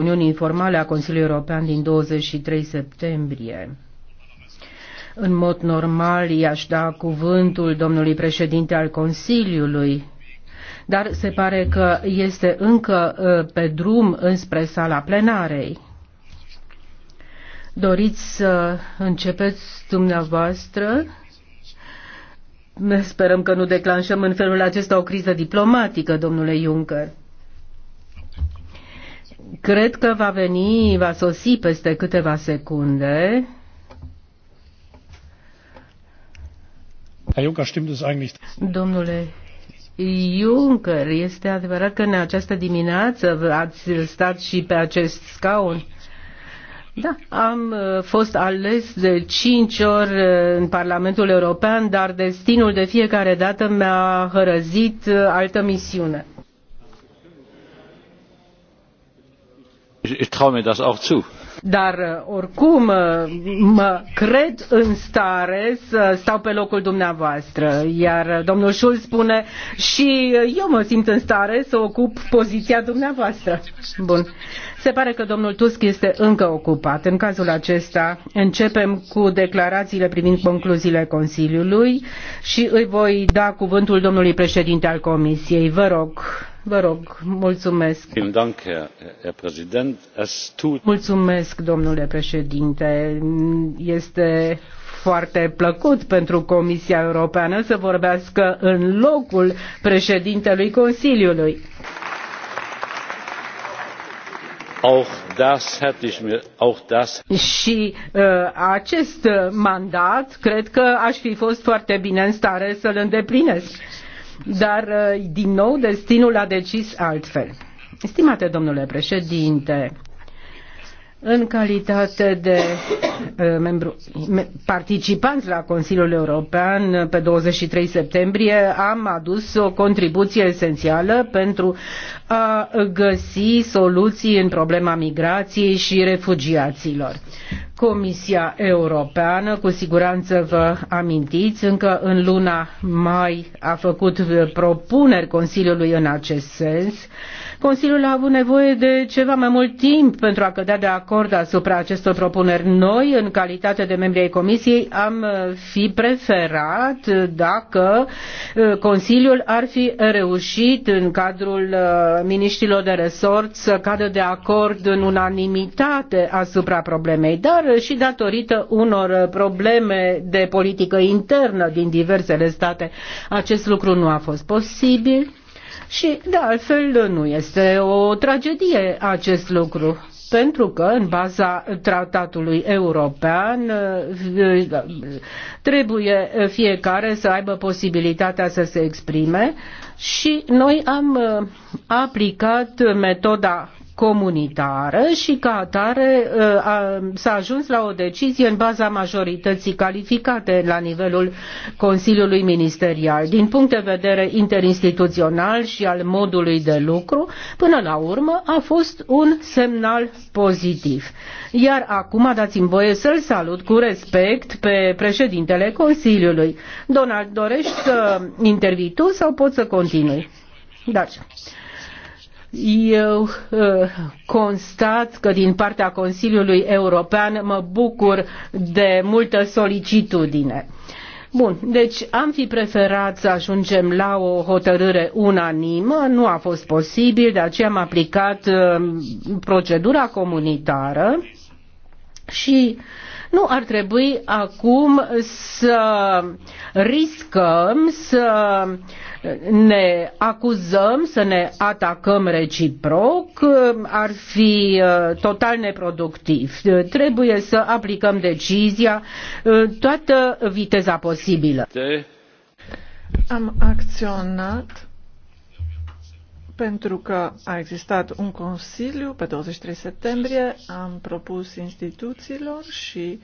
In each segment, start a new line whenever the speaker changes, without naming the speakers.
Uniunii informale a Consiliului European din 23 septembrie. În mod normal i-aș da cuvântul domnului președinte al Consiliului, dar se pare că este încă ă, pe drum înspre sala plenarei. Doriți să începeți dumneavoastră? Sperăm că nu declanșăm în felul acesta o criză diplomatică, domnule Juncker. Cred că va veni, va sosi peste câteva secunde. Domnule Juncker, este adevărat că în această dimineață ați stat și pe acest scaun? Da, am uh, fost ales de cinci ori uh, în Parlamentul European, dar destinul de fiecare dată mi-a hărăzit uh, altă misiune.
Ich traue mir das auch zu
dar uh, oricum uh, mă cred în stare să stau pe locul dumneavoastră. Iar uh, domnul Schulz spune și eu mă simt în stare să ocup poziția dumneavoastră. Bun. Se pare că domnul Tusk este încă ocupat. În cazul acesta începem cu declarațiile privind concluziile Consiliului și îi voi da cuvântul domnului președinte al Comisiei. Vă rog, vă rog, mulțumesc. Mulțumesc, domnule președinte. Este foarte plăcut pentru Comisia Europeană să vorbească în locul președintelui Consiliului. Și uh, acest uh, mandat cred că aș fi fost foarte bine în stare să-l îndeplinesc. Dar uh, din nou destinul a decis altfel. Stimate domnule președinte, în calitate de uh, membru participanți la Consiliul European uh, pe 23 septembrie, am adus o contribuție esențială pentru a găsi soluții în problema migrației și refugiaților. Comisia Europeană, cu siguranță vă amintiți, încă în luna mai a făcut uh, propuneri Consiliului în acest sens Consiliul a avut nevoie de ceva mai mult timp pentru a cădea de acord asupra acestor propuneri. Noi, în calitate de membri ai Comisiei, am uh, fi preferat dacă uh, Consiliul ar fi reușit în cadrul uh, miniștilor de resort să cadă de acord în unanimitate asupra problemei, dar și datorită unor probleme de politică internă din diversele state, acest lucru nu a fost posibil și, de altfel, nu este o tragedie acest lucru pentru că în baza tratatului european trebuie fiecare să aibă posibilitatea să se exprime și noi am aplicat metoda comunitară și ca atare uh, s-a ajuns la o decizie în baza majorității calificate la nivelul Consiliului Ministerial. Din punct de vedere interinstituțional și al modului de lucru, până la urmă a fost un semnal pozitiv. Iar acum dați-mi voie să-l salut cu respect pe președintele Consiliului. Donald, dorești să intervii tu sau poți să continui? Da. Eu eh, constat că din partea Consiliului European mă bucur de multă solicitudine. Bun, deci am fi preferat să ajungem la o hotărâre unanimă, nu a fost posibil, de aceea am aplicat eh, procedura comunitară și nu ar trebui acum să riscăm să ne acuzăm, să ne atacăm reciproc, ar fi uh, total neproductiv. Trebuie să aplicăm decizia uh, toată viteza posibilă.
Am acționat pentru că a existat un consiliu pe 23 septembrie, am propus instituțiilor și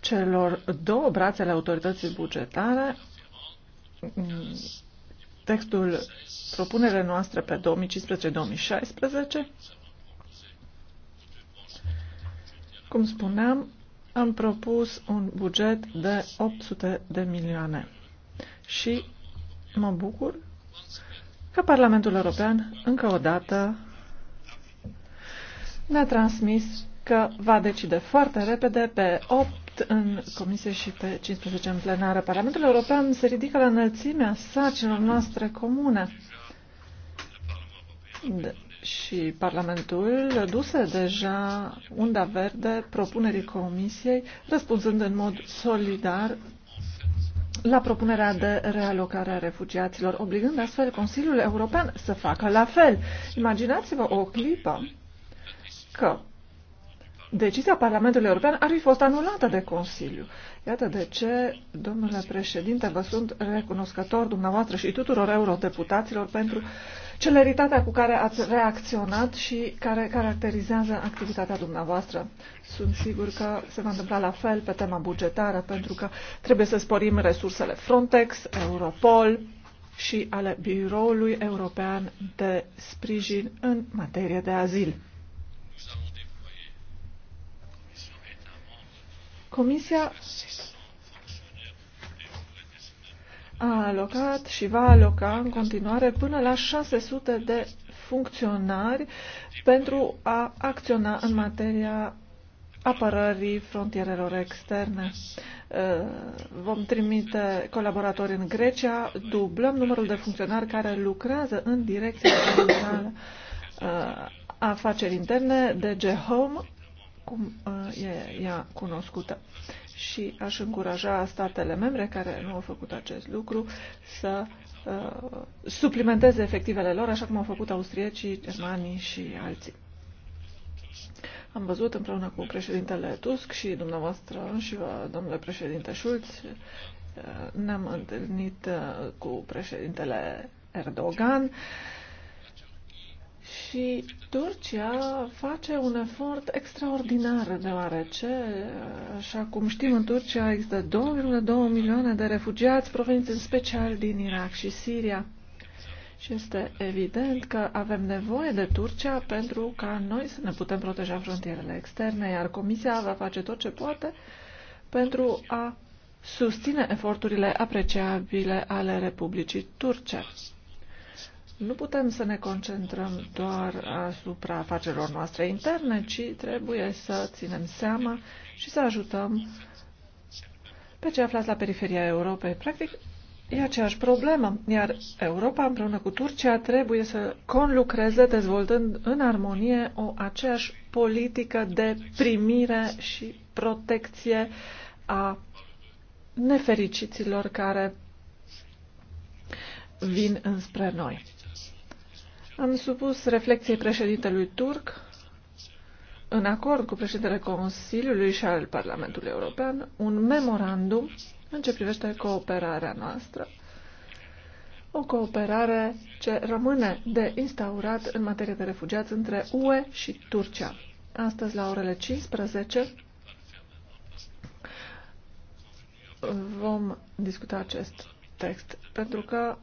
celor două brațe ale autorității bugetare textul propunere noastre pe 2015-2016. Cum spuneam, am propus un buget de 800 de milioane și mă bucur că Parlamentul European încă o dată ne-a transmis că va decide foarte repede pe 8 în comisie și pe 15 în plenară. Parlamentul European se ridică la înălțimea sarcinilor noastre comune. De- și Parlamentul duse deja unda verde propunerii Comisiei, răspunzând în mod solidar la propunerea de realocare a refugiaților, obligând astfel Consiliul European să facă la fel. Imaginați-vă o clipă că decizia Parlamentului European ar fi fost anulată de Consiliu. Iată de ce, domnule președinte, vă sunt recunoscător dumneavoastră și tuturor eurodeputaților pentru celeritatea cu care ați reacționat și care caracterizează activitatea dumneavoastră. Sunt sigur că se va întâmpla la fel pe tema bugetară, pentru că trebuie să sporim resursele Frontex, Europol și ale Biroului European de Sprijin în materie de azil. Comisia a alocat și va aloca în continuare până la 600 de funcționari pentru a acționa în materia apărării frontierelor externe. Uh, vom trimite colaboratori în Grecia, dublăm numărul de funcționari care lucrează în direcția generală uh, afaceri interne, DG Home cum uh, e ea cunoscută. Și aș încuraja statele membre care nu au făcut acest lucru să uh, suplimenteze efectivele lor, așa cum au făcut austriecii, germanii și alții. Am văzut împreună cu președintele Tusk și dumneavoastră și uh, domnule președinte Schulz, uh, ne-am întâlnit cu președintele Erdogan și Turcia face un efort extraordinar, deoarece, așa cum știm, în Turcia există 2,2 milioane de refugiați proveniți în special din Irak și Siria. Și este evident că avem nevoie de Turcia pentru ca noi să ne putem proteja frontierele externe, iar Comisia va face tot ce poate pentru a susține eforturile apreciabile ale Republicii Turcești. Nu putem să ne concentrăm doar asupra afacerilor noastre interne, ci trebuie să ținem seama și să ajutăm pe cei aflați la periferia Europei. Practic, e aceeași problemă, iar Europa împreună cu Turcia trebuie să conlucreze dezvoltând în armonie o aceeași politică de primire și protecție a nefericiților care vin înspre noi. Am supus reflecției președintelui turc, în acord cu președintele Consiliului și al Parlamentului European, un memorandum în ce privește cooperarea noastră, o cooperare ce rămâne de instaurat în materie de refugiați între UE și Turcia. Astăzi, la orele 15, vom discuta acest text, pentru că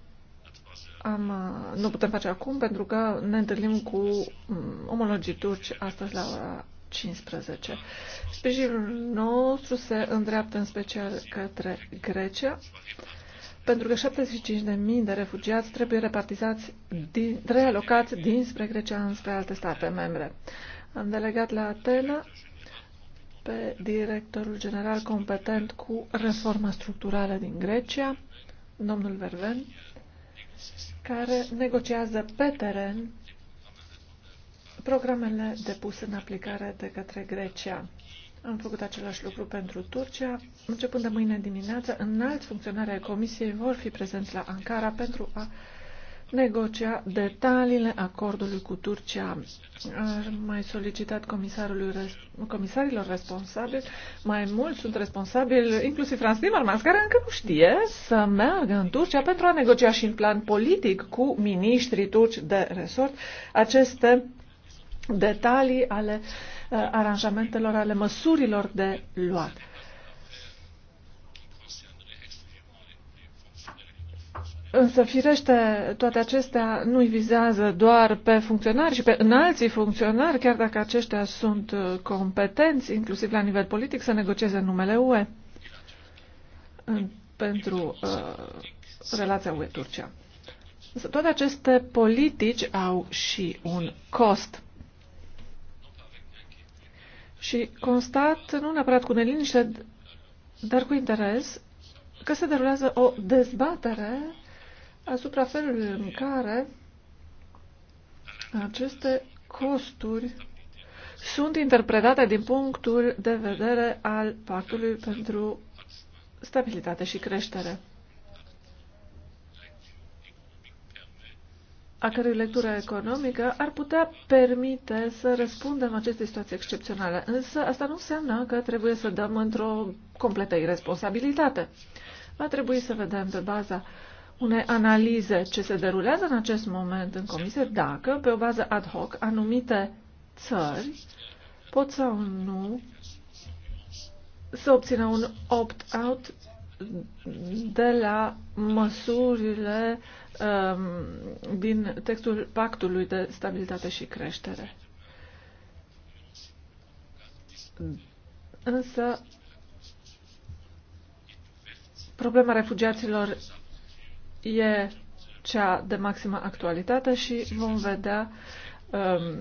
am, uh, nu putem face acum pentru că ne întâlnim cu um, omologii turci astăzi la 15. Sprijinul nostru se îndreaptă în special către Grecia, pentru că 75.000 de refugiați trebuie repartizați, din, realocați dinspre Grecia înspre alte state membre. Am delegat la Atena pe directorul general competent cu reforma structurală din Grecia, domnul Verven, care negociază pe teren programele depuse în aplicare de către Grecia. Am făcut același lucru pentru Turcia. Începând de mâine dimineață, înalți funcționari ai Comisiei vor fi prezenți la Ankara pentru a negocia detaliile acordului cu Turcia. Am mai solicitat comisarului, comisarilor responsabili, mai mulți sunt responsabili, inclusiv Franz Timmermans, care încă nu știe să meargă în Turcia pentru a negocia și în plan politic cu ministrii turci de resort aceste detalii ale eh, aranjamentelor, ale măsurilor de luat. Însă, firește, toate acestea nu-i vizează doar pe funcționari și pe înalții funcționari, chiar dacă aceștia sunt uh, competenți, inclusiv la nivel politic, să negocieze numele UE pentru uh, relația UE-Turcia. Însă toate aceste politici au și un cost. Și constat, nu neapărat cu neliniște, dar cu interes, că se derulează o dezbatere asupra felului în care aceste costuri sunt interpretate din punctul de vedere al Pactului pentru Stabilitate și Creștere, a cărui lectură economică ar putea permite să răspundem acestei situații excepționale. Însă asta nu înseamnă că trebuie să dăm într-o completă irresponsabilitate. Va trebui să vedem pe baza uh, unei analize ce se derulează în acest moment în comisie, dacă, pe o bază ad hoc, anumite țări pot sau nu să obțină un opt-out de la măsurile um, din textul Pactului de Stabilitate și Creștere. Însă, problema refugiaților e cea de maximă actualitate și vom vedea um,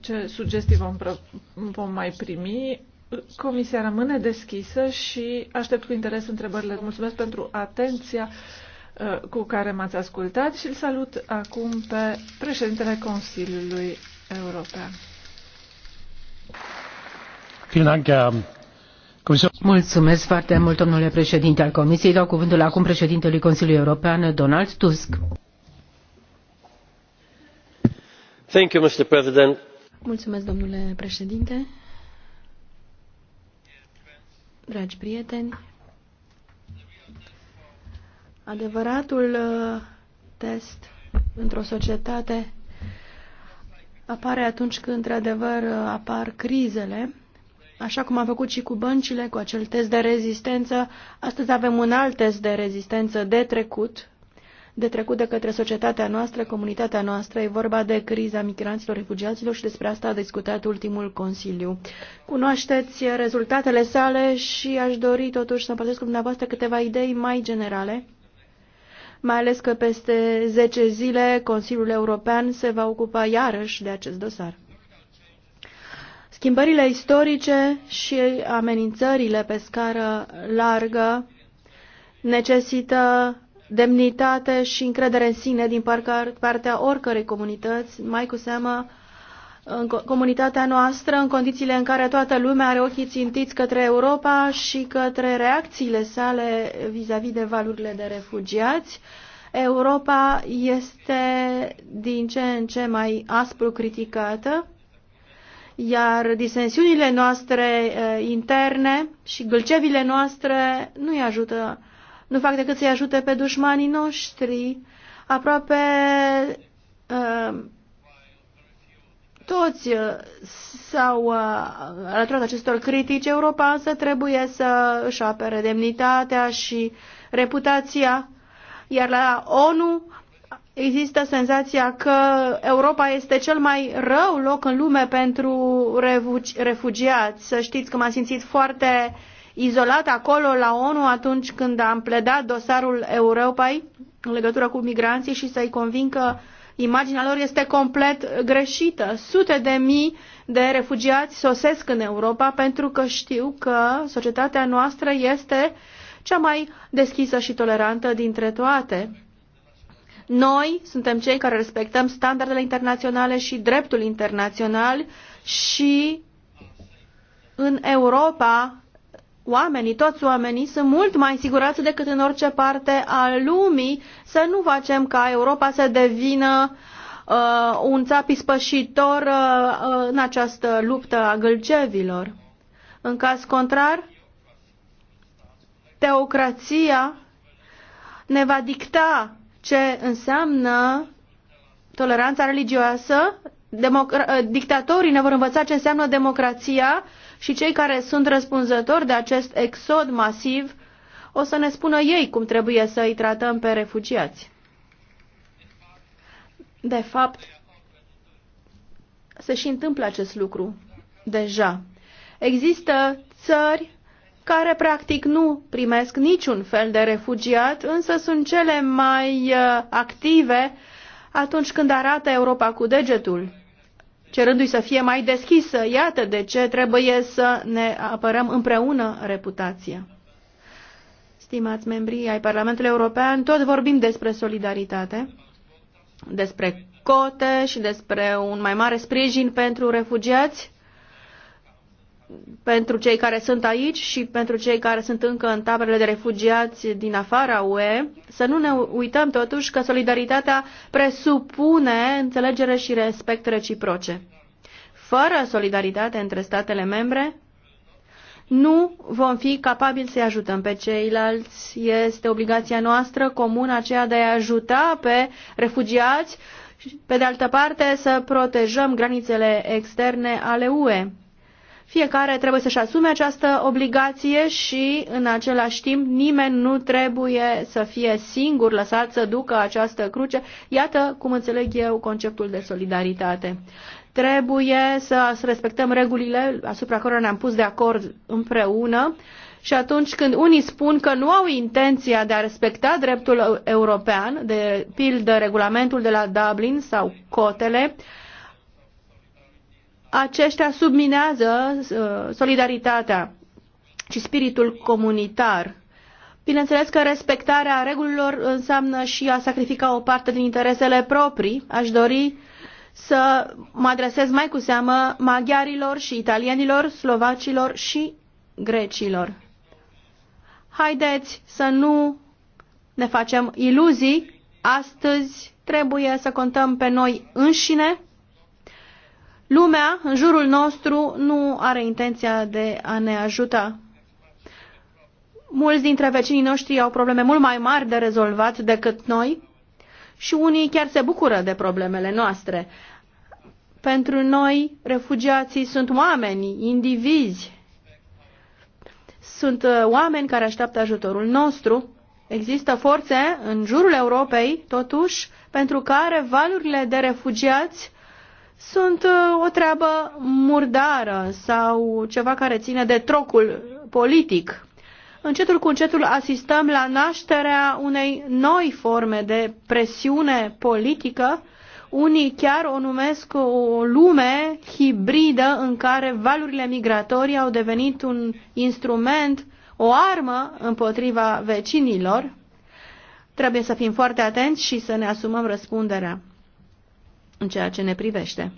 ce sugestii vom, vom mai primi. Comisia rămâne deschisă și aștept cu interes întrebările. Mulțumesc pentru atenția uh, cu care m-ați ascultat și îl salut acum pe președintele Consiliului European.
Vielen Dank, Mulțumesc foarte mult, domnule președinte al Comisiei. Dau cuvântul acum președintelui Consiliului European, Donald Tusk.
Thank you, Mr. President. Mulțumesc, domnule președinte. Dragi prieteni, adevăratul uh, test într-o societate apare atunci când, într-adevăr, uh, apar crizele Așa cum am făcut și cu băncile, cu acel test de rezistență, astăzi avem un alt test de rezistență de trecut, de trecut de către societatea noastră, comunitatea noastră. E vorba de criza migranților, refugiaților și despre asta a discutat ultimul Consiliu. Cunoașteți rezultatele sale și aș dori totuși să împărtesc cu dumneavoastră câteva idei mai generale mai ales că peste 10 zile Consiliul European se va ocupa iarăși de acest dosar. Schimbările istorice și amenințările pe scară largă necesită demnitate și încredere în sine din partea oricărei comunități, mai cu seamă în comunitatea noastră, în condițiile în care toată lumea are ochii țintiți către Europa și către reacțiile sale vis-a-vis -vis de valurile de refugiați. Europa este din ce în ce mai aspru criticată iar disensiunile noastre eh, interne și gâlcevile noastre nu îi ajută, nu fac decât să-i ajute pe dușmanii noștri. Aproape uh, toți eh, s-au alăturat acestor critici. Europa însă trebuie să își apere demnitatea și reputația iar la ONU Există senzația că Europa este cel mai rău loc în lume pentru refugiați. Să știți că m-am simțit foarte izolat acolo la ONU atunci când am pledat dosarul Europei în legătură cu migranții și să-i convin că imaginea lor este complet greșită. Sute de mii de refugiați sosesc în Europa pentru că știu că societatea noastră este cea mai deschisă și tolerantă dintre toate noi suntem cei care respectăm standardele internaționale și dreptul internațional și în Europa oamenii, toți oamenii sunt mult mai sigurați decât în orice parte a lumii să nu facem ca Europa să devină uh, un țap ispășitor uh, uh în această luptă a gâlcevilor. În caz contrar, teocrația ne va dicta ce înseamnă toleranța religioasă, ă, dictatorii ne vor învăța ce înseamnă democrația și cei care sunt răspunzători de acest exod masiv o să ne spună ei cum trebuie să îi tratăm pe refugiați. De fapt, se și întâmplă acest lucru deja. Există țări care practic nu primesc niciun fel de refugiat, însă sunt cele mai uh, active atunci când arată Europa cu degetul, cerându-i să fie mai deschisă. Iată de ce trebuie să ne apărăm împreună reputația. Stimați membrii ai Parlamentului European, tot vorbim despre solidaritate, despre cote și despre un mai mare sprijin pentru refugiați, pentru cei care sunt aici și pentru cei care sunt încă în taberele de refugiați din afara UE, să nu ne uităm totuși că solidaritatea presupune înțelegere și respect reciproce. Fără solidaritate între statele membre, nu vom fi capabili să-i ajutăm pe ceilalți. Este obligația noastră comună aceea de a ajuta pe refugiați, și, pe de altă parte să protejăm granițele externe ale UE fiecare trebuie să-și asume această obligație și în același timp nimeni nu trebuie să fie singur lăsat să ducă această cruce. Iată cum înțeleg eu conceptul de solidaritate. Trebuie să respectăm regulile asupra cărora ne-am pus de acord împreună și atunci când unii spun că nu au intenția de a respecta dreptul european, de pildă regulamentul de la Dublin sau cotele, uh, aceștia subminează uh, solidaritatea și spiritul comunitar. Bineînțeles că respectarea regulilor înseamnă și a sacrifica o parte din interesele proprii. Aș dori să mă adresez mai cu seamă maghiarilor și italienilor, slovacilor și grecilor. Haideți să nu ne facem iluzii. Astăzi trebuie să contăm pe noi înșine Lumea în jurul nostru nu are intenția de a ne ajuta. Mulți dintre vecinii noștri au probleme mult mai mari de rezolvat decât noi și unii chiar se bucură de problemele noastre. Pentru noi, refugiații sunt oameni, indivizi. Sunt uh, oameni care așteaptă ajutorul nostru. Există forțe în jurul Europei, totuși, pentru care valurile de refugiați sunt uh, o treabă murdară sau ceva care ține de trocul politic. Încetul cu încetul asistăm la nașterea unei noi forme de presiune politică. Unii chiar o numesc o lume hibridă în care valurile migratorii au devenit un instrument, o armă împotriva vecinilor. Trebuie să fim foarte atenți și să ne asumăm răspunderea în ceea ce ne privește.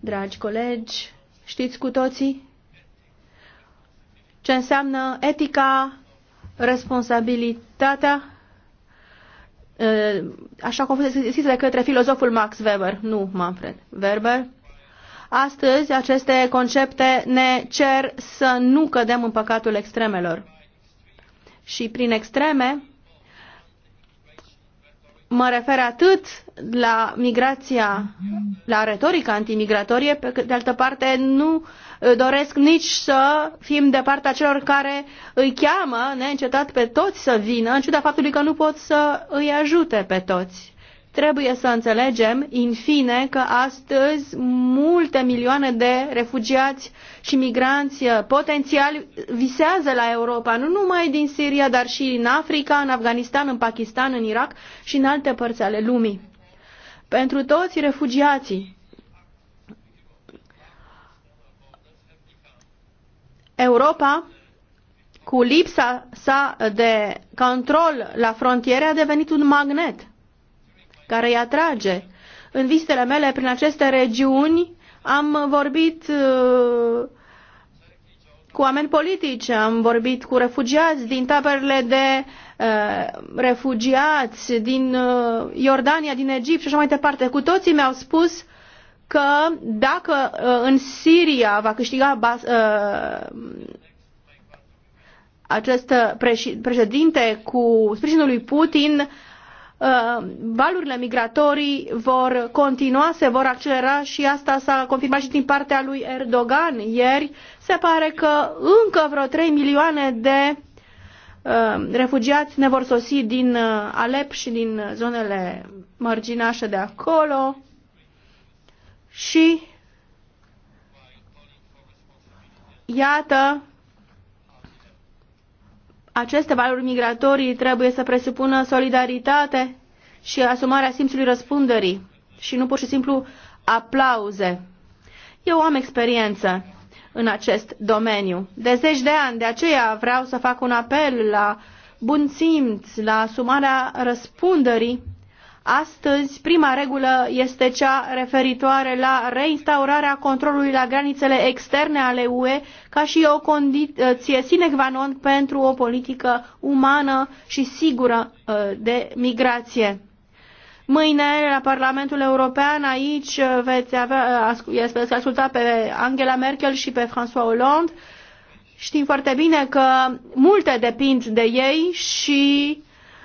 Dragi colegi, știți cu toții ce înseamnă etica, responsabilitatea, așa cum a fost scris de către filozoful Max Weber, nu Manfred Weber. Astăzi, aceste concepte ne cer să nu cădem în păcatul extremelor. Și prin extreme, Mă refer atât la migrația, la retorica antimigratorie, pe de altă parte nu uh, doresc nici să fim de partea celor care îi cheamă neîncetat pe toți să vină, în ciuda faptului că nu pot să îi ajute pe toți. Trebuie să înțelegem, în fine, că astăzi multe milioane de refugiați și migranți uh, potențiali visează la Europa, nu numai din Siria, dar și în Africa, în Afganistan, în Pakistan, în Irak și în alte părți ale lumii. Pentru toți refugiații, Europa cu lipsa sa de control la frontiere a devenit un magnet care îi atrage. În vizitele mele prin aceste regiuni am vorbit uh, cu oameni politici, am vorbit cu refugiați din taberele de uh, refugiați din uh, Iordania, din Egipt și așa mai departe. Cu toții mi-au spus că dacă uh, în Siria va câștiga bas, uh, acest președinte cu sprijinul lui Putin, Uh, valurile migratorii vor continua, se vor accelera și asta s-a confirmat și din partea lui Erdogan ieri. Se pare că încă vreo 3 milioane de uh, refugiați ne vor sosi din uh, Alep și din zonele marginașe de acolo și iată aceste valori migratorii trebuie să presupună solidaritate și asumarea simțului răspunderii și nu pur și simplu aplauze. Eu am experiență în acest domeniu. De zeci de ani, de aceea vreau să fac un apel la bun simț, la asumarea răspunderii Astăzi, prima regulă este cea referitoare la reinstaurarea controlului la granițele externe ale UE ca și o condiție sine qua non pentru o politică umană și sigură uh, de migrație. Mâine, la Parlamentul European, aici uh, veți avea, uh, veți asculta pe Angela Merkel și pe François Hollande. Știm foarte bine că multe depind de ei și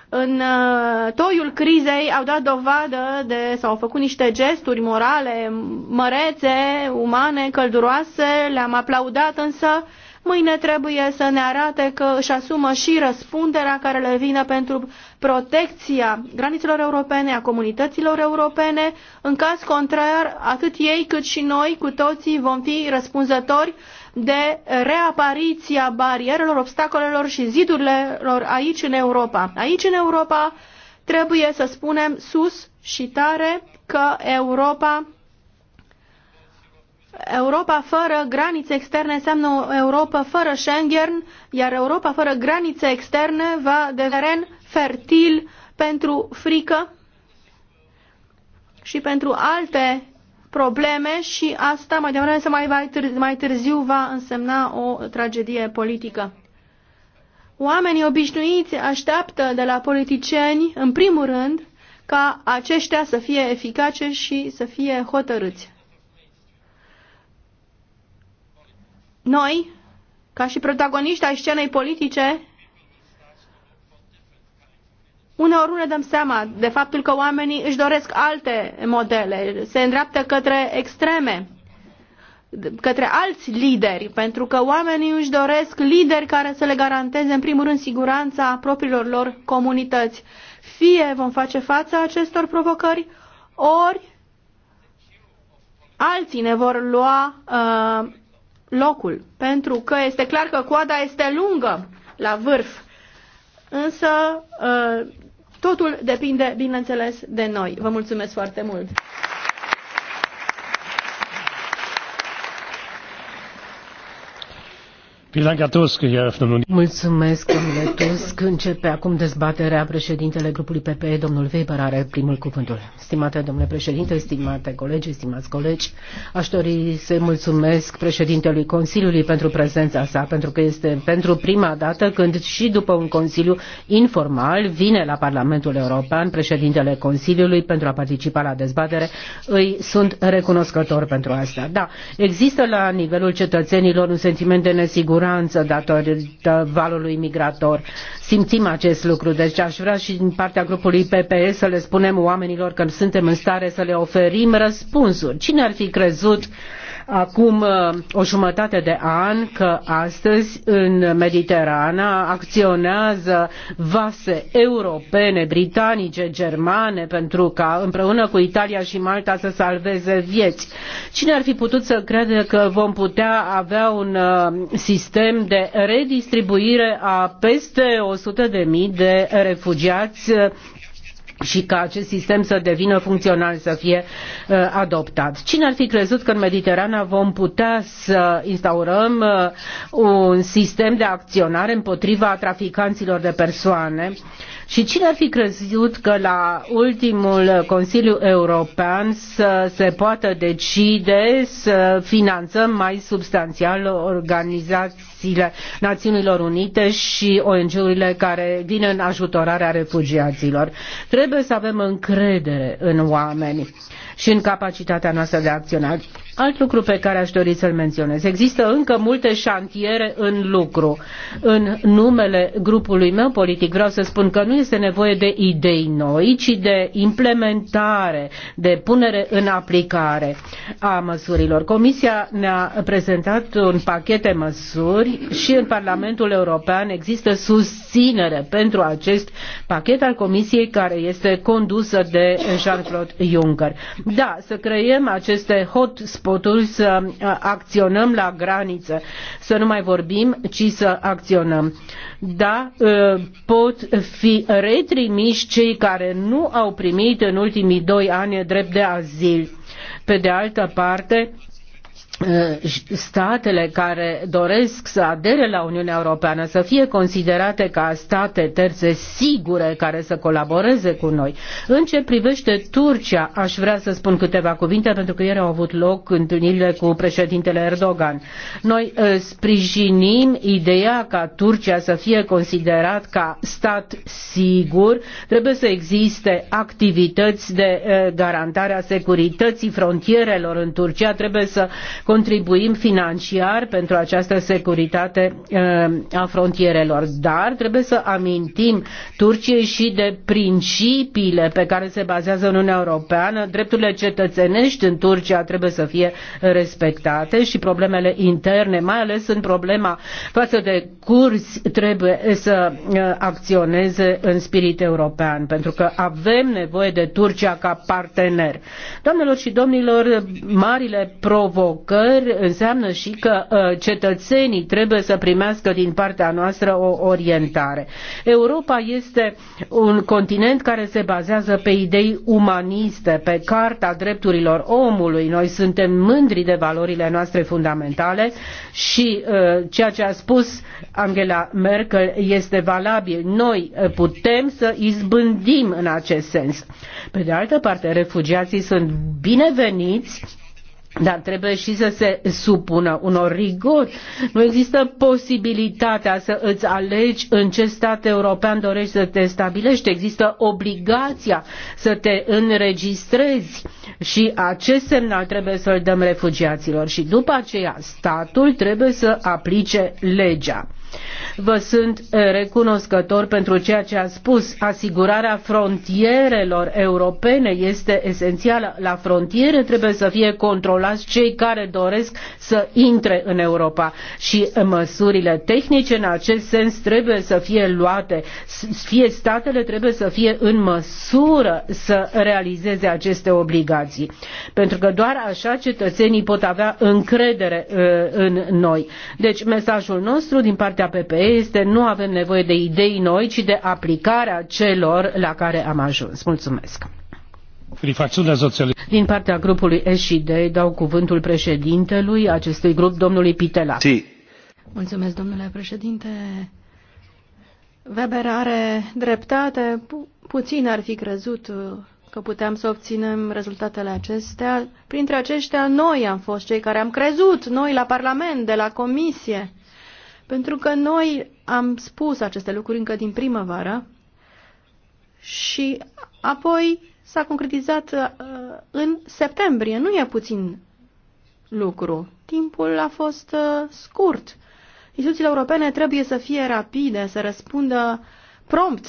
în uh, toiul crizei au dat dovadă de, sau au făcut niște gesturi morale, mărețe, umane, călduroase, le-am aplaudat însă uh, mâine trebuie să ne arate că își asumă și răspunderea care le vine pentru protecția granițelor europene, a comunităților europene. În caz contrar, atât ei cât și noi cu toții vom fi răspunzători de reapariția barierelor, obstacolelor și zidurilor aici în Europa. Aici în Europa trebuie să spunem sus și tare că Europa Europa fără granițe externe înseamnă o Europa fără Schengen, iar Europa fără granițe externe va deveni teren fertil pentru frică și pentru alte probleme și asta mai devreme sau mai, mai târziu va însemna o tragedie politică. Oamenii obișnuiți așteaptă de la politicieni, în primul rând, ca aceștia să fie eficace și să fie hotărâți. Noi, ca și protagoniști ai scenei politice, uneori ne dăm seama de faptul că oamenii își doresc alte modele, se îndreaptă către extreme, către alți lideri, pentru că oamenii își doresc lideri care să le garanteze, în primul rând, siguranța propriilor lor comunități. Fie vom face față acestor provocări, ori alții ne vor lua uh, locul, pentru că este clar că coada este lungă la vârf, însă uh, totul depinde, bineînțeles, de noi. Vă mulțumesc foarte mult!
Mulțumesc, domnule Tusk. Începe acum dezbaterea președintele grupului PPE, domnul Weber, are primul cuvântul. Stimate domnule președinte, stimate colegi, stimați colegi, aș dori să mulțumesc președintelui Consiliului pentru prezența sa, pentru că este pentru prima dată când și după un Consiliu informal vine la Parlamentul European președintele Consiliului pentru a participa la dezbatere. Îi sunt recunoscător pentru asta. Da, există la nivelul cetățenilor un sentiment de nesiguranță siguranță datorită valului migrator. Simțim acest lucru, deci aș vrea și din partea grupului PPS să le spunem oamenilor că suntem în stare să le oferim răspunsuri. Cine ar fi crezut acum uh, o jumătate de an că astăzi în Mediterana acționează vase europene, britanice, germane pentru ca împreună cu Italia și Malta să salveze vieți. Cine ar fi putut să crede că vom putea avea un uh, sistem de redistribuire a peste 100.000 de refugiați uh, și ca acest sistem să devină funcțional, să fie uh, adoptat. Cine ar fi crezut că în Mediterana vom putea să instaurăm uh, un sistem de acționare împotriva traficanților de persoane? Uh, și cine ar fi crezut că la ultimul Consiliu European să se poată decide să finanțăm mai substanțial organizațiile Națiunilor Unite și ONG-urile care vin în ajutorarea refugiaților? Trebuie să avem încredere în oameni și în capacitatea noastră de a acționa. Alt lucru pe care aș dori să-l menționez. Există încă multe șantiere în lucru. În numele grupului meu politic vreau să spun că nu este nevoie de idei noi, ci de implementare, de punere în aplicare a măsurilor. Comisia ne-a prezentat un pachet de măsuri și în Parlamentul European există susținere pentru acest pachet al Comisiei care este condusă de Jean-Claude Juncker. Da, să creiem aceste hotspots putut să uh, acționăm la graniță. Să nu mai vorbim, ci să acționăm. Da, uh, pot fi retrimiși cei care nu au primit în ultimii doi ani drept de azil. Pe de altă parte, Eh, statele care doresc să adere la Uniunea Europeană să fie considerate ca state terțe sigure care să colaboreze cu noi. În ce privește Turcia, aș vrea să spun câteva cuvinte pentru că ieri au avut loc întâlnirile cu președintele Erdogan. Noi eh, sprijinim ideea ca Turcia să fie considerat ca stat sigur. Trebuie să existe activități de eh, garantare a securității frontierelor în Turcia. Trebuie să contribuim financiar pentru această securitate uh, a frontierelor. Dar trebuie să amintim Turciei și de principiile pe care se bazează Uniunea Europeană. Drepturile cetățenești în Turcia trebuie să fie respectate și problemele interne, mai ales în problema față de curs, trebuie să uh, acționeze în spirit european, pentru că avem nevoie de Turcia ca partener. Doamnelor și domnilor, marile provocări țări înseamnă și că uh, cetățenii trebuie să primească din partea noastră o orientare. Europa este un continent care se bazează pe idei umaniste, pe Carta Drepturilor Omului. Noi suntem mândri de valorile noastre fundamentale și uh, ceea ce a spus Angela Merkel este valabil. Noi uh, putem să izbândim în acest sens. Pe de altă parte, refugiații sunt bineveniți dar trebuie și să se supună unor riguri. Nu există posibilitatea să îți alegi în ce stat european dorești să te stabilești. Există obligația să te înregistrezi și acest semnal trebuie să-l dăm refugiaților și după aceea statul trebuie să aplice legea. Vă sunt eh, recunoscător pentru ceea ce a spus. Asigurarea frontierelor europene este esențială. La frontiere trebuie să fie controlați cei care doresc să intre în Europa și eh, măsurile tehnice în acest sens trebuie să fie luate. Fie statele trebuie să fie în măsură să realizeze aceste obligații. Pentru că doar așa cetățenii pot avea încredere eh, în noi. Deci mesajul nostru din partea partea PPE este nu avem nevoie de idei noi, ci de aplicarea celor la care am ajuns. Mulțumesc! Din partea grupului SID dau cuvântul președintelui acestui grup, domnului Pitela. Si.
Mulțumesc, domnule președinte. Weber are dreptate. Pu puțin ar fi crezut uh, că puteam să obținem rezultatele acestea. Printre aceștia, noi am fost cei care am crezut, noi la Parlament, de la Comisie. Pentru că noi am spus aceste lucruri încă din primăvară și apoi s-a concretizat uh, în septembrie. Nu e puțin lucru. Timpul a fost uh, scurt. Instituțiile europene trebuie să fie rapide, să răspundă prompt.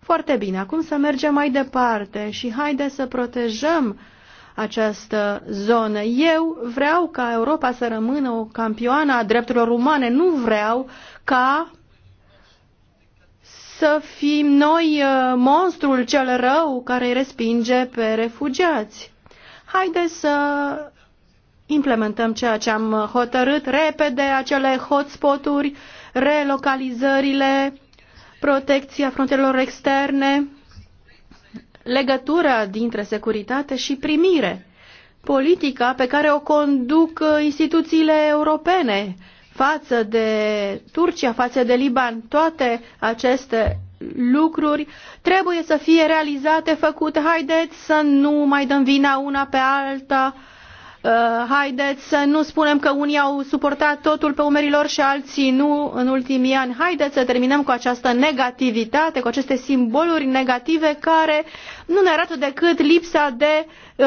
Foarte bine, acum să mergem mai departe și haide să protejăm uh, această zonă. Eu vreau ca Europa să rămână o campioană a drepturilor umane. Nu vreau ca să fim noi uh, monstrul cel rău care îi respinge pe refugiați. Haideți să implementăm ceea ce am hotărât repede, acele hotspoturi, relocalizările, protecția frontelor externe legătura dintre securitate și primire. Politica pe care o conduc uh, instituțiile europene față de Turcia, față de Liban, toate aceste lucruri trebuie să fie realizate, făcute. Haideți să nu mai dăm vina una pe alta Uh, haideți să nu spunem că unii au suportat totul pe umerii lor și alții nu în ultimii ani. Haideți să terminăm cu această negativitate, cu aceste simboluri negative care nu ne arată decât lipsa de uh,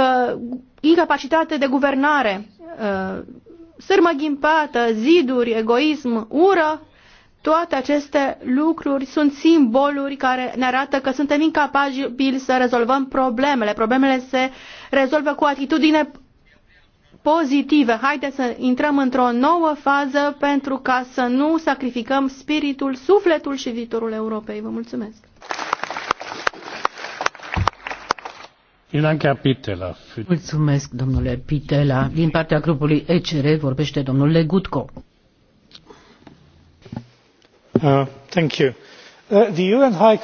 incapacitate de guvernare, uh, sârmă ghimpată, ziduri, egoism, ură. Toate aceste lucruri sunt simboluri care ne arată că suntem incapabili să rezolvăm problemele. Problemele se rezolvă cu o atitudine pozitive. Haideți să intrăm într-o nouă fază pentru ca să nu sacrificăm spiritul, sufletul și viitorul Europei. Vă mulțumesc!
Mulțumesc, domnule Pitela. Din partea grupului ECR vorbește domnul Legutko.
Uh, thank you. Uh, the UN High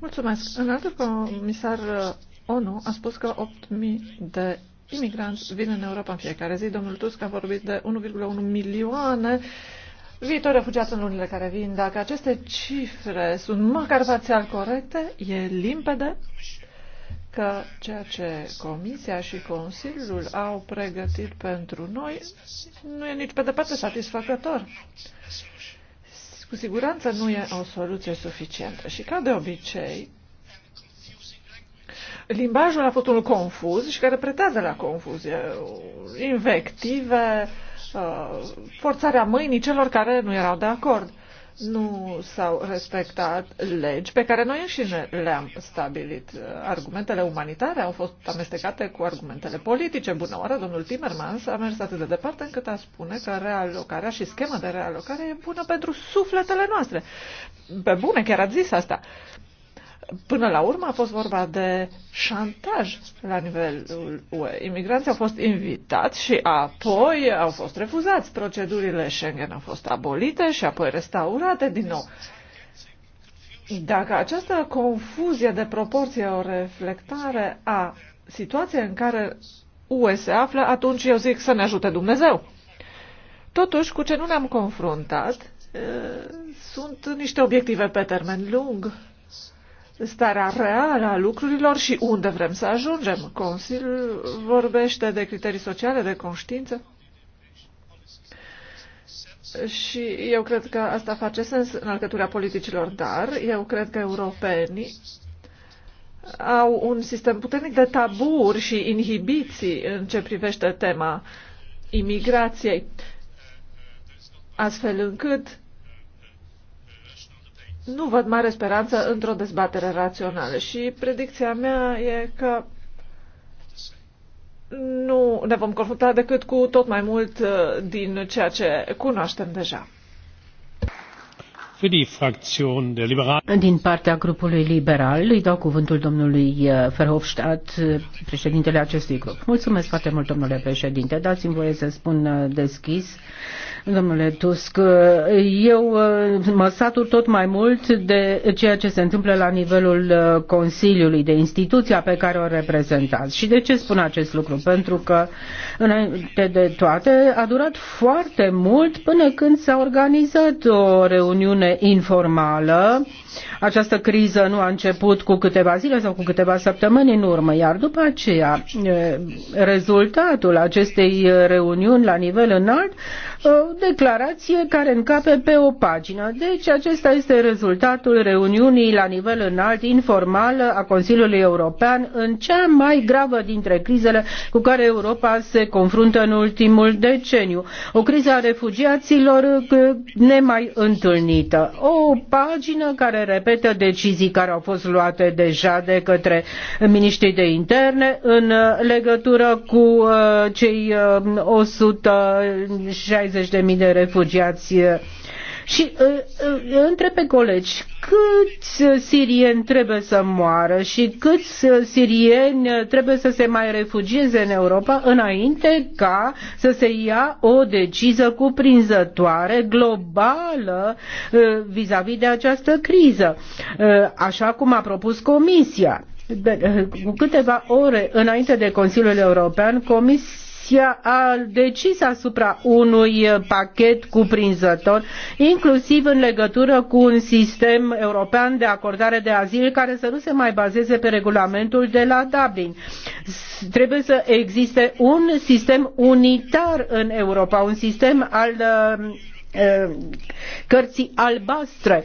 Mulțumesc. Înaltul comisar uh, ONU a spus că 8.000 de imigranți vin în Europa în fiecare zi. Domnul Tusk a vorbit de 1,1 milioane viitori refugiați în lunile care vin. Dacă aceste cifre sunt măcar parțial corecte, e limpede că ceea ce Comisia și Consiliul au pregătit pentru noi nu e nici pe departe satisfăcător. Cu siguranță nu e o soluție suficientă și, ca de obicei, Limbajul a fost unul confuz și care pretează la confuzie. Invective, uh, forțarea mâinii celor care nu erau de acord. Nu s-au respectat legi pe care noi înșine le-am stabilit. Argumentele umanitare au fost amestecate cu argumentele politice. Bună oară, domnul Timmermans a mers atât de departe încât a spune că realocarea și schema de realocare e bună pentru sufletele noastre. Pe bune, chiar a zis asta. Până la urmă a fost vorba de șantaj la nivelul UE. Imigranții au fost invitați și apoi au fost refuzați. Procedurile Schengen au fost abolite și apoi restaurate din nou. Dacă această confuzie de proporție, o reflectare a situației în care UE se află, atunci eu zic să ne ajute Dumnezeu. Totuși, cu ce nu ne-am confruntat, eh, sunt niște obiective pe termen lung starea reală a lucrurilor și unde vrem să ajungem. Consiliul vorbește de criterii sociale, de conștiință. Și eu cred că asta face sens în alcătura politicilor, dar eu cred că europenii au un sistem puternic de taburi și inhibiții în ce privește tema imigrației, astfel încât nu văd mare speranță într-o dezbatere rațională și predicția mea e că nu ne vom confrunta decât cu tot mai mult uh, din ceea ce cunoaștem deja.
Din partea grupului liberal îi dau cuvântul domnului uh, Verhofstadt, uh, președintele acestui grup. Mulțumesc foarte mult, domnule președinte. Dați-mi voie să spun uh, deschis, domnule Tusk, eu mă satur tot mai mult de ceea ce se întâmplă la nivelul Consiliului, de instituția pe care o reprezentați. Și de ce spun acest lucru? Pentru că, înainte de toate, a durat foarte mult până când s-a organizat o reuniune informală această criză nu a început cu câteva zile sau cu câteva săptămâni în urmă, iar după aceea rezultatul acestei reuniuni la nivel înalt, o declarație care încape pe o pagină. Deci acesta este rezultatul reuniunii la nivel înalt informal a Consiliului European în cea mai gravă dintre crizele cu care Europa se confruntă în ultimul deceniu. O criză a refugiaților nemai întâlnită. O pagină care repetă decizii care au fost luate deja de către miniștrii de interne în uh, legătură cu uh, cei 160.000 uh, de refugiați și ă, ă, întreb pe colegi, câți sirieni trebuie să moară și câți sirieni trebuie să se mai refugieze în Europa înainte ca să se ia o decizie cuprinzătoare, globală, ă, vis-a-vis -vis de această criză, așa cum a propus Comisia. Cu câteva ore înainte de Consiliul European, Comisia Comisia a decis asupra unui uh, pachet cuprinzător, inclusiv în legătură cu un sistem european de acordare de azil care să nu se mai bazeze pe regulamentul de la Dublin. Trebuie să existe un sistem unitar în Europa, un sistem al uh, uh, cărții albastre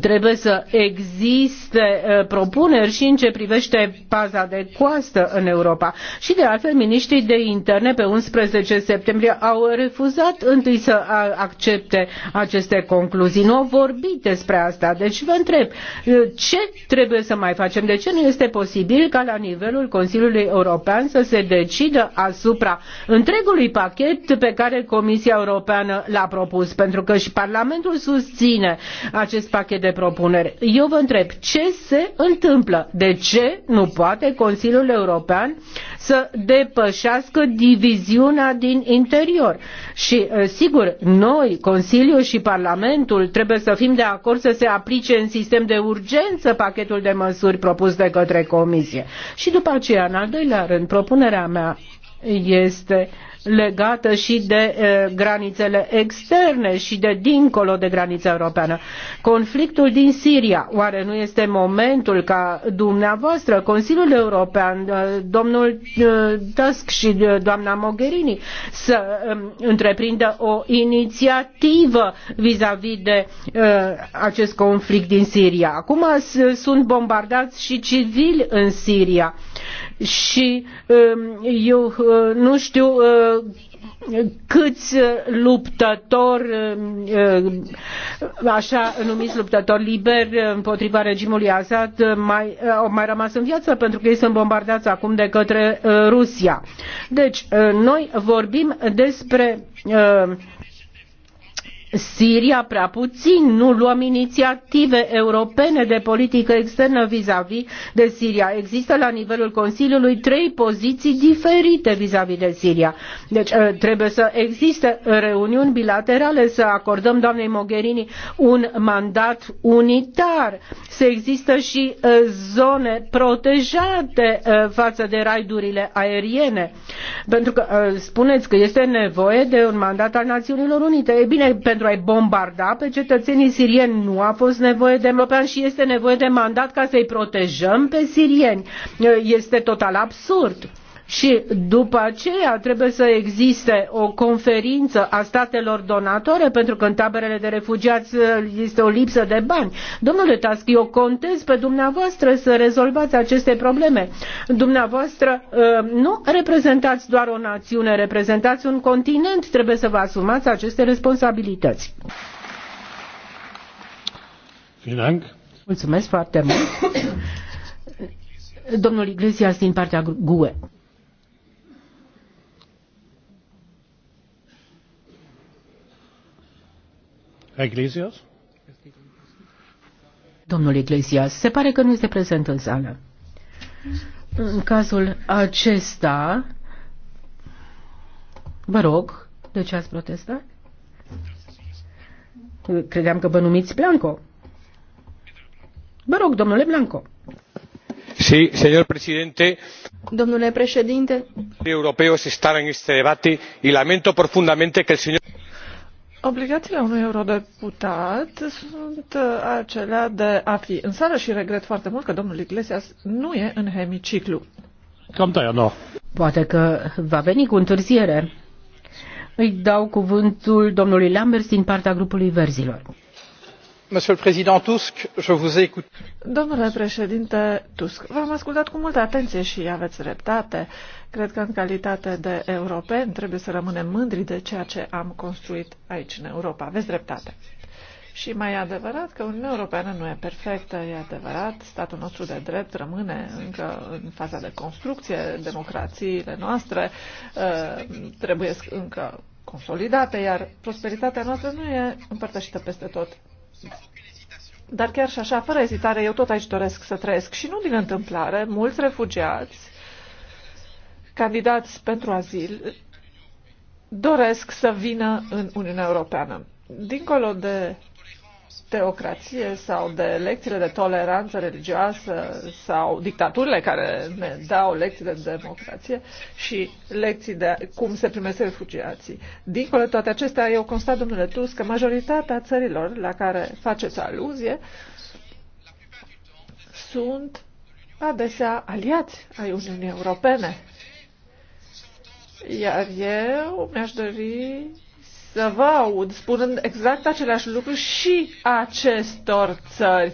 Trebuie să existe uh, propuneri și în ce privește paza de coastă în Europa. Și de altfel, miniștrii de interne pe 11 septembrie au refuzat întâi să accepte aceste concluzii. Nu au vorbit despre asta. Deci vă întreb, uh, ce trebuie să mai facem? De ce nu este posibil ca la nivelul Consiliului European să se decidă asupra întregului pachet pe care Comisia Europeană l-a propus? Pentru că și Parlamentul susține acest pachet pachet de propuneri. Eu vă întreb ce se întâmplă? De ce nu poate Consiliul European să depășească diviziunea din interior? Și, uh, sigur, noi, Consiliul și Parlamentul, trebuie să fim de acord să se aplice în sistem de urgență pachetul de măsuri propus de către Comisie. Și după aceea, în al doilea rând, propunerea mea este uh, legată și de granițele externe și de dincolo de granița europeană. Conflictul din Siria, oare nu este momentul ca dumneavoastră, Consiliul European, domnul Tusk și doamna Mogherini să întreprindă o inițiativă vis-a-vis -vis de acest conflict din Siria? Acum sunt bombardați și civili în Siria și eu nu știu câți luptători, așa numiți luptători liberi împotriva regimului Azad mai, au mai rămas în viață pentru că ei sunt bombardați acum de către Rusia. Deci, noi vorbim despre uh, Siria prea puțin, nu luăm inițiative europene de politică externă vis-a-vis de Siria. Există la nivelul Consiliului trei poziții diferite vis a -vis de Siria. Deci ă, trebuie să existe reuniuni bilaterale, să acordăm doamnei Mogherini un mandat unitar, să există și ă, zone protejate ă, față de raidurile aeriene. Pentru că spuneți că este nevoie de un mandat al Națiunilor Unite. E bine, pentru pentru a-i bombarda pe cetățenii sirieni. Nu a fost nevoie de european și este nevoie de mandat ca să-i protejăm pe sirieni. Este total absurd și după aceea trebuie să existe o conferință a statelor donatoare, pentru că în taberele de refugiați uh, este o lipsă de bani. Domnule Tasc, eu contez pe dumneavoastră să rezolvați aceste probleme. Dumneavoastră uh, nu reprezentați doar o națiune, reprezentați un continent, trebuie să vă asumați aceste responsabilități. Mulțumesc foarte mult. Domnul Iglesias din partea GUE. Domnul Iglesias, se pare că nu este prezent în sală. În cazul acesta, vă rog, de ce ați protestat? Credeam că vă numiți Blanco. Vă rog, domnule
Blanco. Sí, señor presidente. Domnule președinte. se estar en este debate y lamento profundamente que el señor
Obligațiile unui eurodeputat sunt uh, acelea de a fi în sală și regret foarte mult că domnul Iglesias nu e în hemiciclu.
Cam taia nu. Poate că va veni cu întârziere. Îi dau cuvântul domnului Lambers din partea grupului Verzilor.
Domnule președinte Tusk, v-am ascultat cu multă atenție și aveți dreptate. Cred că în calitate de europeni trebuie să rămânem mândri de ceea ce am construit aici, în Europa. Aveți dreptate. Și mai e adevărat că Uniunea Europeană nu e perfectă, e adevărat, statul nostru de drept rămâne încă în faza de construcție, democrațiile noastre uh, trebuie încă consolidate, iar prosperitatea noastră nu e împărtășită peste tot. Dar chiar și așa, fără ezitare, eu tot aici doresc să trăiesc. Și nu din întâmplare, mulți refugiați, candidați pentru azil, doresc să vină în Uniunea Europeană. Dincolo de teocrație sau de lecțiile de toleranță religioasă sau dictaturile care ne dau lecții de democrație și lecții de cum se primesc refugiații. Dincolo de toate acestea, eu constat, domnule Tusk, că majoritatea țărilor la care faceți aluzie sunt adesea aliați ai Uniunii Europene. Iar eu mi-aș dori să vă aud spunând exact aceleași lucruri și acestor țări.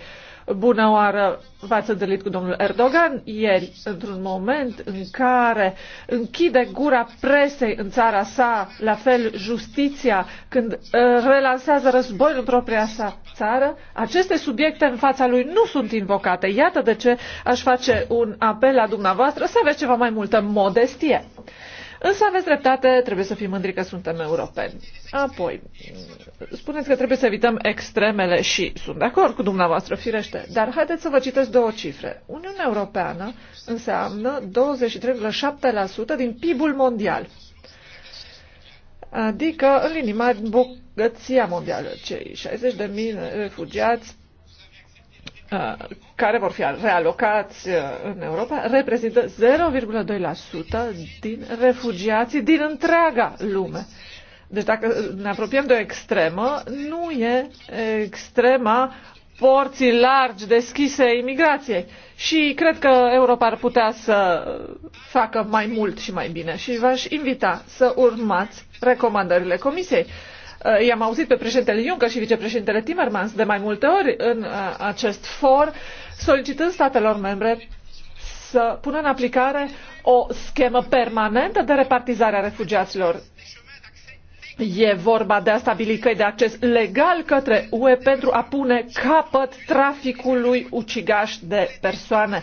Bună oară, v-ați întâlnit cu domnul Erdogan ieri, într-un moment în care închide gura presei în țara sa, la fel justiția, când uh, relansează războiul în propria sa țară, aceste subiecte în fața lui nu sunt invocate. Iată de ce aș face un apel la dumneavoastră să aveți ceva mai multă modestie. Însă aveți dreptate, trebuie să fim mândri că suntem europeni. Apoi, spuneți că trebuie să evităm extremele și sunt de acord cu dumneavoastră, firește, dar haideți să vă citesc două cifre. Uniunea Europeană înseamnă 23,7% din PIB-ul mondial adică în linii mari bogăția mondială, cei 60 de mii refugiați Uh, care vor fi realocați uh, în Europa reprezintă 0,2% din refugiații din întreaga lume. Deci dacă ne apropiem de o extremă, nu e extrema porții largi deschise imigrației. Și cred că Europa ar putea să facă mai mult și mai bine. Și v-aș invita să urmați recomandările Comisiei Uh, I-am auzit pe președintele Juncker și vicepreședintele Timmermans de mai multe ori în uh, acest for, solicitând statelor membre să pună în aplicare o schemă permanentă de repartizare a refugiaților. E vorba de a stabili căi de acces legal către UE pentru a pune capăt traficului ucigaș de persoane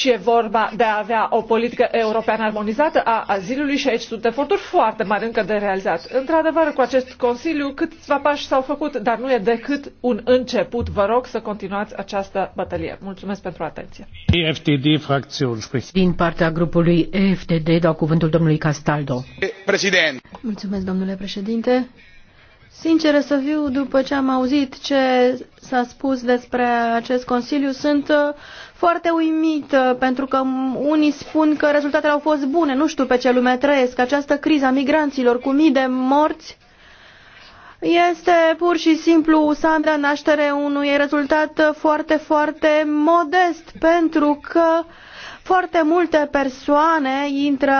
și e vorba de a avea o politică europeană armonizată a azilului și aici sunt eforturi foarte mari încă de realizat. Într-adevăr, cu acest Consiliu câțiva pași s-au făcut, dar nu e decât un început. Vă rog să continuați această bătălie. Mulțumesc pentru atenție.
EFTD, Din partea grupului EFTD dau cuvântul domnului Castaldo.
Președinte. Mulțumesc, domnule președinte.
Sinceră să fiu, după ce am auzit ce s-a spus despre acest Consiliu, sunt foarte uimită uh, pentru că unii spun că rezultatele au fost bune. Nu știu pe ce lume trăiesc. Această criză a migranților cu mii de morți este pur și simplu Sandra naștere unui rezultat uh, foarte, foarte modest pentru că foarte multe persoane intră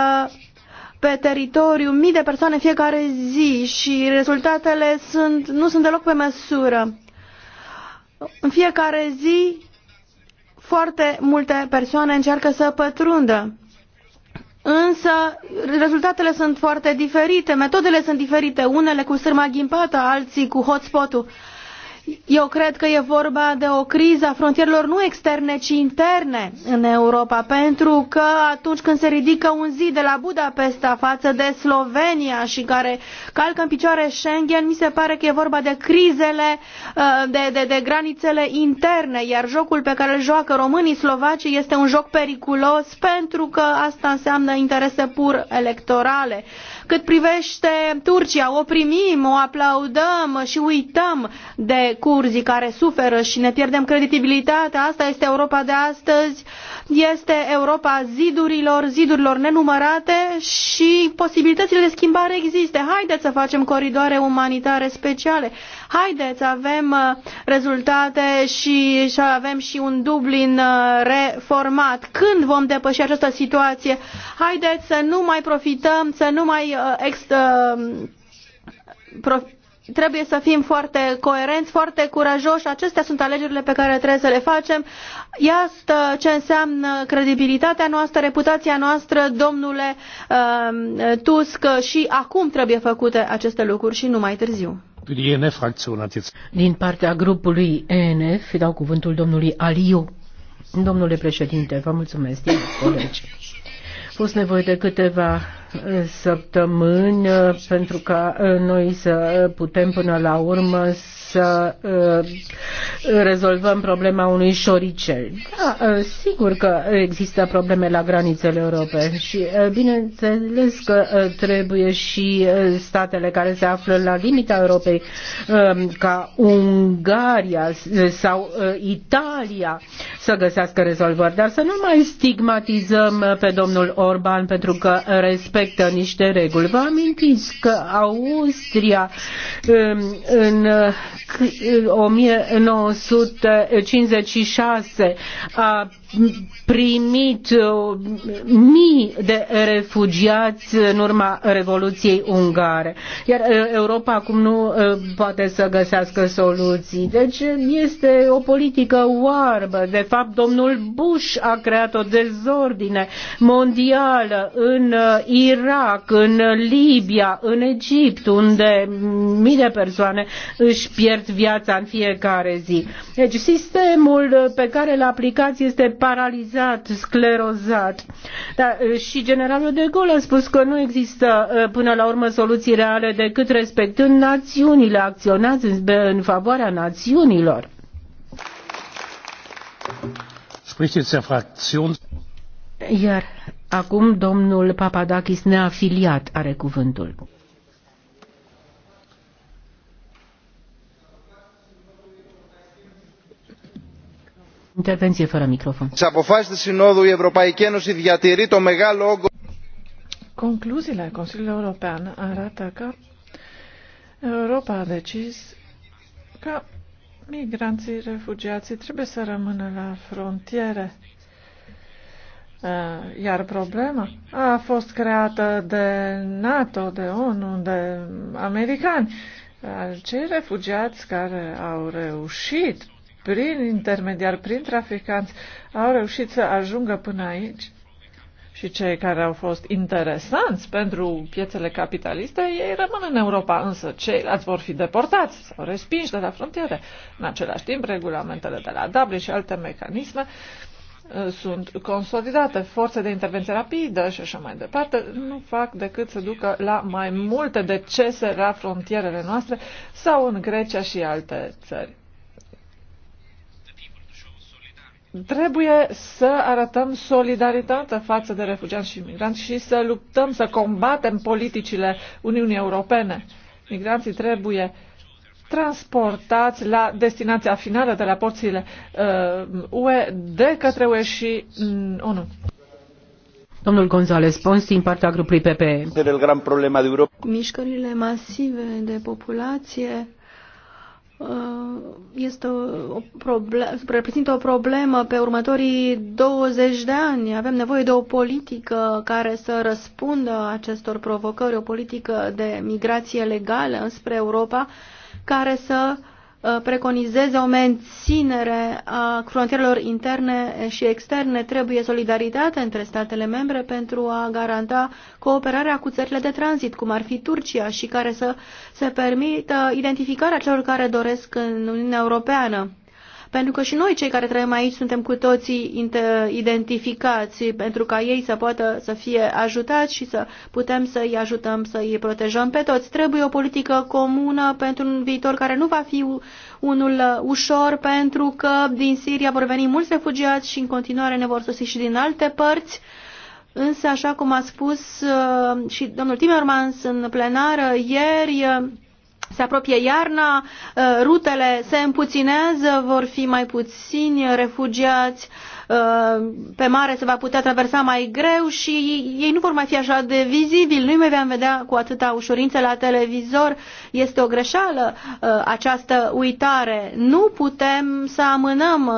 pe teritoriu, mii de persoane fiecare zi și rezultatele sunt, nu sunt deloc pe măsură. În fiecare zi foarte multe persoane încearcă să pătrundă. Însă rezultatele sunt foarte diferite, metodele sunt diferite, unele cu sârma ghimpată, alții cu hotspot-ul. Eu cred că e vorba de o criză a frontierelor nu externe, ci interne în Europa, pentru că atunci când se ridică un zid de la Budapesta față de Slovenia și care calcă în picioare Schengen, mi se pare că e vorba de crizele, uh, de, de, de granițele interne, iar jocul pe care îl joacă românii slovacii este un joc periculos pentru că asta înseamnă interese pur electorale. Cât privește Turcia, o primim, o aplaudăm și uităm de curzii care suferă și ne pierdem credibilitatea, asta este Europa de astăzi, este Europa zidurilor, zidurilor nenumărate și posibilitățile de schimbare există. Haideți să facem coridoare umanitare speciale, haideți să avem uh, rezultate și să avem și un Dublin uh, reformat. Când vom depăși această situație? Haideți să nu mai profităm, să nu mai uh, ex, trebuie să fim foarte coerenți, foarte curajoși. Acestea sunt alegerile pe care trebuie să le facem. Iată ce înseamnă credibilitatea noastră, reputația noastră, domnule uh, Tusk, și acum trebuie făcute aceste lucruri și nu mai târziu.
Din partea grupului ENF dau cuvântul domnului Aliu. Domnule președinte, vă mulțumesc, colegi. fost nevoie de câteva săptămâni uh, pentru ca uh, noi să putem până la urmă să uh, rezolvăm problema unui șoricel. Da, sigur că există probleme la granițele europene și bineînțeles că trebuie și statele care se află la limita Europei um, ca Ungaria sau Italia să găsească rezolvări, dar să nu mai stigmatizăm pe domnul Orban pentru că respect respectă niște reguli. Vă amintiți că Austria um, în 1956 uh, a primit uh, mii de refugiați în urma Revoluției Ungare. Iar uh, Europa acum nu poate să găsească soluții. Deci este o politică oarbă. De fapt, domnul Bush a creat o dezordine mondială în Irak, în Libia, în Egipt, unde mii de persoane își pierd viața în fiecare zi. Deci sistemul pe care îl aplicați este paralizat, sclerozat. Dar uh, și generalul de Gaulle a spus că nu există uh, până la urmă soluții reale decât respectând națiunile, acționați în favoarea națiunilor. Iar Acum domnul Papadakis neafiliat are cuvântul. Intervenție fără microfon. Στις αποφάσεις της Συνόδου η Ευρωπαϊκή și διατηρεί το μεγάλο
Concluziile Consiliului European arată că Europa a decis că migranții, refugiații trebuie să rămână la frontiere Uh, iar problema a fost creată de NATO, de ONU, de americani. Cei refugiați care au reușit prin intermediari, prin traficanți, au reușit să ajungă până aici și cei care au fost interesanți pentru piețele capitaliste, ei rămân în Europa, însă ceilalți vor fi deportați sau respinși de la frontiere. În același timp, regulamentele de la Dublin și alte mecanisme uh, Uh, sunt consolidate, forțe de intervenție rapidă și așa mai departe, nu fac decât să ducă la mai multe decese la frontierele noastre sau în Grecia și alte țări. Trebuie să arătăm solidaritate față de refugiați și imigranți și să luptăm, să combatem politicile Uniunii Europene. Migranții trebuie uh, transportați la destinația finală de la porțile uh, UE de către UE și um, mm, ONU.
Domnul González Pons, din partea grupului PPE.
Mișcările masive de populație
uh, este o problemă, reprezintă o problemă pe următorii 20 de ani. Avem nevoie de o politică care să răspundă acestor provocări, o politică de migrație legală înspre Europa care să uh, preconizeze o menținere a frontierelor interne și externe. Trebuie solidaritate între statele membre pentru a garanta cooperarea cu țările de tranzit, cum ar fi Turcia, și care să se permită identificarea celor care doresc în Uniunea Europeană pentru că și noi cei care trăim aici suntem cu toții identificați pentru ca ei să poată să fie ajutați și să putem să-i ajutăm, să-i protejăm pe toți. Trebuie o politică comună pentru un viitor care nu va fi unul uh, ușor pentru că din Siria vor veni mulți refugiați și în continuare ne vor sosi și din alte părți. Însă, așa cum a spus uh, și domnul Timmermans în plenară ieri, uh, se apropie iarna, uh, rutele se împuținează, vor fi mai puțini refugiați, uh, pe mare se va putea traversa mai greu și ei nu vor mai fi așa de vizibili, nu-i mai vom vedea cu atâta ușurință la televizor. Este o greșeală uh, această uitare. Nu putem să amânăm,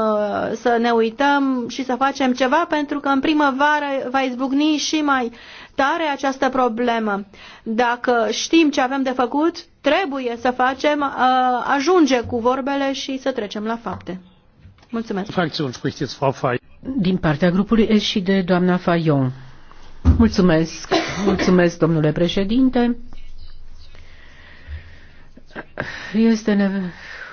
să ne uităm și să facem ceva pentru că în primăvară va izbucni și mai tare această problemă. Dacă știm ce avem de făcut, trebuie să facem uh, ajunge cu vorbele și să trecem la fapte. Mulțumesc.
Din partea grupului S și de doamna Fayon. Mulțumesc. Mulțumesc, domnule președinte. Este nevoie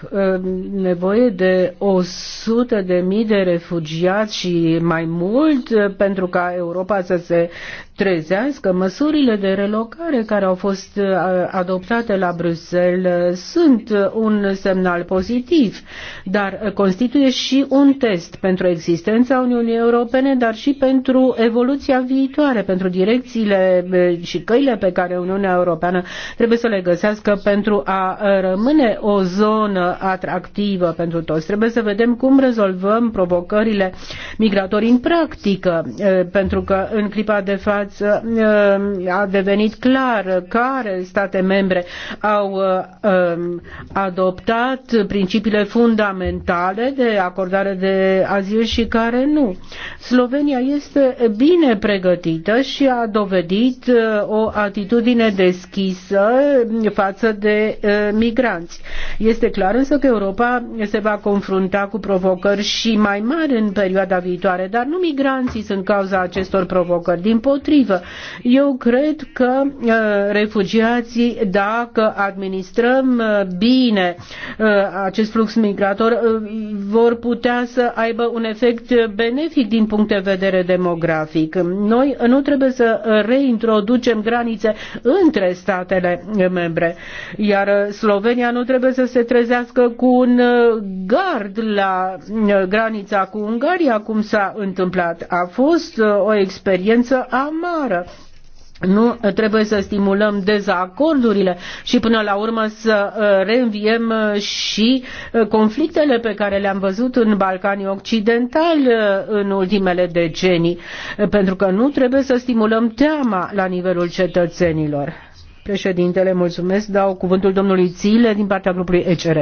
Uh, nevoie de 100 de mii de refugiați și mai mult uh, pentru ca Europa să se trezească. Măsurile de relocare care au fost uh, adoptate la Bruxelles sunt un semnal pozitiv, dar constituie și un test pentru existența Uniunii Europene, dar și pentru evoluția viitoare, pentru direcțiile și căile pe care Uniunea Europeană trebuie să le găsească pentru a rămâne o zonă atractivă pentru toți. Trebuie să vedem cum rezolvăm provocările migratorii în practică, pentru că în clipa de față a devenit clar care state membre au adoptat principiile fundamentale de acordare de azil și care nu. Slovenia este bine pregătită și a dovedit o atitudine deschisă față de migranți. Este clar însă că Europa se va confrunta cu provocări și mai mari în perioada viitoare, dar nu migranții sunt cauza acestor provocări. Din potrivă, eu cred că uh, refugiații, dacă administrăm uh, bine uh, acest flux migrator, vor putea să aibă un efect benefic din punct de vedere demografic. Noi nu trebuie să reintroducem granițe între statele membre, iar Slovenia nu trebuie să se trezească întâlnească cu un uh, gard la uh, granița cu Ungaria, cum s-a întâmplat. A fost uh, o experiență amară. Nu trebuie să stimulăm dezacordurile și până la urmă să reînviem și conflictele pe care le-am văzut în Balcanii Occidentali în ultimele decenii, pentru că nu trebuie să stimulăm teama la nivelul cetățenilor. Președintele, mulțumesc. Dau cuvântul domnului Țile din partea grupului ECR.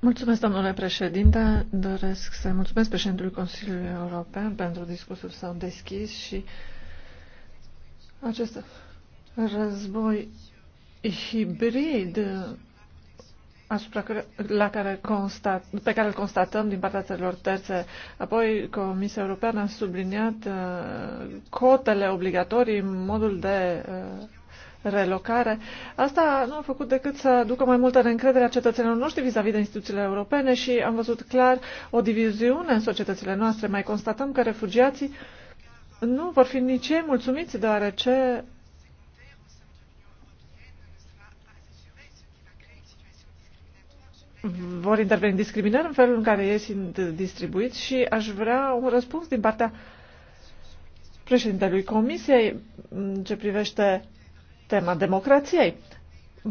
Mulțumesc, domnule președinte. Doresc să mulțumesc președintelui Consiliului European pentru discursul său deschis și acest război hibrid asupra care, la care constat, pe care îl constatăm din partea țărilor terțe. Apoi, Comisia Europeană a subliniat uh, cotele obligatorii, modul de uh, relocare. Asta nu a făcut decât să aducă mai multă încredere, a cetățenilor noștri vis-a-vis -vis de instituțiile europene și am văzut clar o diviziune în societățile noastre. Mai constatăm că refugiații nu vor fi nici ei mulțumiți, deoarece vor interveni discriminări în felul în care ei sunt distribuiți și aș vrea un răspuns din partea președintelui Comisiei în ce privește tema democrației.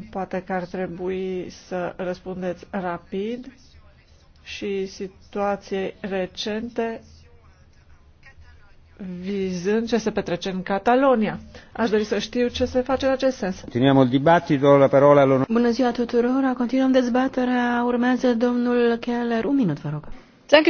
Poate că ar trebui să răspundeți rapid și situației recente vizând ce se petrece în Catalonia. Aș dori să știu ce se face în acest sens.
Continuăm dibattito, la parola
Bună ziua tuturor, continuăm dezbaterea, urmează domnul Keller. Un minut, vă rog.
Cred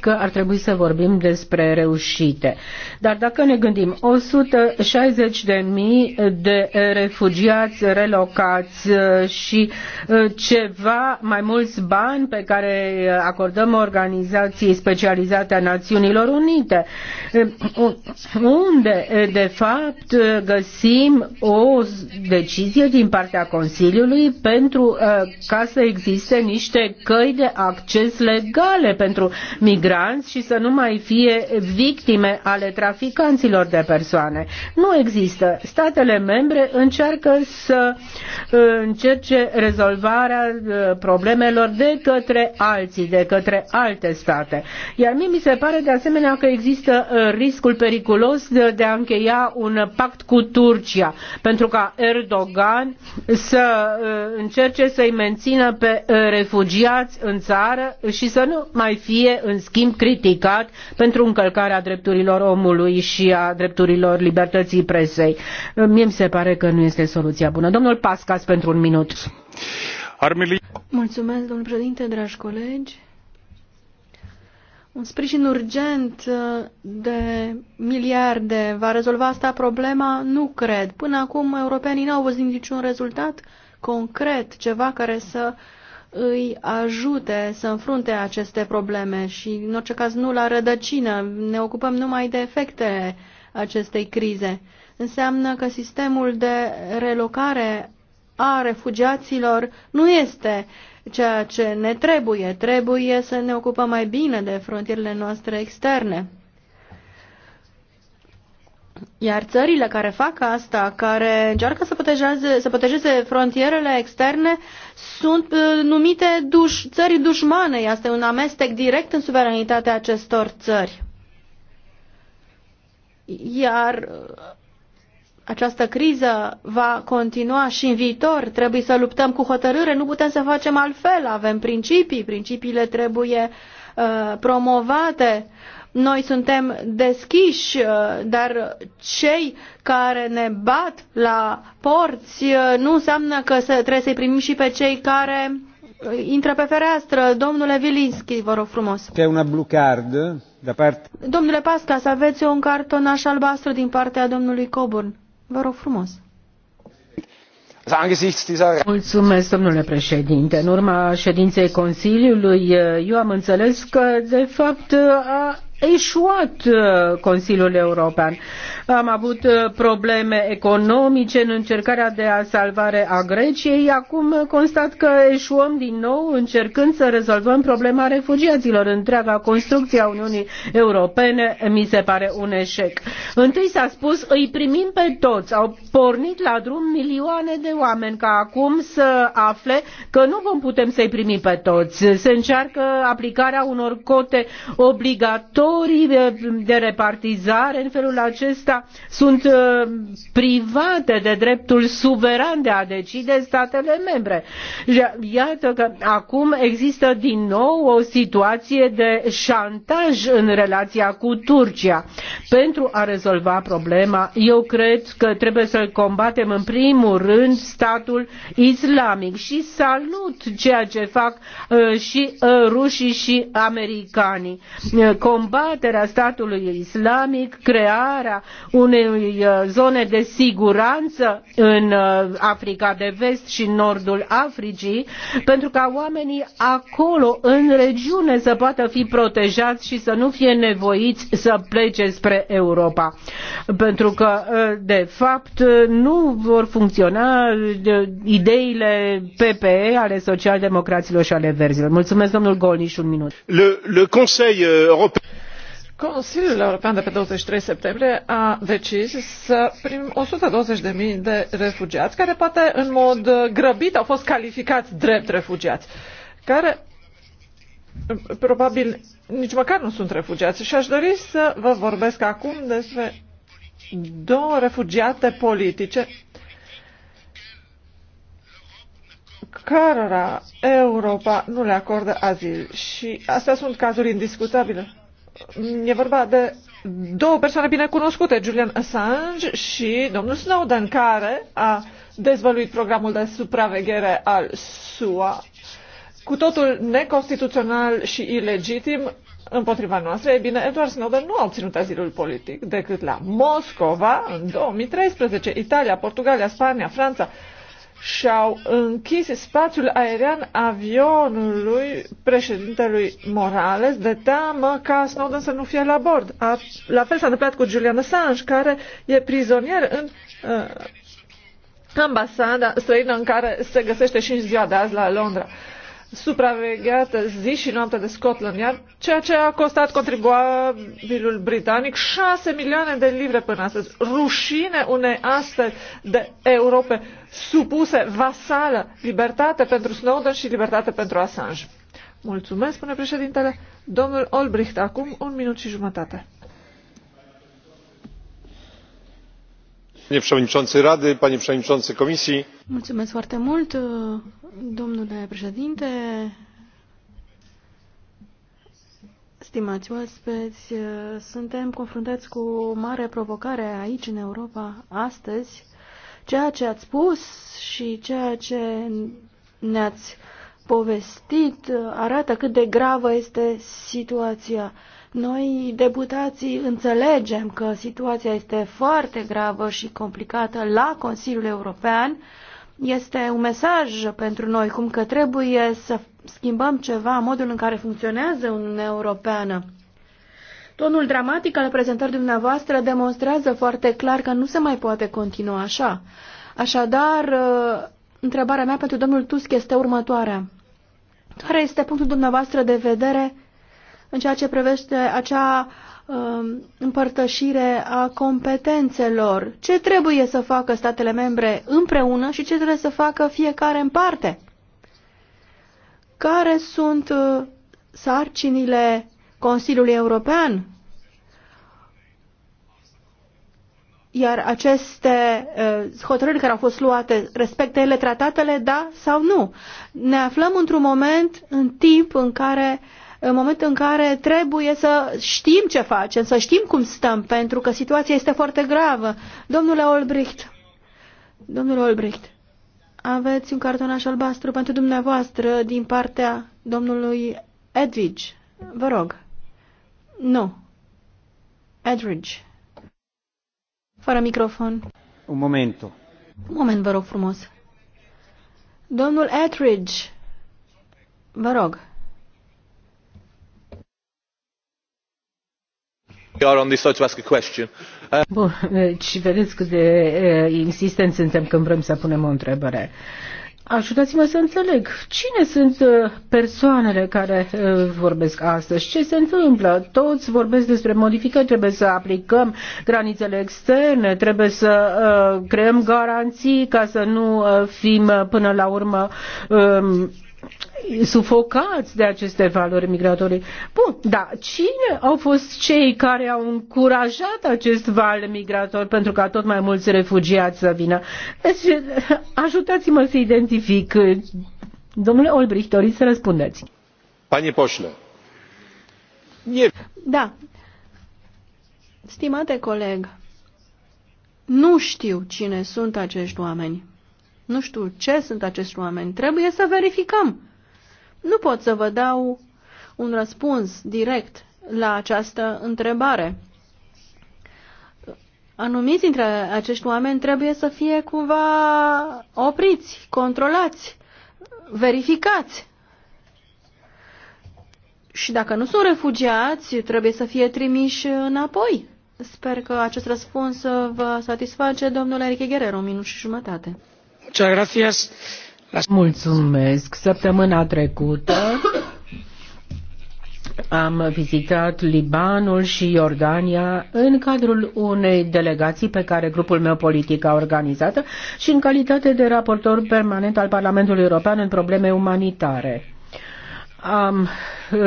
că ar trebui să vorbim despre reușite. Dar dacă ne gândim, 160 de mii de refugiați relocați uh, și uh, ceva mai mulți bani pe care uh, acordăm organizației specializate a Națiunilor Unite. Unde, de fapt, găsim o decizie din partea Consiliului pentru ca să existe niște căi de acces legale pentru migranți și să nu mai fie victime ale traficanților de persoane. Nu există. Statele membre încearcă să uh, încerce rezolvarea uh, problemelor de către alții, de către alte state. Iar mie mi se pare de asemenea că există uh, riscul periculos de a încheia un pact cu Turcia, pentru ca Erdogan să încerce să-i mențină pe refugiați în țară țară și să nu mai fie, în schimb, criticat pentru încălcarea drepturilor omului și a drepturilor libertății presei. Mie mi se pare că nu este soluția bună. Domnul Pascas, pentru un minut.
Mulțumesc, domnul președinte, dragi colegi. Un sprijin urgent uh, de miliarde va rezolva asta problema? Nu cred. Până acum europenii n-au văzut niciun rezultat concret, ceva care să uh, îi ajute să înfrunte aceste probleme și, în orice caz, nu la rădăcină. Ne ocupăm numai de efectele acestei crize. Înseamnă că sistemul de relocare a refugiaților nu este ceea ce ne trebuie. Trebuie să ne ocupăm mai bine de frontierele noastre externe. Iar țările care fac asta, care încearcă să protejeze, să protejeze frontierele externe, sunt uh, numite duș, țări dușmane. Este un amestec direct în suveranitatea acestor țări. Iar uh, această criză va continua și în viitor. Trebuie să luptăm cu hotărâre. Nu putem să facem altfel. Avem principii. Principiile trebuie uh, promovate. Uh, noi suntem deschiși, uh, dar cei care ne bat la porți uh, nu înseamnă că trebuie să-i primim și pe cei care uh, intră pe fereastră. Domnule Vilinski, vă rog frumos. C'è una blue card da parte... Domnule Pasca, să aveți un cartonaș albastru din partea domnului Coburn. Vă rog frumos.
Mulțumesc, domnule președinte. În urma ședinței Consiliului, eu am înțeles că, de fapt, a eșuat uh, Consiliul European. Am avut uh, probleme economice în încercarea de a salvare a Greciei. Acum uh, constat că eșuăm din nou încercând să rezolvăm problema refugiaților. Întreaga construcție a Uniunii Europene mi se pare un eșec. Întâi s-a spus îi primim pe toți. Au pornit la drum milioane de oameni ca acum să afle că nu vom putem să-i primim pe toți. Se încearcă aplicarea unor cote obligatorii laboratorii de repartizare în felul acesta sunt uh, private de dreptul suveran de a decide statele membre. Iată că acum există din nou o situație de șantaj în relația cu Turcia. Pentru a rezolva problema, eu cred că trebuie să combatem în primul rând statul islamic și salut ceea ce fac uh, și uh, rușii și americanii. Combat combaterea statului islamic, crearea unei uh, zone de siguranță în uh, Africa de Vest și în nordul Africii, pentru ca oamenii acolo, în regiune, să poată fi protejați și să nu fie nevoiți să plece spre Europa. Pentru că, uh, de fapt, nu vor funcționa ideile PPE ale socialdemocraților și ale verzilor. Mulțumesc, domnul Golniș, un minut.
Le, le Conseil Consiliul European de pe 23 septembrie a decis să primim 120.000 de refugiați, care poate în mod grăbit au fost calificați drept refugiați, care probabil nici măcar nu sunt refugiați. Și aș dori să vă vorbesc acum despre două refugiate politice cărora Europa nu le acordă azil. Și astea sunt cazuri indiscutabile e vorba de două persoane bine cunoscute, Julian Assange și domnul Snowden, care a dezvăluit programul de supraveghere al SUA, cu totul neconstituțional și ilegitim împotriva noastră. E bine, Edward Snowden nu a obținut azilul politic decât la Moscova în 2013. Italia, Portugalia, Spania, Franța, și-au închis spațiul aerian avionului președintelui Morales de teamă ca Snowden să nu fie la bord. A, la fel s-a întâmplat cu Julian Assange, care e prizonier în uh, ambasada străină în care se găsește și în ziua de azi la Londra supravegheată zi și noapte de Scotland Yard, ceea ce a costat contribuabilul britanic 6 milioane de livre până astăzi. Rușine unei astăzi de Europe supuse, vasală, libertate pentru Snowden și libertate pentru Assange. Mulțumesc, spune președintele. Domnul Olbricht, acum un minut și jumătate. domnule președinte rady panie przewodniczący komisji!
mulțumesc foarte mult domnule președinte stimați oaspeți suntem confruntați cu o mare provocare aici în europa astăzi ceea ce ați spus și ceea ce ne-ați povestit arată cât de gravă este situația noi, deputații, înțelegem că situația este foarte gravă și complicată la Consiliul European. Este un mesaj pentru noi cum că trebuie să schimbăm ceva modul în care funcționează Uniunea Europeană. Tonul dramatic al prezentării dumneavoastră demonstrează foarte clar că nu se mai poate continua așa. Așadar, întrebarea mea pentru domnul Tusk este următoarea. Care este punctul dumneavoastră de vedere în ceea ce privește acea um, împărtășire a competențelor. Ce trebuie să facă statele membre împreună și ce trebuie să facă fiecare în parte? Care sunt uh, sarcinile Consiliului European? Iar aceste uh, hotărâri care au fost luate, respectă ele tratatele, da sau nu? Ne aflăm într-un moment, în timp în care uh, în momentul în care trebuie să știm ce facem, să știm cum stăm, pentru că situația este foarte gravă. Domnule Olbricht, domnule Olbricht, aveți un cartonaș albastru pentru dumneavoastră din partea domnului Edwidge. Vă rog. Nu. Edridge. Fără microfon. Un moment. Un moment, vă rog frumos. Domnul Etridge, vă rog.
Bun, deci vedeți cât de insistenți suntem când vrem să punem o întrebare. Ajutați-mă să înțeleg cine sunt uh, persoanele care uh, vorbesc astăzi, ce se întâmplă. Toți vorbesc despre modificări, trebuie să aplicăm granițele externe, trebuie să uh, creăm garanții ca să nu fim până la urmă um, sufocați de aceste valori migratorii. Bun, dar cine au fost cei care au încurajat acest val migrator pentru ca tot mai mulți refugiați să vină? Deci, ajutați-mă să identific. Domnule Olbricht, doriți să răspundeți.
Pani poșle.
Nie... Da. Stimate coleg, nu știu cine sunt acești oameni. Nu știu ce sunt acești oameni. Trebuie să verificăm. Nu pot să vă dau un răspuns direct la această întrebare. Anumiți dintre acești oameni trebuie să fie cumva opriți, controlați, verificați. Și dacă nu sunt refugiați, trebuie să fie trimiși înapoi. Sper că acest răspuns vă satisface, domnule Enrique Guerrero, un minut și jumătate.
Muchas
gracias. Mulțumesc. Săptămâna trecută am vizitat Libanul și Iordania în cadrul unei delegații pe care grupul meu politic a organizat și în calitate de raportor permanent al Parlamentului European în probleme umanitare am uh,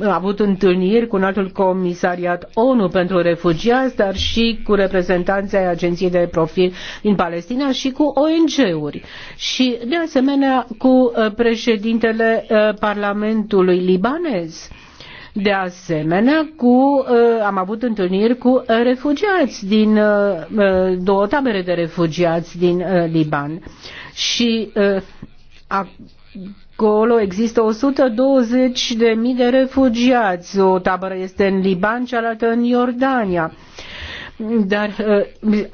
uh, avut întâlniri cu un altul comisariat ONU pentru refugiați, dar și cu reprezentanții ai agenției de profil din Palestina și cu ONG-uri și de asemenea cu uh, președintele uh, Parlamentului libanez. De asemenea, cu, uh, am avut întâlniri cu refugiați din două tabere de refugiați din Liban. Și acolo există 120.000 de refugiați. O tabără este în Liban, cealaltă în Iordania dar uh,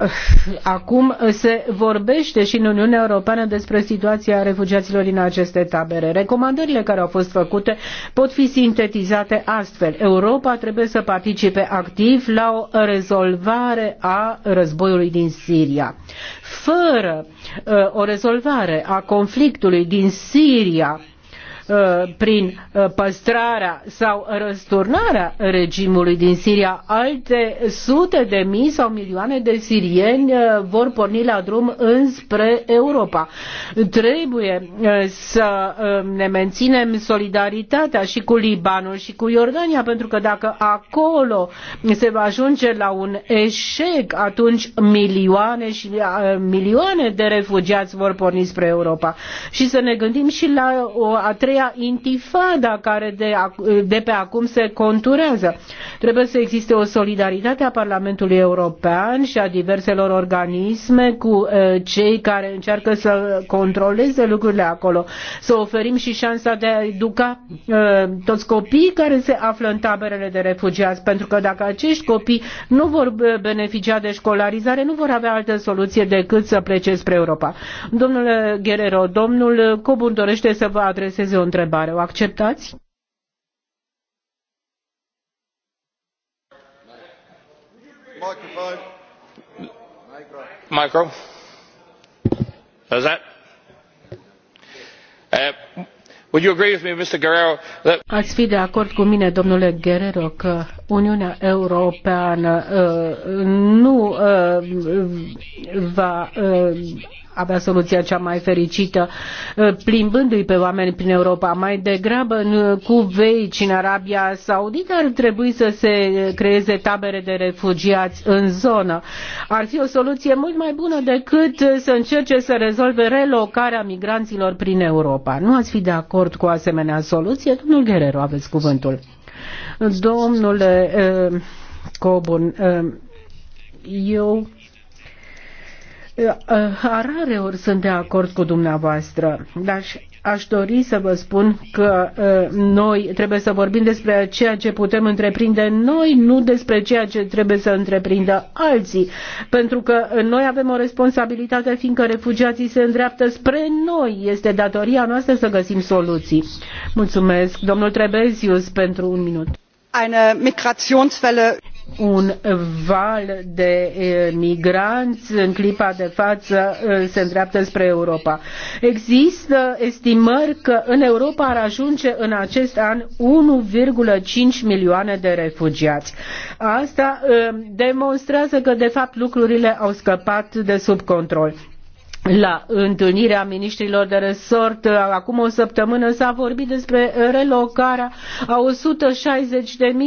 acum se vorbește și în Uniunea Europeană despre situația refugiaților din aceste tabere. Recomandările care au fost făcute pot fi sintetizate astfel. Europa trebuie să participe activ la o rezolvare a războiului din Siria. Fără uh, o rezolvare a conflictului din Siria, Uh, prin uh, păstrarea sau răsturnarea regimului din Siria, alte sute de mii sau milioane de sirieni uh, vor porni la drum înspre Europa. Trebuie să ne menținem solidaritatea și cu Libanul și cu Iordania, pentru că dacă acolo se va ajunge la un eșec, atunci milioane și milioane de refugiați vor porni spre Europa. Și să ne gândim și la o a treia aceea intifada care de, de pe acum se conturează. Trebuie să existe o solidaritate a Parlamentului European și a diverselor organisme cu eh, cei care încearcă să controleze lucrurile acolo. Să oferim și șansa de a educa eh, toți copiii care se află în taberele de refugiați, pentru că dacă acești copii nu vor eh, beneficia de școlarizare, nu vor avea altă soluție decât să plece spre Europa. Domnule Guerrero, domnul Cobun dorește să vă adreseze o întrebare. O acceptați?
Micro.
Is that? Uh, would you agree with me, Mr. Guerrero, that...
Ați fi de acord cu mine, domnule Guerrero, că Uniunea Europeană uh, nu uh, va uh, avea soluția cea mai fericită ă, plimbându-i pe oameni prin Europa. Mai degrabă în ă, Cuveit și în Arabia Saudită ar trebui să se creeze tabere de refugiați în zonă. Ar fi o soluție mult mai bună decât să încerce să rezolve relocarea migranților prin Europa. Nu ați fi de acord cu asemenea soluție? Domnul Guerrero, aveți cuvântul. Domnule ă, Cobun, eu Uh, ori sunt de acord cu dumneavoastră, dar aș dori să vă spun că uh, noi trebuie să vorbim despre ceea ce putem întreprinde noi, nu despre ceea ce trebuie să întreprindă alții, pentru că noi avem o responsabilitate, fiindcă refugiații se îndreaptă spre noi. Este datoria noastră să găsim soluții. Mulțumesc, domnul Trebezius, pentru un minut. Eine Migrationswelle un val de eh, migranți în clipa de față eh, se îndreaptă spre Europa. Există estimări că în Europa ar ajunge în acest an 1,5 milioane de refugiați. Asta eh, demonstrează că de fapt lucrurile au scăpat de sub control la întâlnirea ministrilor de resort acum o săptămână s-a vorbit despre relocarea a 160.000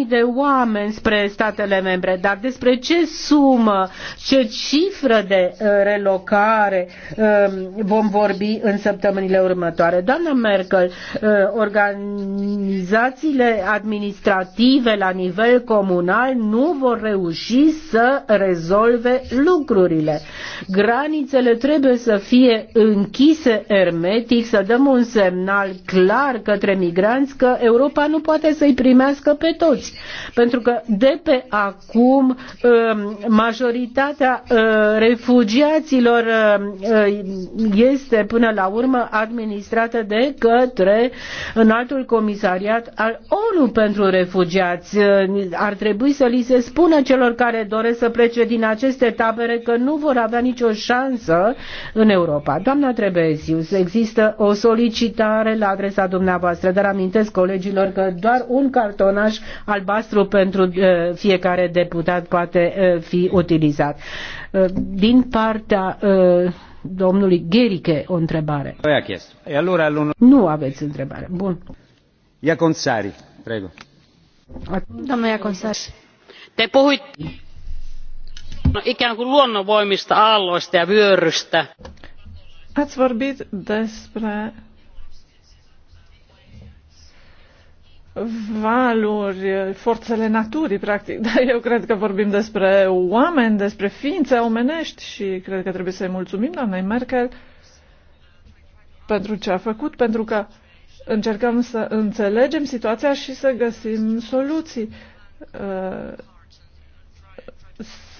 de oameni spre statele membre, dar despre ce sumă, ce cifră de uh, relocare um, vom vorbi în săptămânile următoare. Doamna Merkel, uh, organizațiile administrative la nivel comunal nu vor reuși să rezolve lucrurile. Granițele trebuie să să fie închise ermetic, să dăm un semnal clar către migranți că Europa nu poate să-i primească pe toți. Pentru că de pe acum um, majoritatea uh, refugiaților uh, este până la urmă administrată de către înaltul comisariat al ONU pentru refugiați. Uh, ar trebui să li se spună celor care doresc să plece din aceste tabere că nu vor avea nicio șansă în Europa. Doamna Trebezius, există o solicitare la adresa dumneavoastră, dar amintesc colegilor că doar un cartonaș albastru pentru eh, fiecare deputat poate eh, fi utilizat. Eh, din partea domnului Gheriche o întrebare. E allora Nu aveți întrebare. Bun.
Ia Consari, prego. Doamna Ia Consari. Te puhuit
Ikään kuin luonnonvoimista, aalloista ja vyörystä.
Ați vorbit despre valuri, forțele naturii, practic. Dar eu cred că vorbim despre oameni, despre ființe omenești și cred că trebuie să-i mulțumim doamnei Merkel pentru ce a făcut, pentru că încercăm să înțelegem situația și să găsim soluții. Uh,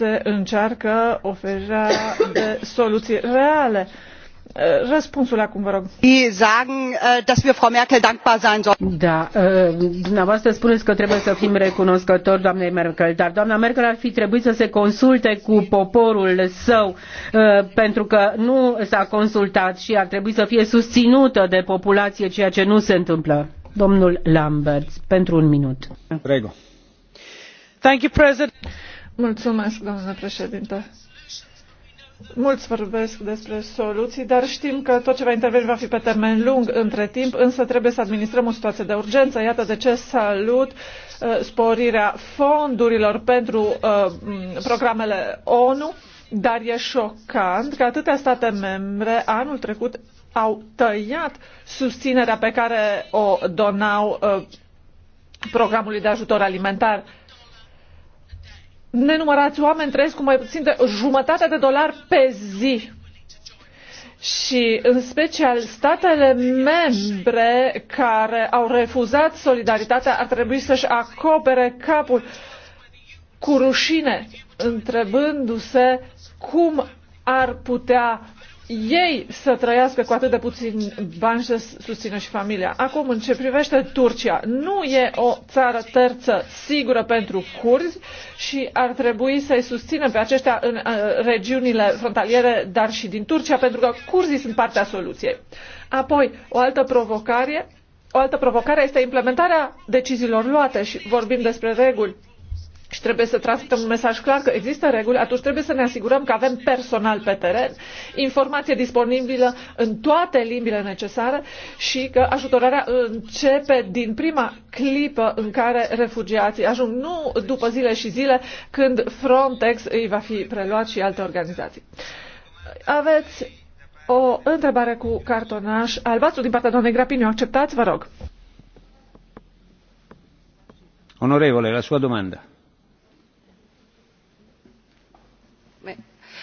se încearcă oferirea de soluții reale. Eh, răspunsul acum, vă rog.
Eh, da, eh, dumneavoastră spuneți că trebuie să fim recunoscători doamnei Merkel, dar doamna Merkel ar fi trebuit să se consulte cu poporul său pentru că nu s-a consultat și ar trebui să fie susținută de populație, ceea ce nu se întâmplă. Domnul Lambert, pentru un minut. Prego.
Thank you, President. Mulțumesc, domnule președinte. Mulți vorbesc despre soluții, dar știm că tot ce va interveni va fi pe termen lung între timp, însă trebuie să administrăm o situație de urgență. Iată de ce salut uh, sporirea fondurilor pentru uh, programele ONU, dar e șocant că atâtea state membre anul trecut au tăiat susținerea pe care o donau uh, programului de ajutor alimentar. Uh, nenumărați oameni trăiesc cu mai puțin de jumătate de dolar pe zi. Și în special statele membre care au refuzat solidaritatea ar trebui să-și acopere capul cu rușine, întrebându-se cum ar putea ei să trăiască cu atât de puțin bani să susțină și familia. Acum, în ce privește Turcia, nu e o țară terță sigură pentru curzi și ar trebui să-i susținem pe aceștia în uh, regiunile frontaliere, dar și din Turcia, pentru că curzii sunt partea soluției. Apoi, o altă provocare, o altă provocare este implementarea deciziilor luate și vorbim despre reguli și trebuie să transmitem un mesaj clar că există reguli, atunci trebuie să ne asigurăm că avem personal pe teren, informație disponibilă în toate limbile necesare și că ajutorarea începe din prima clipă în care refugiații ajung, nu după zile și zile când Frontex îi va fi preluat și alte organizații. Aveți o întrebare cu cartonaș albastru din partea doamnei Grapini. O acceptați, vă rog.
Onorevole, la sua domanda.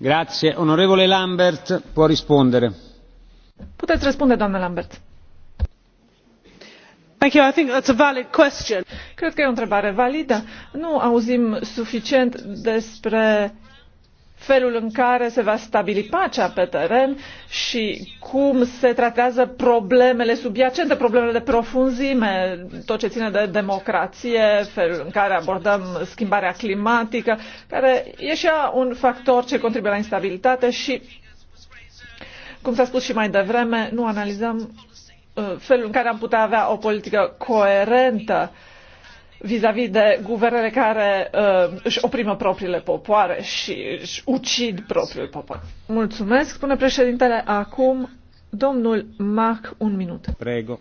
Grazie. Lambert, Puteți răspunde, doamnă Lambert. Thank you. I think that's a valid question. Cred că e o întrebare validă. Nu auzim suficient despre felul în care se va stabili pacea pe teren și cum se tratează problemele subiacente, problemele de profunzime, tot ce ține de democrație, felul în care abordăm schimbarea climatică, care e și un factor ce contribuie la instabilitate și, cum s-a spus și mai devreme, nu analizăm uh, felul în care am putea avea o politică coerentă vis-a-vis de guvernele care uh, își oprimă propriile popoare și își ucid propriul popor. Mulțumesc, spune președintele. Acum, domnul Mac, un minut.
Prego.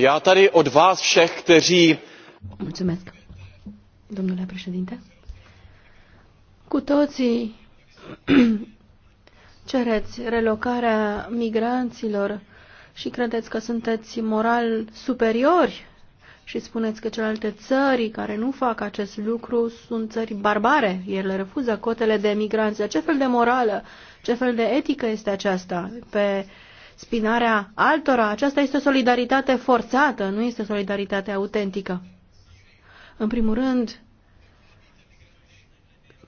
Ia tari od vás všech, kteří... Mulțumesc, domnule președinte. Cu toții cereți relocarea migranților și credeți că sunteți moral superiori și spuneți că celelalte țări care nu fac acest lucru sunt țări barbare, ele refuză cotele de migranți. Ce fel de morală, ce fel de etică este aceasta pe spinarea altora? Aceasta este solidaritate forțată, nu este solidaritate autentică. În primul rând,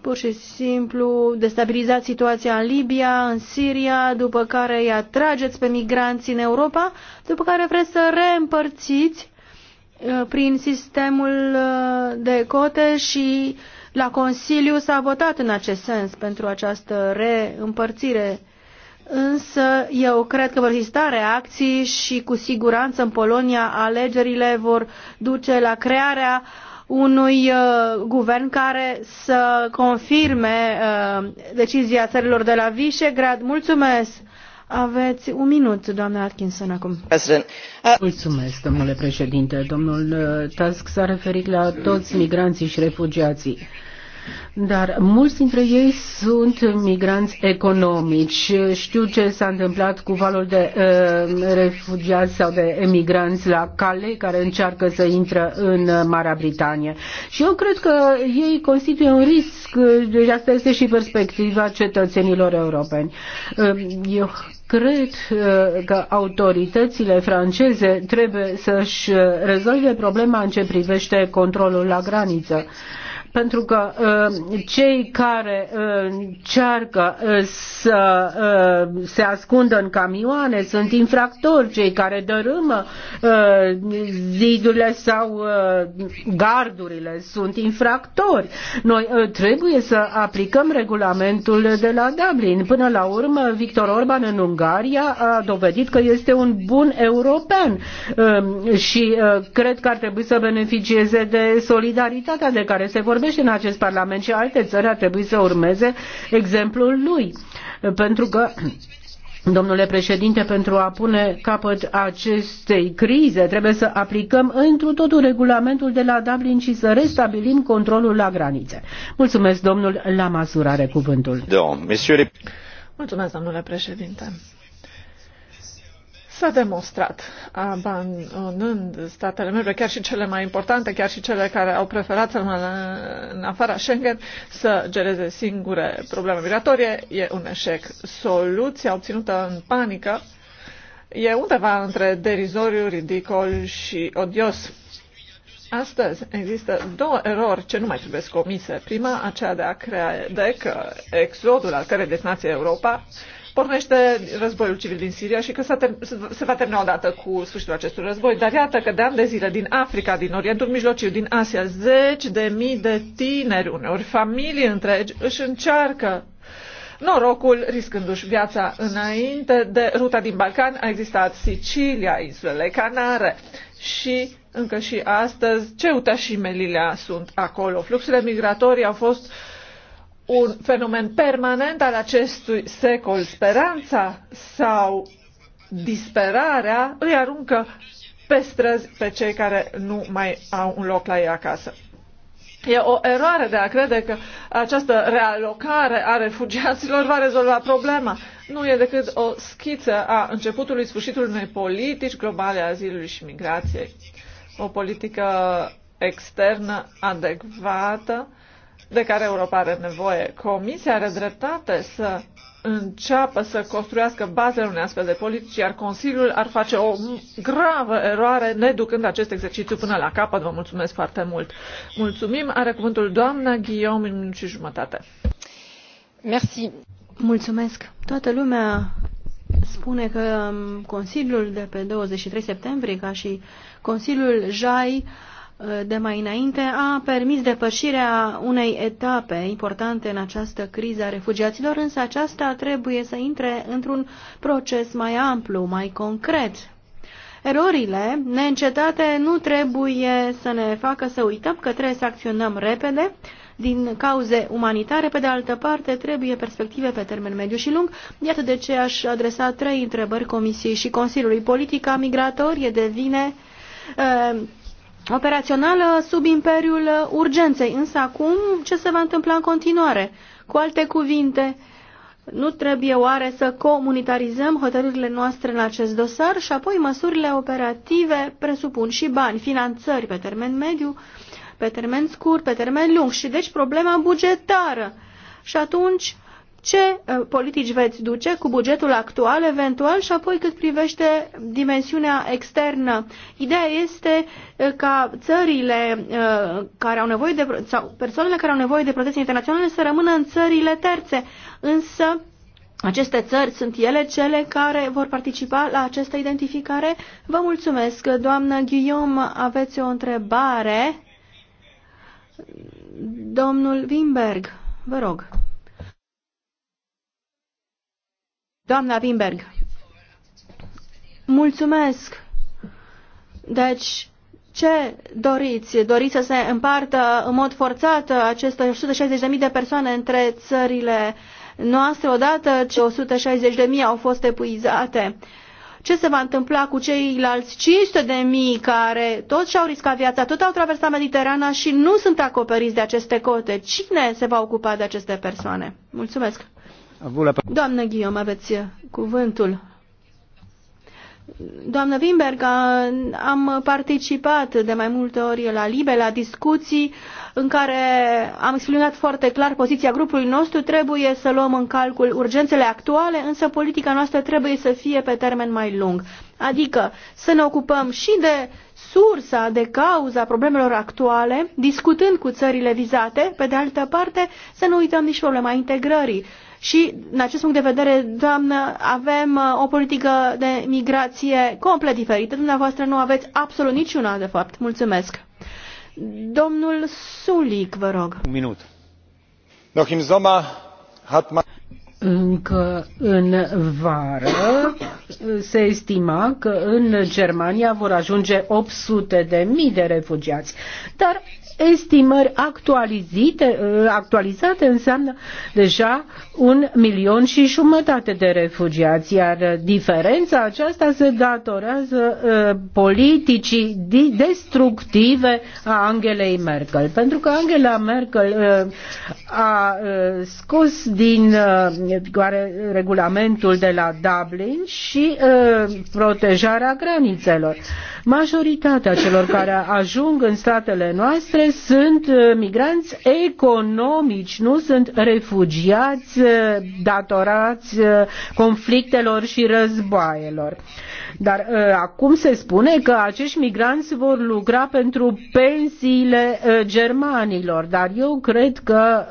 pur și simplu destabilizați situația în Libia, în Siria, după care îi atrageți pe migranți în Europa, după care vreți să reîmpărțiți uh, prin sistemul uh, de cote și la Consiliu s-a votat în acest sens pentru această reîmpărțire. Însă eu cred că vor exista reacții și cu siguranță în Polonia alegerile vor duce la crearea uh, unui uh, guvern care să confirme uh, decizia țărilor de la Visegrad. Mulțumesc! Aveți un minut, doamna Atkinson, acum.
Uh, Mulțumesc, domnule președinte. Domnul Tusk s-a referit la toți migranții și refugiații dar mulți dintre ei sunt migranți economici. Știu ce s-a întâmplat cu valul de uh, refugiați sau de emigranți la Cale care încearcă să intră în uh, Marea Britanie. Și eu cred că ei constituie un risc, deci asta este și perspectiva cetățenilor europeni. Uh, eu cred uh, că autoritățile franceze trebuie să-și uh, rezolve problema în ce privește controlul la graniță pentru că uh, cei care uh, încearcă uh, să se ascundă în camioane sunt infractori, cei care dărâmă zidurile sau gardurile sunt infractori. Noi trebuie să aplicăm regulamentul de la Dublin. Până la urmă, Victor Orban în Ungaria a dovedit că este un bun european um, și cred că ar trebui să beneficieze de solidaritatea de care se vorbește vorbește în acest Parlament și alte țări ar trebui să urmeze exemplul lui. Pentru că Domnule președinte, pentru a pune capăt acestei crize, trebuie să aplicăm întru totul regulamentul de la Dublin și să restabilim controlul la granițe. Mulțumesc, domnul Lamasur are cuvântul. Da,
Mulțumesc, domnule președinte. S-a demonstrat, abandonând statele membre, chiar și cele mai importante, chiar și cele care au preferat să rămână în afara Schengen, să gereze singure probleme migratorie, e un eșec. Soluția obținută în panică e undeva între derizoriu, ridicol și odios. Astăzi există două erori ce nu mai trebuie comise. Prima, aceea de a crede că exodul al cărei destinație Europa pornește războiul civil din Siria și că se va termina odată cu sfârșitul acestui război. Dar iată că de ani de zile din Africa, din Orientul Mijlociu, din Asia, zeci de mii de tineri, uneori familii întregi, își încearcă norocul riscându-și viața înainte de ruta din Balcan. A existat Sicilia, insulele Canare și încă și astăzi Ceuta și Melilea sunt acolo. Fluxurile migratorii au fost uh, un fenomen permanent al acestui secol. Speranța sau disperarea îi aruncă pe străzi pe cei care nu mai au un loc la ei acasă. E o eroare de a crede că această realocare a refugiaților va rezolva problema. Nu e decât o schiță a începutului sfârșitului unei politici globale a azilului și migrației. O politică externă adecvată de care Europa are nevoie. Comisia are dreptate să înceapă să construiască bazele unei astfel de politici, iar Consiliul ar face o gravă eroare neducând acest exercițiu până la capăt. Vă mulțumesc foarte mult. Mulțumim. Are cuvântul doamna Guillaume în minut și jumătate. Merci.
Mulțumesc. Toată lumea spune că um, Consiliul de pe 23 septembrie, ca și Consiliul JAI, de mai înainte a permis depășirea unei etape importante în această criză a refugiaților, însă aceasta trebuie să intre într-un proces mai amplu, mai concret. Erorile neîncetate nu trebuie să ne facă să uităm că trebuie să acționăm repede, din cauze umanitare, pe de altă parte trebuie perspective pe termen mediu și lung. Iată de ce aș adresa trei întrebări Comisiei și Consiliului. Politica migratorie devine uh, operațională sub imperiul urgenței. Însă acum ce se va întâmpla în continuare? Cu alte cuvinte, nu trebuie oare să comunitarizăm hotărârile noastre în acest dosar și apoi măsurile operative presupun și bani, finanțări pe termen mediu, pe termen scurt, pe termen lung și deci problema bugetară. Și atunci ce uh, politici veți duce cu bugetul actual eventual și apoi cât privește dimensiunea externă. Ideea este uh, ca țările uh, care au nevoie de, sau persoanele care au nevoie de protecție internațională să rămână în țările terțe, însă aceste țări sunt ele cele care vor participa la această identificare. Vă mulțumesc, doamnă Guillaume, aveți o întrebare. Domnul Wimberg, vă rog. Doamna Wimberg, mulțumesc. Deci, ce doriți? Doriți să se împartă în mod forțat aceste 160.000 de persoane între țările noastre odată ce 160.000 au fost epuizate? Ce se va întâmpla cu ceilalți 500.000 care tot și-au riscat viața, tot au traversat Mediterana și nu sunt acoperiți de aceste cote? Cine se va ocupa de aceste persoane? Mulțumesc! Doamnă Ghiom, aveți uh, cuvântul. Doamnă Wimberg, am participat de mai multe ori la LIBE, la discuții în care am explicat foarte clar poziția grupului nostru. Trebuie să luăm în calcul urgențele actuale, însă politica noastră trebuie să fie pe termen mai lung. Adică să ne ocupăm și de sursa, de cauza problemelor actuale, discutând cu țările vizate, pe de altă parte să nu uităm nici problema integrării. Și, în acest punct de vedere, doamnă, avem uh, o politică de migrație complet diferită. Dumneavoastră nu aveți absolut niciuna, de fapt. Mulțumesc. Domnul Sulic, vă rog. Un minut.
Încă în vară se estima că în Germania vor ajunge 800 de mii de refugiați. Dar estimări uh, actualizate înseamnă deja un milion și jumătate de refugiați, iar diferența aceasta se datorează uh, politicii destructive a Angelei Merkel. Pentru că Angela Merkel uh, a uh, scos din uh, regulamentul de la Dublin și uh, protejarea granițelor. Majoritatea celor care ajung în statele noastre sunt uh, migranți economici, nu sunt refugiați uh, datorați uh, conflictelor și războaielor. Dar acum se spune că acești migranți vor lucra pentru pensiile germanilor, dar eu cred că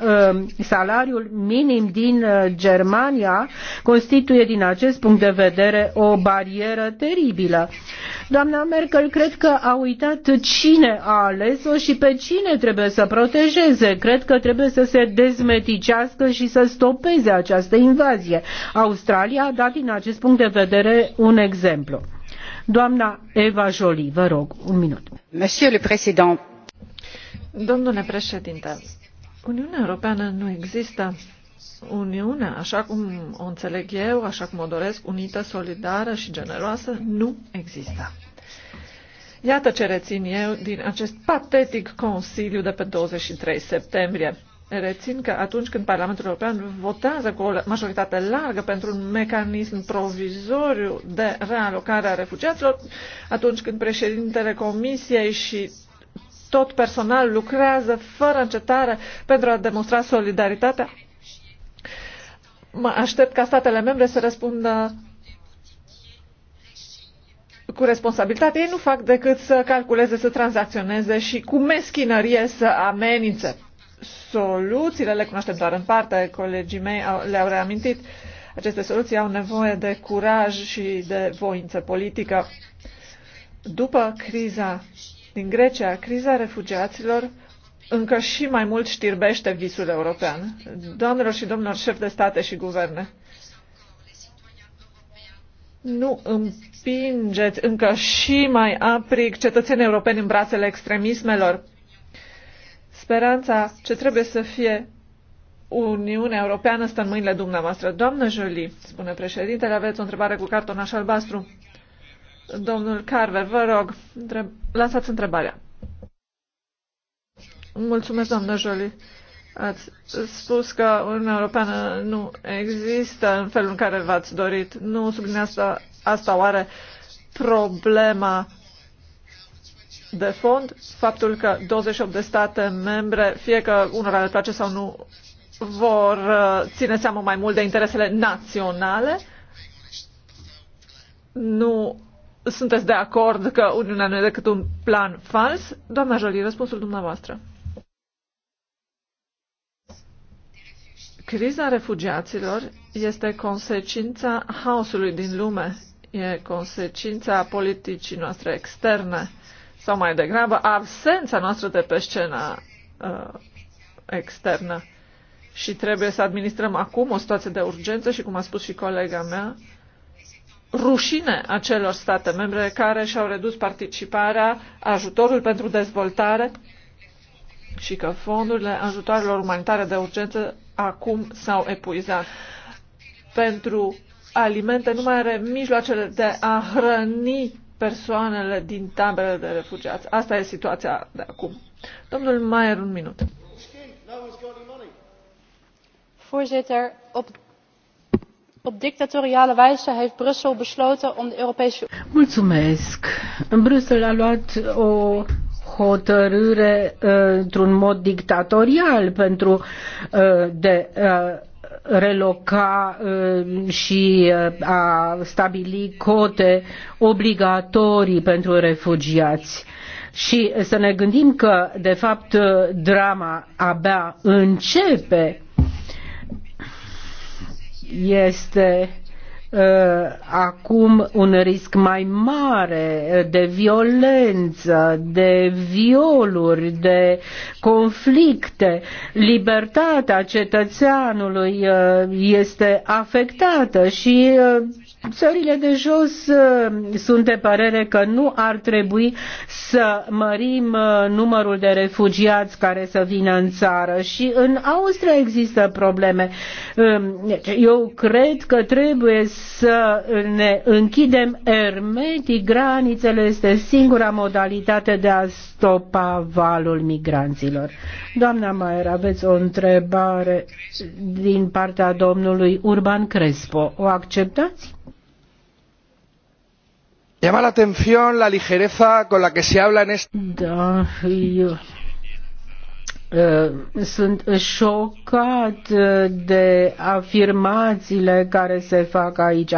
salariul minim din Germania constituie din acest punct de vedere o barieră teribilă. Doamna Merkel cred că a uitat cine a ales-o și pe cine trebuie să protejeze. Cred că trebuie să se dezmeticească și să stopeze această invazie. Australia a dat din acest punct de vedere un exemplu. Doamna Eva Jolie, vă rog, un minut. Monsieur le Président.
Domnule președinte, Uniunea Europeană nu există Uniunea, așa cum o înțeleg eu, așa cum o doresc, unită, solidară și generoasă, nu există. Iată ce rețin eu din acest patetic Consiliu de pe 23 septembrie. Rețin că atunci când Parlamentul European votează cu o majoritate largă pentru un mecanism provizoriu de realocare a refugiaților, atunci când președintele Comisiei și tot personal lucrează fără încetare pentru a demonstra solidaritatea mă aștept ca statele membre să răspundă cu responsabilitate. Ei nu fac decât să calculeze, să tranzacționeze și cu meschinărie să amenințe. Soluțiile le cunoaștem doar în parte, colegii mei le-au reamintit. Aceste soluții au nevoie de curaj și de voință politică. După criza din Grecia, criza refugiaților, încă și mai mult știrbește visul european. Doamnelor și domnilor șef de state și guverne, nu împingeți încă și mai aprig cetățenii europeni în brațele extremismelor. Speranța ce trebuie să fie Uniunea Europeană stă în mâinile dumneavoastră. Doamnă Jolie, spune președintele, aveți o întrebare cu cartonaș albastru. Domnul Carver, vă rog, întreb... lansați întrebarea. Mulțumesc, doamnă Jolie. Ați spus că Uniunea Europeană nu există în felul în care v-ați dorit. Nu sublinează asta, asta oare problema de fond, faptul că 28 de state membre, fie că unora le place sau nu, vor uh, ține seama mai mult de interesele naționale? Nu sunteți de acord că Uniunea nu e decât un plan fals? Doamna Jolie, răspunsul dumneavoastră. Criza refugiaților este consecința haosului din lume, e consecința politicii noastre externe, sau mai degrabă absența noastră de pe scena uh, externă. Și trebuie să administrăm acum o situație de urgență și, cum a spus și colega mea, rușine acelor state membre care și-au redus participarea, ajutorul pentru dezvoltare și că fondurile ajutoarelor umanitare de urgență acum s-au epuizat. Pentru alimente nu mai are mijloacele de a hrăni persoanele din taberele de refugiați. Asta e situația de acum. Domnul Maier, un minut.
Voorzitter, op
Op dictatoriale wijze heeft Brussel besloten om de Europese. Mulțumesc. Brussel a luat o hotărâre uh, într-un mod dictatorial pentru uh, de uh, reloca și a stabili cote obligatorii pentru refugiați. Și să ne gândim că, de fapt, drama abia începe este Uh, acum un risc mai mare uh, de violență, de violuri, de conflicte. Libertatea cetățeanului uh, este afectată și Țările de jos uh, sunt de părere că nu ar trebui să mărim uh, numărul de refugiați care să vină în țară și în Austria există probleme. Um, eu cred că trebuie să ne închidem ermetic granițele, este singura modalitate de a stopa valul migranților. Doamna Maier, aveți o întrebare din partea domnului Urban Crespo. O acceptați? Llama la
atención la ligereza con la que se habla en este.
Da, Uh, sunt șocat uh, de afirmațiile care se fac aici.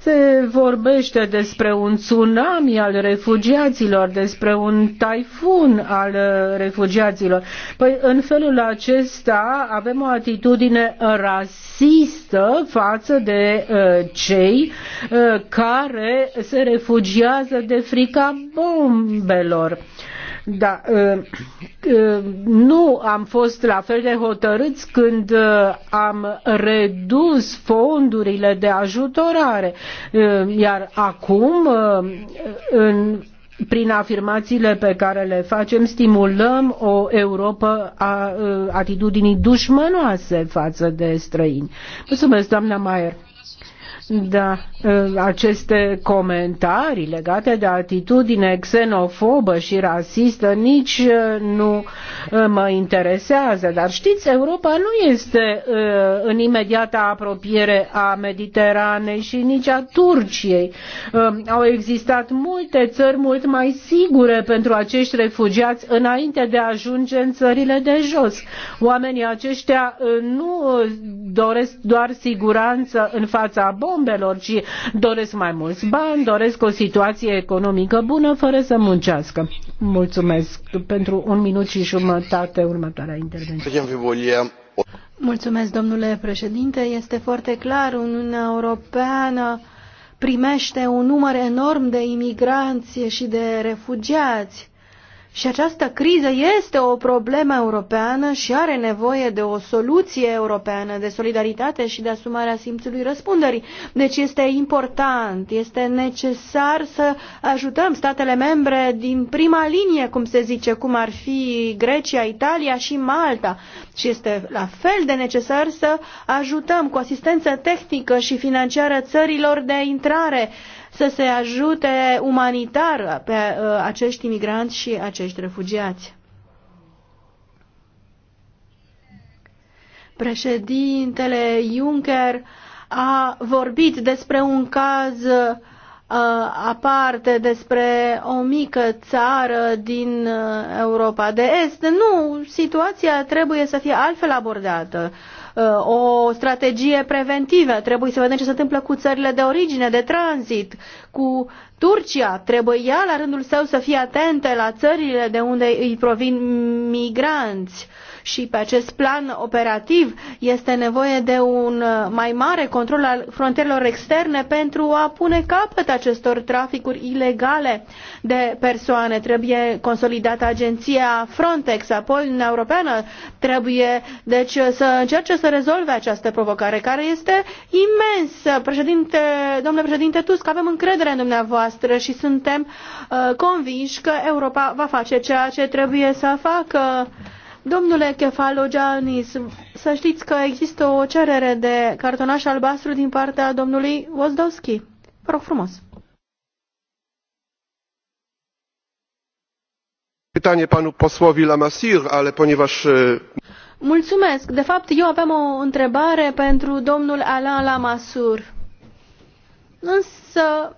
Se vorbește despre un tsunami al refugiaților, despre un taifun al uh, refugiaților. Păi în felul acesta avem o atitudine rasistă față de uh, cei uh, care se refugiază de frica bombelor. Da, ă, ă, nu am fost la fel de hotărâți când ă, am redus fondurile de ajutorare, iar acum în prin afirmațiile pe care le facem, stimulăm o Europa a atitudinii dușmănoase față de străini. Mulțumesc, doamna Maier. Da, ă, aceste comentarii legate de atitudine xenofobă și rasistă nici ă, nu ă, mă interesează, dar știți, Europa nu este în imediata apropiere a Mediteranei și nici a Turciei. Au existat multe țări mult mai sigure pentru acești refugiați înainte de a ajunge în țările de jos. Oamenii aceștia nu doresc doar siguranță în fața bombelor, bombelor, ci doresc mai mulți bani, doresc o situație economică bună fără să muncească. Mulțumesc pentru un minut și jumătate
următoarea intervenție. Mulțumesc, domnule președinte. Este foarte clar, Uniunea Europeană primește un număr enorm de imigranți și de refugiați și această criză este o problemă europeană și are nevoie de o soluție europeană, de solidaritate și de asumarea simțului răspunderii. Deci este important, este necesar să ajutăm statele membre din prima linie, cum se zice, cum ar fi Grecia, Italia și Malta. Și este la fel de necesar să ajutăm cu asistență tehnică și financiară țărilor de intrare uh, să se ajute umanitar pe uh, acești imigranți și acești refugiați. Președintele Juncker a vorbit despre un caz uh, aparte despre o mică țară din uh, Europa de Est. Nu, situația trebuie să fie altfel abordată. Uh, Uh, o strategie preventivă. Trebuie să vedem ce se întâmplă cu țările de origine, de tranzit, cu Turcia. Trebuie ea, la rândul său, să fie atentă la țările de unde îi provin migranți. Uh, și pe acest plan operativ este nevoie de un uh, mai mare control al frontierelor externe pentru a pune capăt acestor traficuri ilegale de persoane. Trebuie consolidată agenția Frontex, apoi Uniunea Europeană trebuie deci uh, să încerce să rezolve această provocare care este imensă. Președinte, domnule președinte Tusk, avem încredere în dumneavoastră și suntem uh, convinși că Europa va face ceea ce trebuie să facă. Uh, Domnule Giannis, să știți că există o cerere de cartonaș albastru din partea domnului Wozdowski. Vă rog frumos.
Pytanie panu posłowi Lamassir, ale ponieważ...
Mulțumesc. De fapt, eu aveam o întrebare pentru domnul Alain Lamassur. Însă,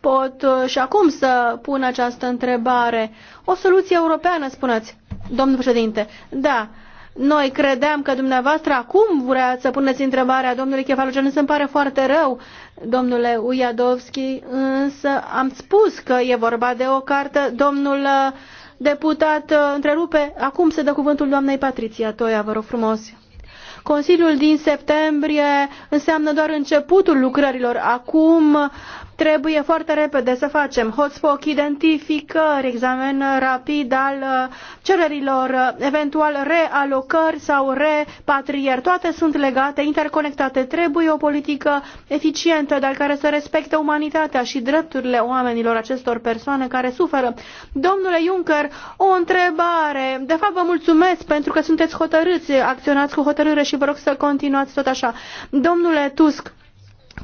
pot și acum să pun această întrebare. O soluție europeană, spuneți. Domnul președinte, da, noi credeam că dumneavoastră acum vrea să puneți întrebarea domnului Chefalogen, îmi pare foarte rău, domnule Ujadovski, însă am spus că e vorba de o carte. Domnul uh, deputat uh, întrerupe, acum se dă cuvântul doamnei Patriția Toia, vă rog frumos. Consiliul din septembrie înseamnă doar începutul lucrărilor. Acum Trebuie foarte repede să facem hotspot, identificări, examen rapid al uh, cererilor, uh, eventual realocări sau repatrieri. Toate sunt legate, interconectate. Trebuie o politică eficientă, dar care să respecte umanitatea și drepturile oamenilor acestor persoane care suferă. Domnule Juncker, o întrebare. De fapt, vă mulțumesc pentru că sunteți hotărâți, acționați cu hotărâre și vă rog să continuați tot așa. Domnule Tusk,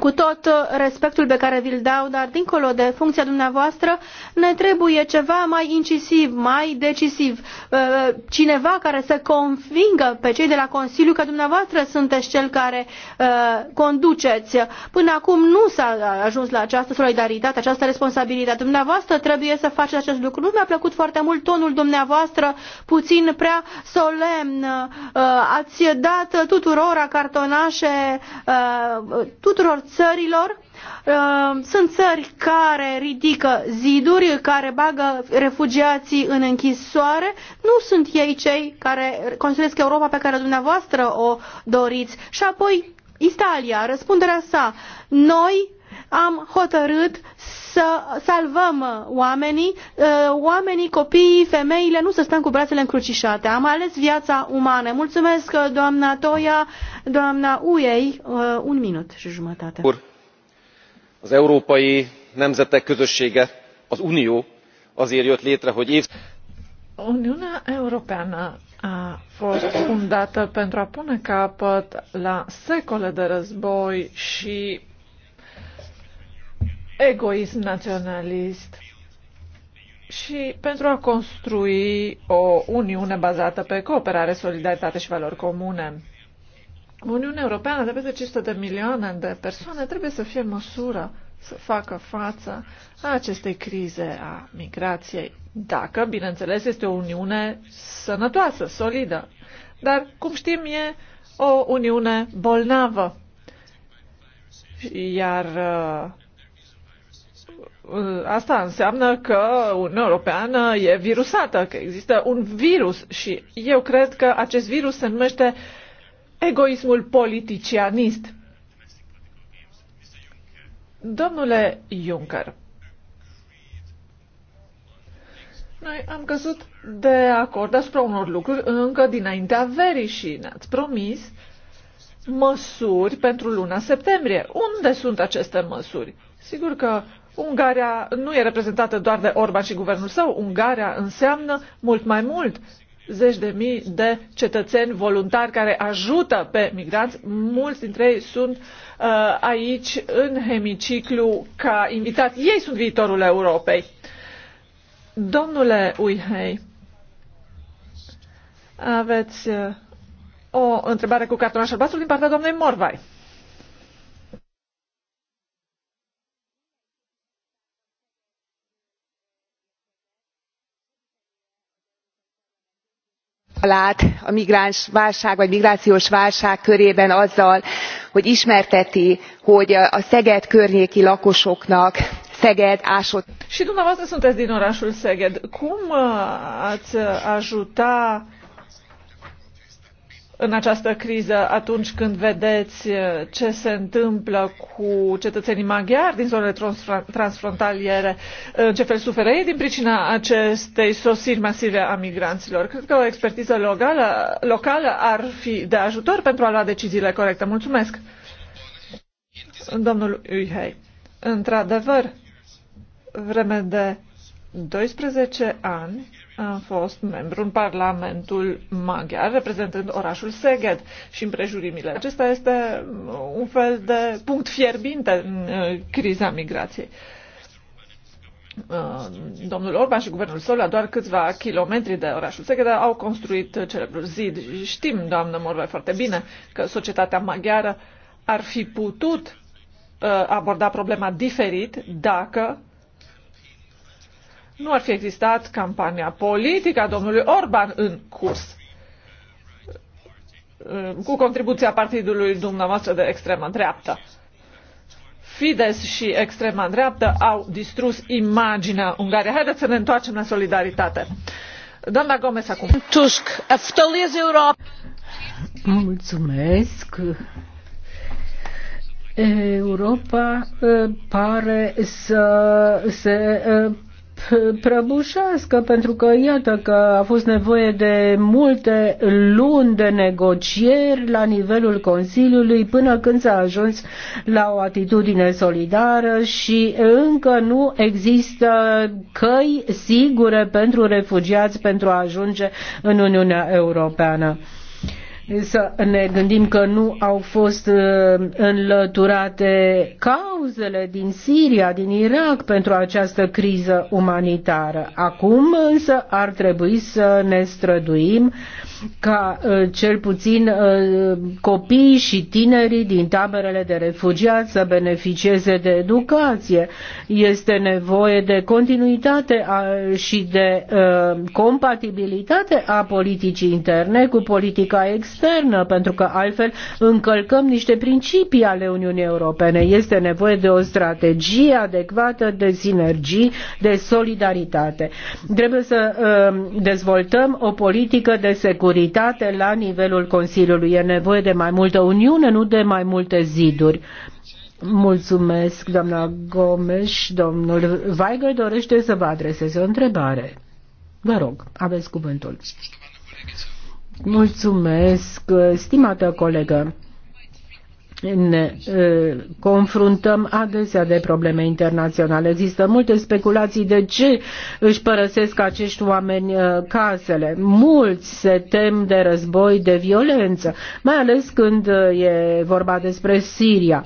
cu tot uh, respectul pe care vi-l dau, dar dincolo de funcția dumneavoastră, ne trebuie ceva mai incisiv, mai decisiv. Uh, cineva care să convingă pe cei de la Consiliu că dumneavoastră sunteți cel care uh, conduceți. Până acum nu s-a ajuns la această solidaritate, această responsabilitate. Dumneavoastră trebuie să faceți acest lucru. Nu mi-a plăcut foarte mult tonul dumneavoastră, puțin prea solemn. Ați dat tuturora cartonașe, tuturor țărilor. Uh, sunt țări care ridică ziduri, care bagă refugiații în închisoare. Nu sunt ei cei care construiesc Europa pe care dumneavoastră o doriți. Și apoi Italia, răspunderea sa. Noi am hotărât să salvăm oamenii, uh, oamenii, copiii, femeile, nu să stăm cu brațele încrucișate. Am ales viața umană. Mulțumesc, doamna Toia, Doamna Uiei, uh,
un minut și jumătate. Az európai nemzetek közössége, az Unió azért jött létre, hogy év... Uniunea Europeană a fost fundată pentru a pune capăt la secole de război și egoism naționalist și pentru a construi o uniune bazată pe cooperare, solidaritate și valori comune. Uniunea Europeană de peste 500 de milioane de persoane trebuie să fie în măsură să facă față a acestei crize a migrației, dacă, bineînțeles, este o Uniune sănătoasă, solidă. Dar, cum știm, e o Uniune bolnavă. Iar uh, asta înseamnă că Uniunea Europeană e virusată, că există un virus și eu cred că acest virus se numește uh, egoismul politicianist. Domnule Juncker, noi am căzut de acord asupra unor lucruri încă dinaintea verii și ne-ați promis măsuri pentru luna septembrie. Unde sunt aceste măsuri? Sigur că Ungaria nu e reprezentată doar de Orban și guvernul său. Ungaria înseamnă mult mai mult zeci de mii de cetățeni voluntari care ajută pe migranți. Mulți dintre ei sunt uh, aici în hemiciclu ca invitați. Ei sunt viitorul Europei. Domnule Uihei, aveți uh, o întrebare cu cartonaș albastru din partea doamnei Morvai. lát a migránsválság vagy migrációs válság körében azzal hogy
ismerteti hogy a szeged környéki lakosoknak szeged ásott.
și dumneavoastră sunteți din orașul szeged cum ați ajuta în această criză atunci când vedeți uh, ce se întâmplă cu cetățenii maghiari din zonele transfrontaliere, uh, în ce fel suferă ei din pricina acestei sosiri masive a migranților. Cred că o expertiză locală, locală ar fi de ajutor pentru a lua deciziile corecte. Mulțumesc! Domnul Uihei, într-adevăr, vreme de 12 ani, am fost membru în Parlamentul Maghiar, reprezentând orașul Seged și împrejurimile. Acesta este un fel de punct fierbinte în uh, criza migrației uh, domnul Orban și guvernul său, la doar câțiva kilometri de orașul Seged, au construit celebrul zid. Știm, doamnă Morvai, foarte bine că societatea maghiară ar fi putut uh, aborda problema diferit dacă nu ar fi existat campania politică a domnului Orban în curs cu contribuția partidului dumneavoastră de extremă dreaptă. Fides și extrema dreaptă au distrus imaginea Ungariei. Haideți să ne întoarcem la solidaritate. Doamna Gomes acum. Tusk, Europa.
Mulțumesc. Europa eh, pare să se eh, prăbușească, pentru că iată că a fost nevoie de multe luni de negocieri la nivelul Consiliului până când s-a ajuns la o atitudine solidară și încă nu există căi sigure pentru refugiați pentru a ajunge în Uniunea Europeană să ne gândim că nu au fost uh, înlăturate cauzele din Siria, din Irak pentru această criză umanitară. Acum însă ar trebui să ne străduim ca uh, cel puțin uh, copiii și tinerii din taberele de refugiați să beneficieze de educație. Este nevoie de continuitate și de compatibilitate a politicii interne cu politica externă externă, pentru că altfel încălcăm niște principii ale Uniunii Europene. Este nevoie de o strategie adecvată de sinergii, de solidaritate. Trebuie să um, dezvoltăm o politică de securitate la nivelul Consiliului. E nevoie de mai multă Uniune, nu de mai multe ziduri. Mulțumesc, doamna Gomes. Domnul Weigel dorește să vă adreseze o întrebare. Vă rog, aveți cuvântul. Mulțumesc, stimată colegă. Ne confruntăm adesea de probleme internaționale. Există multe speculații de ce își părăsesc acești oameni casele. Mulți se tem de război, de violență, mai ales când e vorba despre Siria.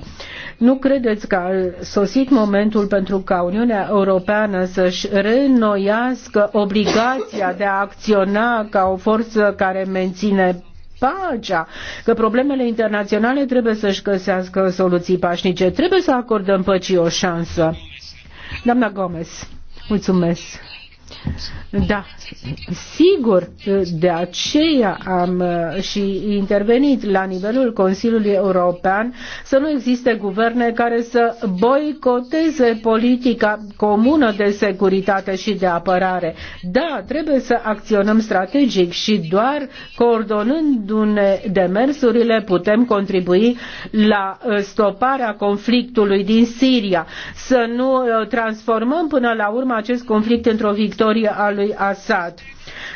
Nu credeți că a sosit momentul pentru ca Uniunea Europeană să-și reînnoiască obligația de a acționa ca o forță care menține pacea, că problemele internaționale trebuie să-și găsească soluții pașnice, trebuie să acordăm păcii o șansă. Doamna Gomez, mulțumesc. Da, sigur, de aceea am uh, și intervenit la nivelul Consiliului European să nu existe guverne care să boicoteze politica comună de securitate și de apărare. Da, trebuie să acționăm strategic și doar coordonându-ne demersurile putem contribui la uh, stoparea conflictului din Siria. Să nu uh, transformăm până la urmă acest conflict într-o victorie victorie a lui Assad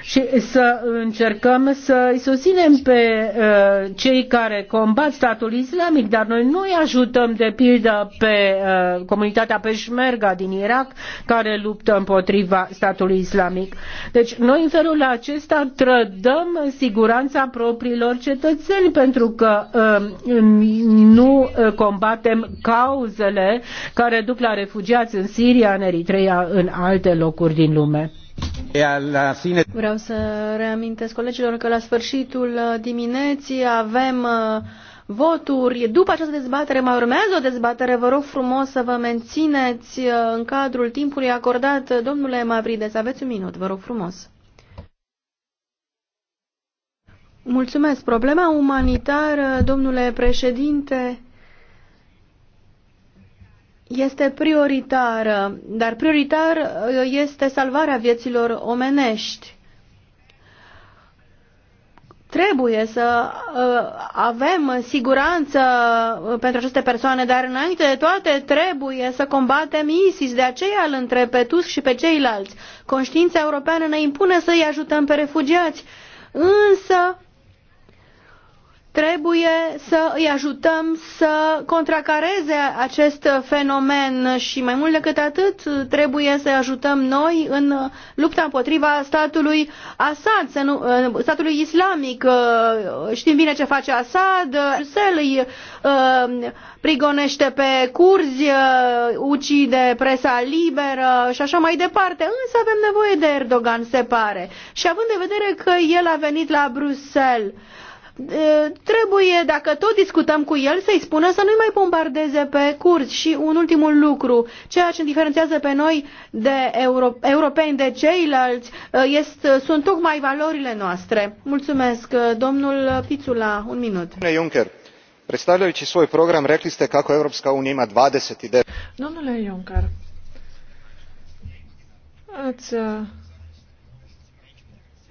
și să încercăm să îi susținem pe uh, cei care combat statul islamic, dar noi nu îi ajutăm de pildă pe uh, comunitatea Peșmerga din Irak care luptă împotriva statului islamic. Deci noi în felul acesta trădăm siguranța propriilor cetățeni pentru că uh, nu uh, combatem cauzele care duc la refugiați în Siria, în Eritrea, în alte locuri din lume.
Vreau să reamintesc colegilor că la sfârșitul uh, dimineții avem uh, voturi. După această dezbatere mai urmează o dezbatere. Vă rog frumos să vă mențineți uh, în cadrul timpului acordat. Domnule Mavrides, aveți un minut, vă rog frumos. Mulțumesc. Problema umanitară, domnule președinte, este prioritară, dar prioritar uh, este salvarea vieților omenești. Trebuie să uh, avem siguranță uh, pentru aceste persoane, dar înainte de toate trebuie să combatem ISIS, de aceea îl întreb pe Tusk și pe ceilalți. Conștiința europeană ne impune să-i ajutăm pe refugiați, însă trebuie să îi ajutăm să contracareze acest fenomen și mai mult decât atât trebuie să ajutăm noi în lupta împotriva statului Assad, nu, statului islamic. Știm bine ce face Assad, Bruxelles îi uh, prigonește pe curzi, uh, ucide presa liberă și așa mai departe. Însă avem nevoie de Erdogan, se pare. Și având în vedere că el a venit la Bruxelles, trebuie, dacă tot discutăm cu el, să-i spună să nu-i mai bombardeze pe curzi. Și un ultimul lucru, ceea ce diferențiază pe noi de euro, europeni de ceilalți, este, sunt tocmai valorile noastre. Mulțumesc. Domnul Pițula, un minut. Juncker, predstavljajući svoj program rekli ste kako Europska unija ima 29...
Domnule Juncker, ați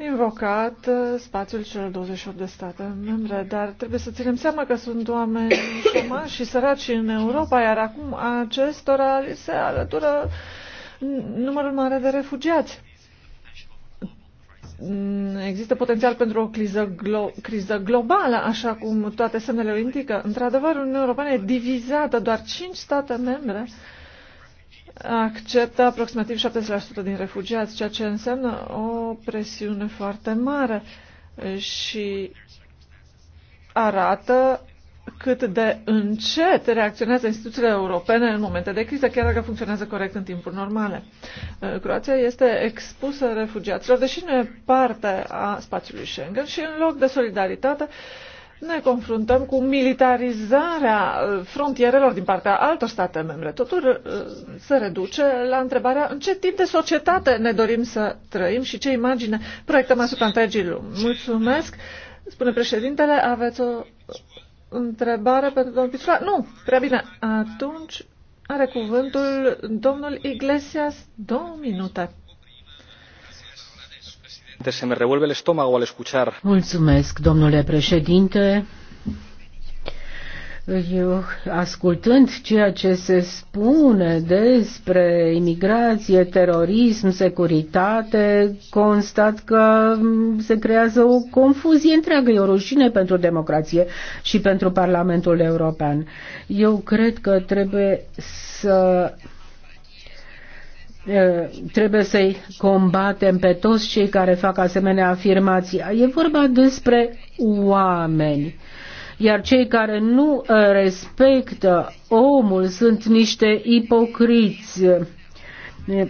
invocat uh, spațiul celor 28 de state membre, dar trebuie să ținem seama că sunt oameni șomași și săraci în Europa, iar acum acestora se alătură numărul mare de refugiați. Există potențial pentru o criză, glo- criză globală, așa cum toate semnele o indică. Într-adevăr, Uniunea Europeană e divizată, doar 5 state membre acceptă aproximativ 70% din refugiați, ceea ce înseamnă o presiune foarte mare și arată cât de încet reacționează instituțiile europene în momente de criză, chiar dacă funcționează corect în timpuri normale. Uh, Croația este expusă refugiaților, deși nu e parte a spațiului Schengen și în loc de solidaritate ne confruntăm cu militarizarea uh, frontierelor din partea altor state membre. Totul uh, se reduce la întrebarea în ce tip de societate ne dorim să trăim și ce imagine proiectăm asupra întregii lumi. Mulțumesc, spune președintele, aveți o întrebare pentru domnul Pistula? Nu, prea bine. Atunci are cuvântul domnul Iglesias două minute.
Se me revuelve el estómago al escuchar.
Mulțumesc, domnule președinte. Eu, ascultând ceea ce se spune despre imigrație, terorism, securitate, constat că se creează o confuzie întreagă, e o rușine pentru democrație și pentru Parlamentul European. Eu cred că trebuie să Eh, trebuie să-i combatem pe toți cei care fac asemenea afirmații. E vorba despre oameni. Iar cei care nu eh, respectă omul sunt niște ipocriți. Eh,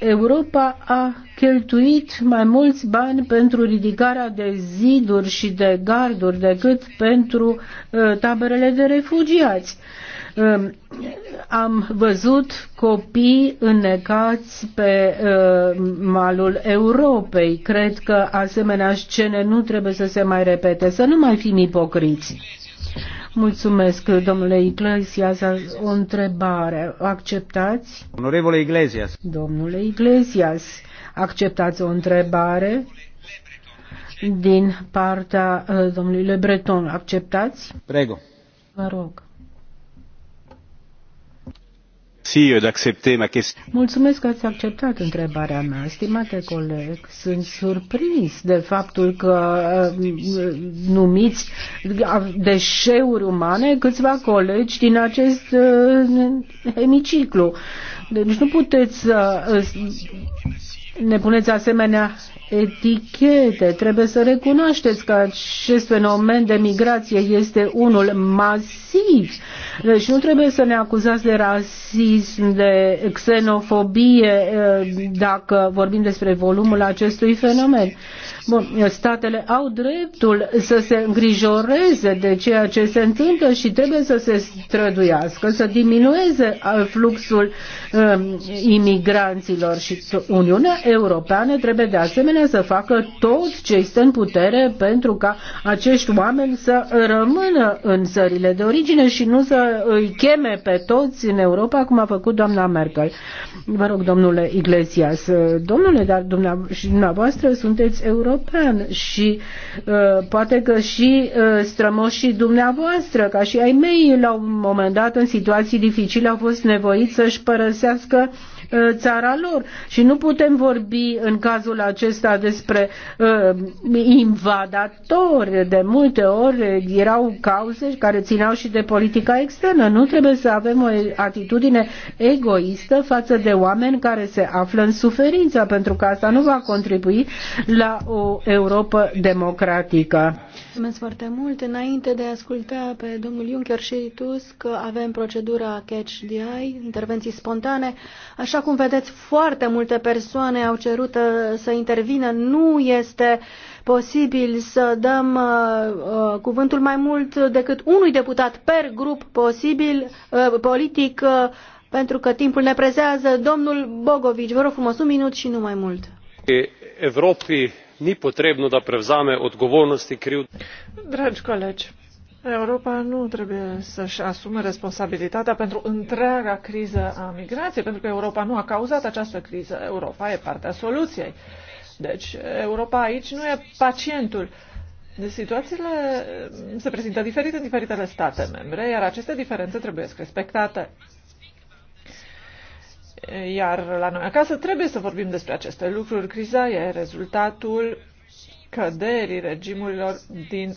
Europa a cheltuit mai mulți bani pentru ridicarea de ziduri și de garduri decât pentru taberele de refugiați. Um, am văzut copii înnecați pe um, malul Europei. Cred că asemenea scene nu trebuie să se mai repete, să nu mai fim ipocriți. Mulțumesc, domnule Iglesias. O întrebare. Acceptați?
Onorevole Iglesias.
Domnule Iglesias, acceptați o întrebare din partea uh, domnului Le Breton. Acceptați? Prego. Vă rog. Euh, Mulțumesc că ați acceptat întrebarea mea, stimate coleg. Sunt surprins de faptul că uh, numiți deșeuri umane câțiva colegi din acest uh, hemiciclu. Deci nu puteți să uh, ne puneți asemenea etichete. Trebuie să recunoașteți că acest fenomen de migrație este unul masiv. Deci nu trebuie să ne acuzați de rasism, de xenofobie, eh, dacă vorbim despre volumul acestui fenomen. Bun, statele au dreptul să se îngrijoreze de ceea ce se întâmplă și trebuie să se străduiască, să diminueze uh, fluxul um, imigranților și Uniunea Europeană trebuie de asemenea să facă tot ce este în putere pentru ca acești oameni să rămână în țările de origine și nu să îi cheme pe toți în Europa, cum a făcut doamna Merkel. Vă rog, domnule Iglesias, domnule, dar dumneavoastră sunteți euro european și uh, poate că și uh, strămoșii dumneavoastră, ca și ai mei, la un moment dat, în situații dificile, au fost nevoiți să-și părăsească uh, Uh, țara lor. Și nu putem vorbi în cazul acesta despre uh, invadatori. De multe ori erau cauze care țineau și de politica externă. Nu trebuie să avem o atitudine egoistă față de oameni care se află în suferință, pentru că asta nu va contribui la o Europa democratică.
Mulțumesc foarte mult. Înainte de a asculta pe domnul Juncker și Tusk, avem procedura Catch the Eye, intervenții spontane. Așa cum vedeți, foarte multe persoane au cerut uh, să intervină. Nu este posibil să dăm uh, uh, cuvântul mai mult decât unui deputat per grup posibil uh, politic, uh, pentru că timpul ne prezează. Domnul Bogovici, vă rog frumos, un minut și nu mai mult. Europii ni potrebno da prevzame odgovornosti in
Dragi colegi, Europa nu trebuie să-și asume responsabilitatea pentru întreaga criză a migrației, pentru că Europa nu a cauzat această criză. Europa e partea soluției. Deci Europa aici nu e pacientul. Deci, situațiile se prezintă diferit în diferitele state membre, iar aceste diferențe trebuie respectate. Iar la noi acasă trebuie să vorbim despre aceste lucruri. Criza e rezultatul căderii regimurilor din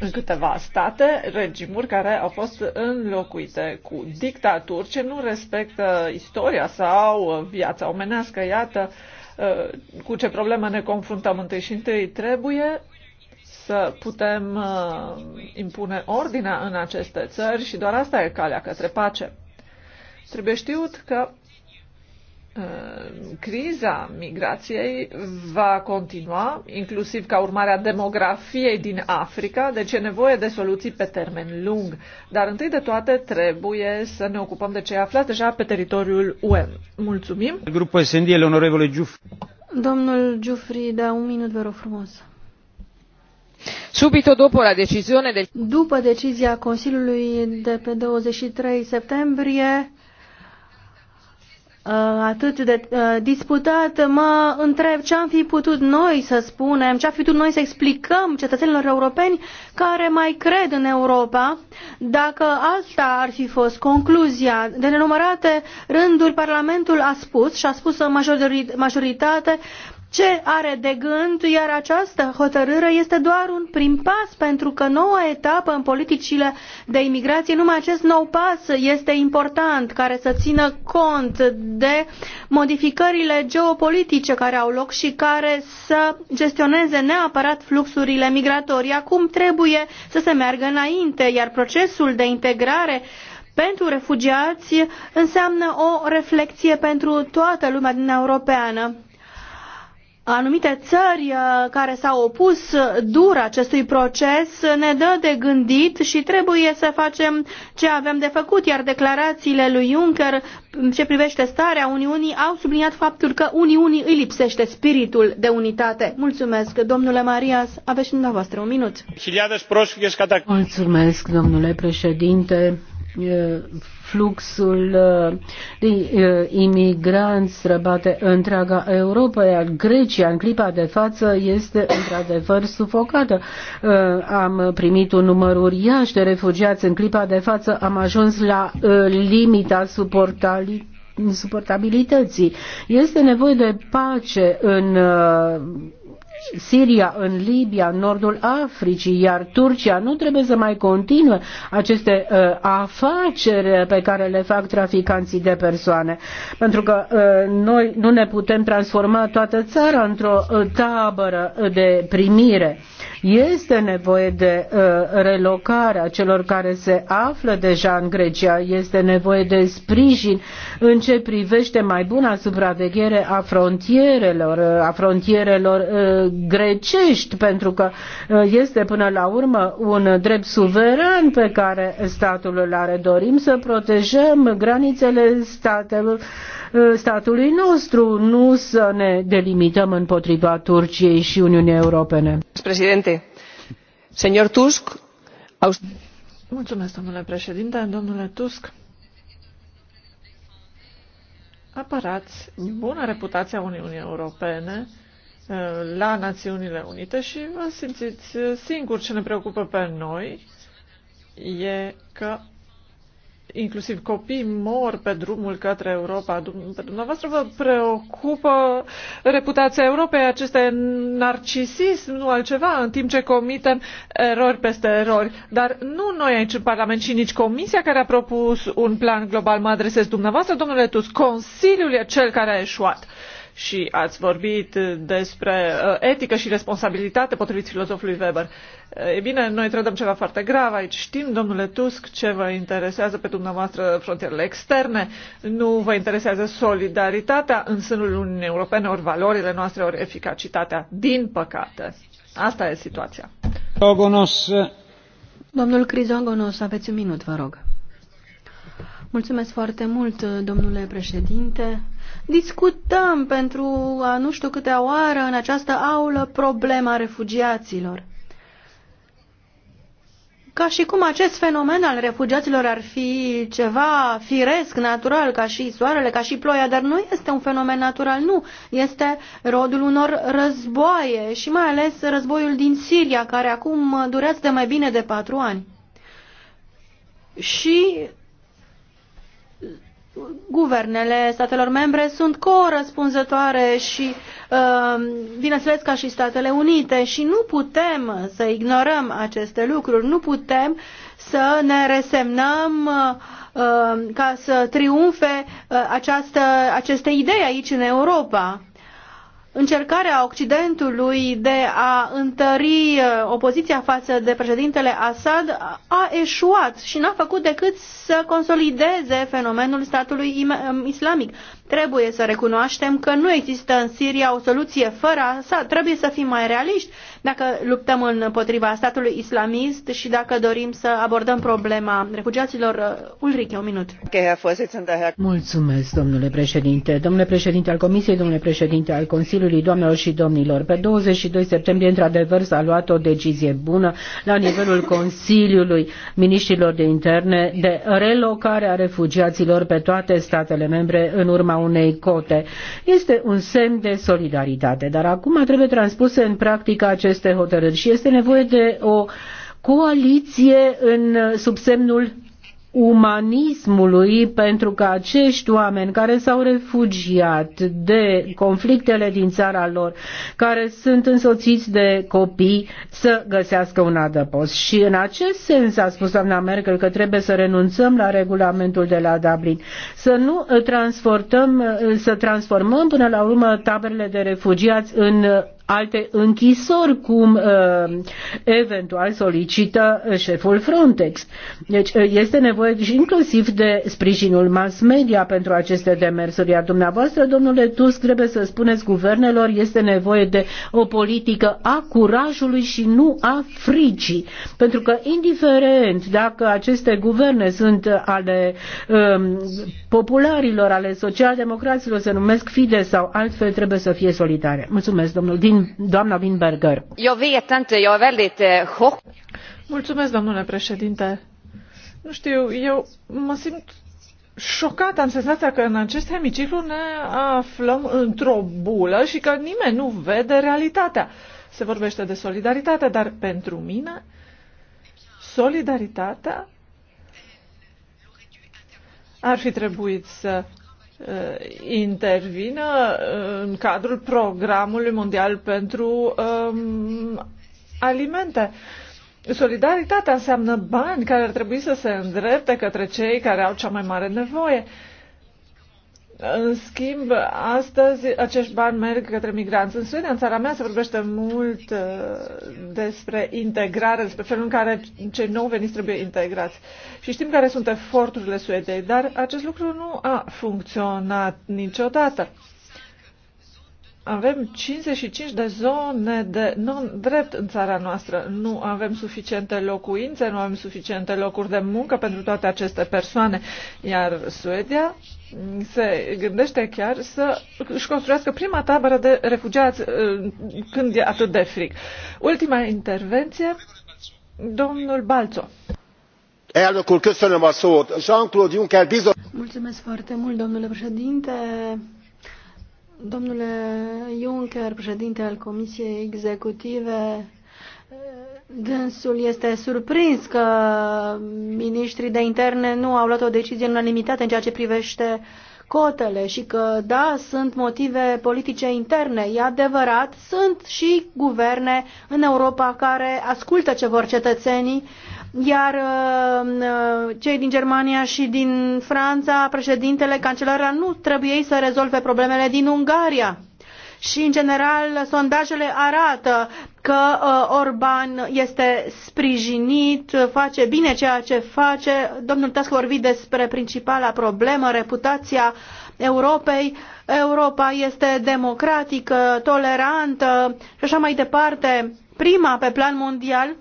în câteva state, regimuri care au fost înlocuite cu dictaturi ce nu respectă istoria sau viața omenească. Iată uh, cu ce problemă ne confruntăm întâi și întâi. Trebuie să putem uh, impune ordinea în aceste țări și doar asta e calea către pace. Trebuie știut că criza migrației va continua, inclusiv ca urmare a demografiei din Africa, deci e nevoie de soluții pe termen lung. Dar întâi de toate trebuie să ne ocupăm de ce aflați deja pe teritoriul UE. Mulțumim! Grupul SND, onorevole Giuf.
Domnul Giufri, da un minut, vă rog frumos. Subito după la decisione de... După decizia Consiliului de pe 23 septembrie, Uh, atât de uh, disputat, mă întreb ce am fi putut noi să spunem, ce am fi putut noi să explicăm cetățenilor europeni care mai cred în Europa, dacă asta ar fi fost concluzia. De nenumărate rânduri, Parlamentul a spus și a spus în majoritate ce are de gând, iar această hotărâre este doar un prim pas, pentru că noua etapă în politicile de imigrație, numai acest nou pas este important, care să țină cont de modificările geopolitice care au loc și care să gestioneze neapărat fluxurile migratorii. Acum trebuie să se meargă înainte, iar procesul de integrare pentru refugiați înseamnă o reflexie pentru toată lumea din Europeană anumite țări uh, care s-au opus dur acestui proces ne dă de gândit și trebuie să facem ce avem de făcut, iar declarațiile lui Juncker ce privește starea Uniunii au subliniat faptul că Uniunii îi lipsește spiritul de unitate. Mulțumesc, domnule Marias, aveți și dumneavoastră un minut.
Mulțumesc, domnule președinte fluxul uh, de uh, imigranți străbate întreaga Europa, iar Grecia în clipa de față este într-adevăr sufocată. Uh, am primit un număr uriaș de refugiați în clipa de față, am ajuns la limita suportalii insuportabilității. Este nevoie de pace în Siria, în Libia, în nordul Africii, iar Turcia nu trebuie să mai continue aceste uh, afaceri pe care le fac traficanții de persoane. Pentru că uh, noi nu ne putem transforma toată țara într-o uh, tabără de primire. Este nevoie de uh, relocarea celor care se află deja în Grecia, este nevoie de sprijin în ce privește mai buna supraveghere a frontierelor, uh, a frontierelor uh, grecești, pentru că uh, este până la urmă un drept suveran pe care statul îl are. Dorim să protejăm granițele statelor, uh, statului nostru, nu să ne delimităm împotriva Turciei și Uniunii Europene.
Președinte, señor Tusk, Mulțumesc, domnule președinte, domnule Tusk apărați bună reputația Uniunii Europene la Națiunile Unite și vă simțiți singur ce ne preocupă pe noi e că inclusiv copii mor pe drumul către Europa. Pe dumneavoastră vă preocupă reputația Europei, aceste narcisism, nu altceva, în timp ce comitem erori peste erori. Dar nu noi aici în Parlament ci nici Comisia care a propus un plan global. Mă adresez dumneavoastră, domnule Tus, Consiliul e cel care a eșuat. Uh, și ați vorbit despre uh, etică și responsabilitate potrivit filozofului Weber. Uh, e bine, noi trădăm ceva foarte grav aici. Știm, domnule Tusk, ce vă interesează pe dumneavoastră frontierele externe. Nu vă interesează solidaritatea în sânul Uniunii Europene, ori valorile noastre, ori eficacitatea. Din păcate. Asta e situația. Ogonos.
Domnul Crizogonos, aveți un minut, vă rog. Mulțumesc foarte mult, domnule președinte discutăm pentru a nu știu câte oară în această aulă problema refugiaților. Ca și cum acest fenomen al refugiaților ar fi ceva firesc, natural, ca și soarele, ca și ploia, dar nu este un fenomen natural, nu. Este rodul unor războaie și mai ales războiul din Siria, care acum durează de mai bine de patru ani. Și guvernele statelor membre sunt corespunzătoare și, uh, bineînțeles, ca și Statele Unite și nu putem să ignorăm aceste lucruri, nu putem să ne resemnăm uh, ca să triumfe uh, această, aceste idei aici în Europa încercarea Occidentului de a întări uh, opoziția față de președintele Assad a eșuat și n-a făcut decât să consolideze fenomenul statului um, islamic. Trebuie să recunoaștem că nu există în Siria o soluție fără Assad. Trebuie să fim mai realiști dacă luptăm împotriva statului islamist și dacă dorim să abordăm problema refugiaților. Uh, Ulrich, un minut.
Mulțumesc, domnule președinte. Domnule președinte al Comisiei, domnule președinte al Consiliului, doamnelor și domnilor, pe 22 septembrie, într-adevăr, s-a luat o decizie bună la nivelul Consiliului Ministrilor de Interne de relocare a refugiaților pe toate statele membre în urma unei cote. Este un semn de solidaritate, dar acum trebuie transpuse în practică acest aceste hotărâri și este nevoie de o coaliție în subsemnul umanismului pentru că acești oameni care s-au refugiat de conflictele din țara lor, care sunt însoțiți de copii, să găsească un adăpost. Și în acest sens a spus doamna Merkel că trebuie să renunțăm la regulamentul de la Dublin, să nu transportăm, să transformăm până la urmă taberele de refugiați în alte închisori, cum uh, eventual solicită uh, șeful Frontex. Deci uh, este nevoie inclusiv de sprijinul mass media pentru aceste demersuri, iar dumneavoastră, domnule Tusk, trebuie să spuneți guvernelor, este nevoie de o politică a curajului și nu a fricii. Pentru că, indiferent dacă aceste guverne sunt ale um, popularilor, ale socialdemocraților, se numesc Fide sau altfel, trebuie să fie solidare. Mulțumesc, domnul Din doamna Winberger.
Eu vet inte, eu väldigt chock. Mulțumesc, domnule președinte. Nu știu, eu mă simt șocat, am senzația că în acest hemiciclu ne aflăm într-o bulă și că nimeni nu vede realitatea. Se vorbește de solidaritate, dar pentru mine solidaritatea ar fi trebuit să Uh, intervină uh, în cadrul programului mondial pentru um, alimente. Solidaritatea înseamnă bani care ar trebui să se îndrepte către cei care au cea mai mare nevoie. Uh, în schimb, astăzi acești bani merg către migranți. În Suedia, în țara mea, se vorbește mult uh, despre integrare, despre felul în care cei nou veniți trebuie integrați. Și știm care sunt eforturile Suediei, dar acest lucru nu a funcționat niciodată. Avem 55 de zone de non-drept în țara noastră. Nu avem suficiente locuințe, nu avem suficiente locuri de muncă pentru toate aceste persoane. Iar Suedia se gândește chiar să își construiască prima tabără de refugiați uh, când e atât de fric. Ultima intervenție, domnul Balțo. a Jean-Claude Juncker Mulțumesc foarte mult, domnule președinte.
Domnule Juncker, președinte al Comisiei Executive, Dânsul este surprins că ministrii de interne nu au luat o decizie în unanimitate în ceea ce privește cotele și că, da, sunt motive politice interne. E adevărat, sunt și guverne în Europa care ascultă ce vor cetățenii, iar uh, uh, cei din Germania și din Franța, președintele, cancelarea, nu trebuie ei să rezolve problemele din Ungaria și în general sondajele arată că uh, Orban este sprijinit, face bine ceea ce face. Domnul Tascu vorbit despre principala problemă, reputația Europei. Europa este democratică, tolerantă și așa mai departe, prima pe plan mondial.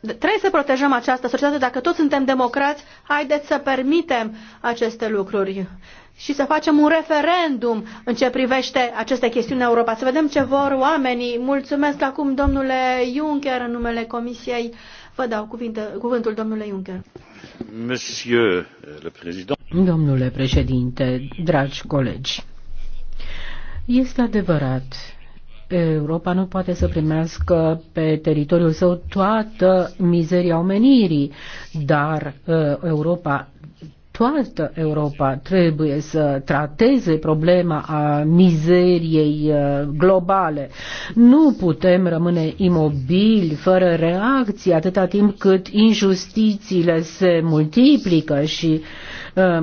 Trebuie să protejăm această societate. Dacă toți suntem democrați, haideți să permitem aceste lucruri și să facem un referendum în ce privește aceste chestiuni în Europa. Să vedem ce vor oamenii. Mulțumesc acum, domnule Juncker, în numele Comisiei. Vă dau cuvinte, cuvântul, domnule Juncker.
Domnule președinte, dragi colegi, este adevărat Europa nu poate să primească pe teritoriul său toată mizeria omenirii, dar uh, Europa toată Europa trebuie să trateze problema a mizeriei uh, globale. Nu putem rămâne imobili, fără reacție, atâta timp cât injustițiile se multiplică și uh,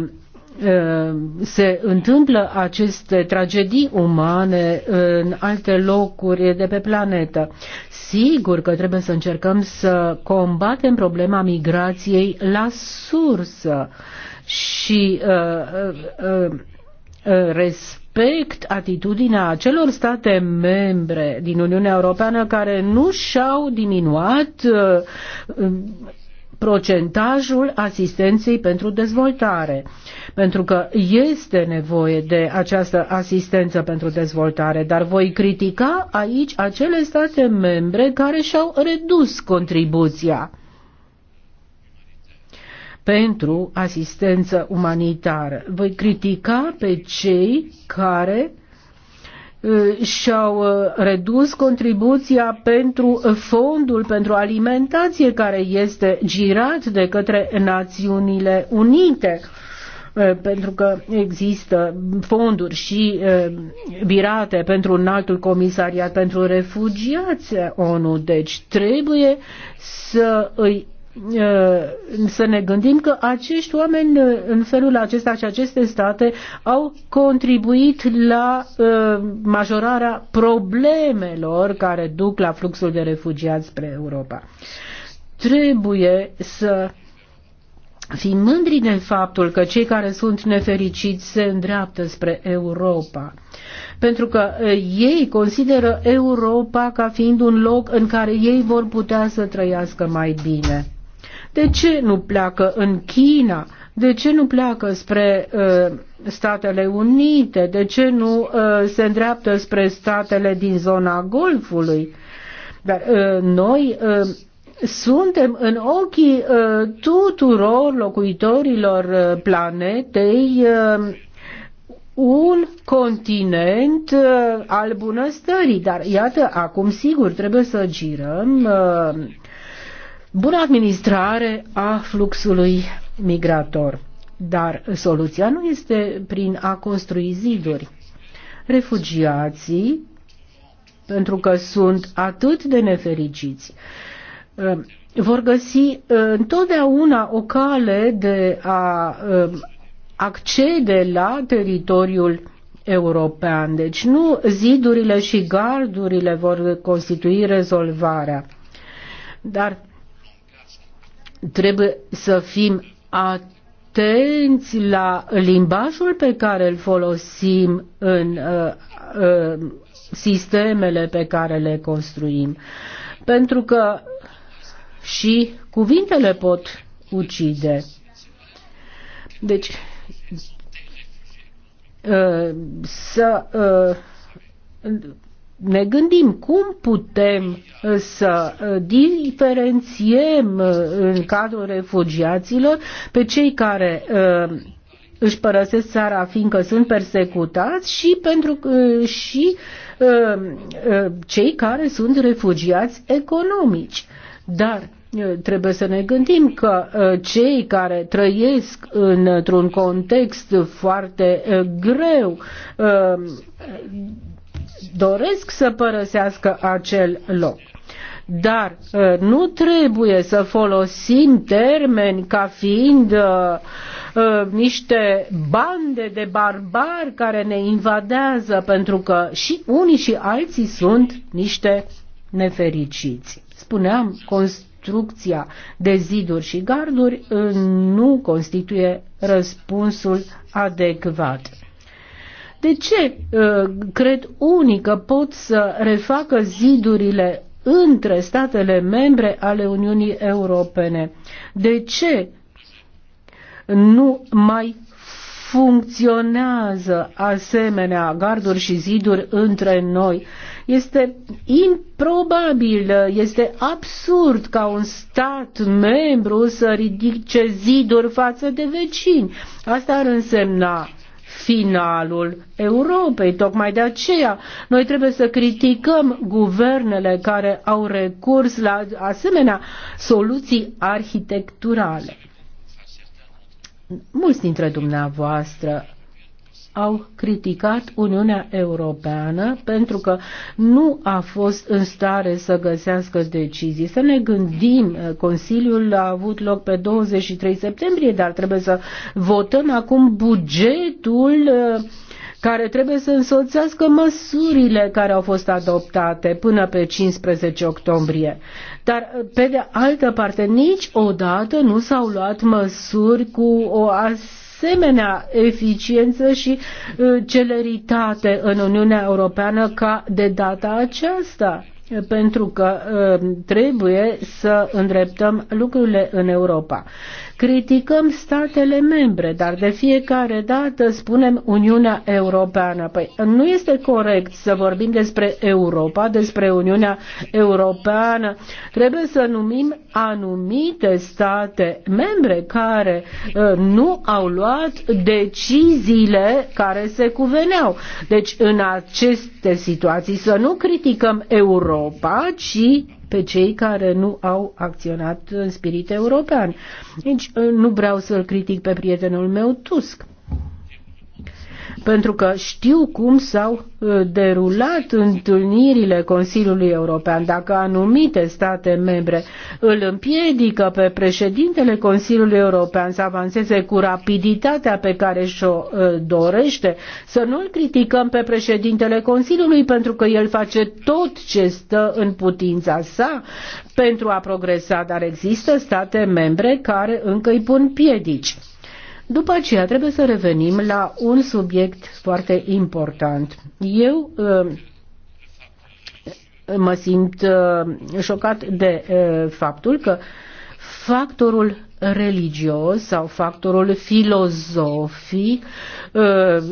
uh, se întâmplă aceste tragedii umane în alte locuri de pe planetă. Sigur că trebuie să încercăm să combatem problema migrației la sursă. Uh, și uh, uh, uh, respect atitudinea acelor state membre din Uniunea Europeană care nu și-au diminuat procentajul asistenței pentru dezvoltare, pentru că este nevoie de această asistență pentru dezvoltare, dar voi critica aici acele state membre care și-au redus contribuția pentru asistență umanitară. Voi critica pe cei care și-au redus contribuția pentru fondul pentru alimentație care este girat de către Națiunile Unite pentru că există fonduri și birate pentru un altul comisariat pentru refugiați ONU. Deci trebuie să îi Uh, să ne gândim că acești oameni uh, în felul acesta și aceste state au contribuit la uh, majorarea problemelor care duc la fluxul de refugiați spre Europa. Trebuie să fim mândri de faptul că cei care sunt nefericiți se îndreaptă spre Europa. Pentru că ei consideră Europa ca fiind un loc în care ei vor putea să trăiască mai bine. De ce nu pleacă în China? De ce nu pleacă spre uh, Statele Unite? De ce nu uh, se îndreaptă spre statele din zona Golfului? Dar uh, noi uh, suntem în ochii uh, tuturor locuitorilor uh, planetei uh, un continent uh, al bunăstării. Dar iată, acum sigur trebuie să girăm uh, bună administrare a fluxului migrator. Dar soluția nu este prin a construi ziduri. Refugiații, pentru că sunt atât de nefericiți, uh, vor găsi uh, întotdeauna o cale de a uh, accede la teritoriul european. Deci nu zidurile și gardurile vor constitui rezolvarea. Dar Trebuie să fim atenți la limbajul pe care îl folosim în uh, uh, sistemele pe care le construim. Pentru că și cuvintele pot ucide. Deci, uh, să uh, ne gândim cum putem uh, să uh, diferențiem uh, în cadrul refugiaților pe cei care își părăsesc țara fiindcă sunt persecutați și pentru și cei care sunt refugiați economici. Dar trebuie să ne gândim că cei care trăiesc într-un context foarte greu doresc să părăsească acel loc. Dar uh, nu trebuie să folosim termeni ca fiind uh, uh, niște bande de barbari care ne invadează, pentru că și unii și alții sunt niște nefericiți. Spuneam, construcția de ziduri și garduri uh, nu constituie răspunsul adecvat. De ce uh, cred unii că pot să refacă zidurile între statele membre ale Uniunii Europene? De ce nu mai funcționează asemenea garduri și ziduri între noi. Este improbabil, este absurd ca un stat membru să ridice ziduri față de vecini. Asta ar însemna finalul Europei. Tocmai de aceea noi trebuie să criticăm guvernele care au recurs la asemenea soluții arhitecturale. Mulți dintre dumneavoastră au criticat Uniunea Europeană pentru că nu a fost în stare să găsească decizii. Să ne gândim, Consiliul a avut loc pe 23 septembrie, dar trebuie să votăm acum bugetul uh, care trebuie să însoțească măsurile care au fost adoptate până pe 15 octombrie. Dar, uh, pe de altă parte, nici odată nu s-au luat măsuri cu o as asemenea eficiență și uh, celeritate în Uniunea Europeană ca de data aceasta pentru că uh, trebuie să îndreptăm lucrurile în Europa. Criticăm statele membre, dar de fiecare dată spunem Uniunea Europeană. Păi nu este corect să vorbim despre Europa, despre Uniunea Europeană. Trebuie să numim anumite state membre care ă, nu au luat deciziile care se cuveneau. Deci în aceste situații să nu criticăm Europa, ci pe cei care nu au acționat în spirit european. Deci nu vreau să-l critic pe prietenul meu Tusk, pentru că știu cum s-au uh, derulat întâlnirile Consiliului European. Dacă anumite state membre îl împiedică pe președintele Consiliului European să avanseze cu rapiditatea pe care și-o uh, dorește, să nu îl criticăm pe președintele Consiliului pentru că el face tot ce stă în putința sa pentru a progresa, dar există state membre care încă îi pun piedici. După aceea trebuie să revenim la un subiect foarte important. Eu uh, mă simt uh, șocat de uh, faptul că factorul religios sau factorul filozofic uh,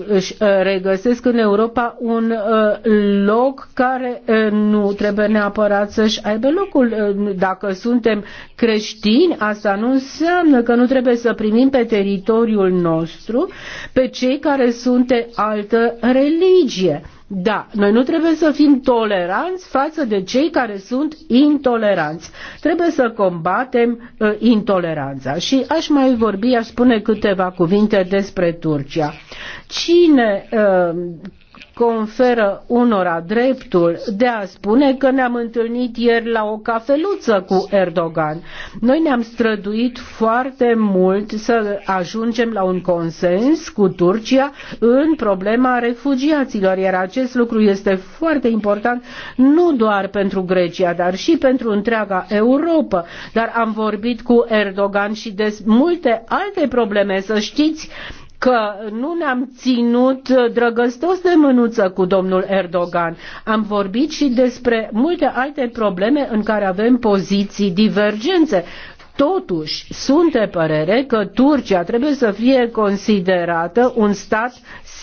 își uh, regăsesc în Europa un uh, loc care nu trebuie neapărat să-și aibă locul. Dacă suntem creștini, asta nu înseamnă că nu trebuie să primim pe teritoriul nostru pe cei care sunt de altă religie. Da, noi nu trebuie să fim toleranți față de cei care sunt intoleranți. Trebuie să combatem uh, intoleranța. Și aș mai vorbi, aș spune câteva cuvinte despre Turcia. Cine uh, conferă unora dreptul de a spune că ne-am întâlnit ieri la o cafeluță cu Erdogan. Noi ne-am străduit foarte mult să ajungem la un consens cu Turcia în problema refugiaților, iar acest lucru este foarte important nu doar pentru Grecia, dar și pentru întreaga Europa. Dar am vorbit cu Erdogan și de multe alte probleme, să știți, că nu ne-am ținut drăgăstos de mânuță cu domnul Erdogan. Am vorbit și despre multe alte probleme în care avem poziții divergențe. Totuși, sunt de părere că Turcia trebuie să fie considerată un stat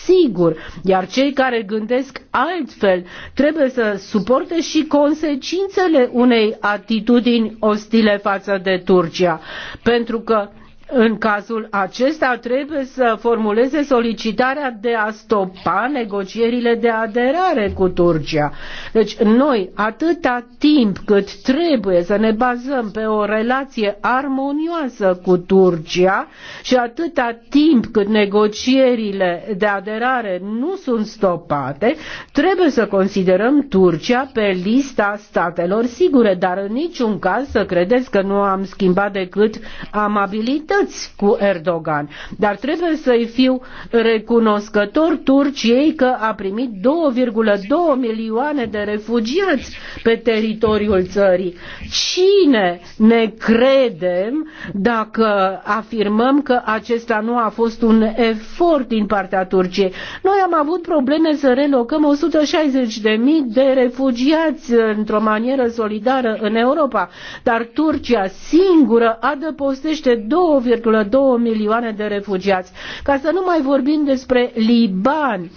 sigur, iar cei care gândesc altfel trebuie să suporte și consecințele unei atitudini ostile față de Turcia, pentru că în cazul acesta trebuie să formuleze solicitarea de a stopa negocierile de aderare cu Turcia. Deci noi, atâta timp cât trebuie să ne bazăm pe o relație armonioasă cu Turcia și atâta timp cât negocierile de aderare nu sunt stopate, trebuie să considerăm Turcia pe lista statelor sigure, dar în niciun caz să credeți că nu am schimbat decât amabilități judecăți cu Erdogan. Dar trebuie să-i fiu recunoscător Turciei că a primit 2,2 milioane de refugiați pe teritoriul țării. Cine ne credem dacă afirmăm că acesta nu a fost un efort din partea Turciei? Noi am avut probleme să relocăm 160.000 de refugiați într-o manieră solidară în Europa, dar Turcia singură adăpostește 2 1,2 milioane de refugiați. Ca să nu mai vorbim despre Liban,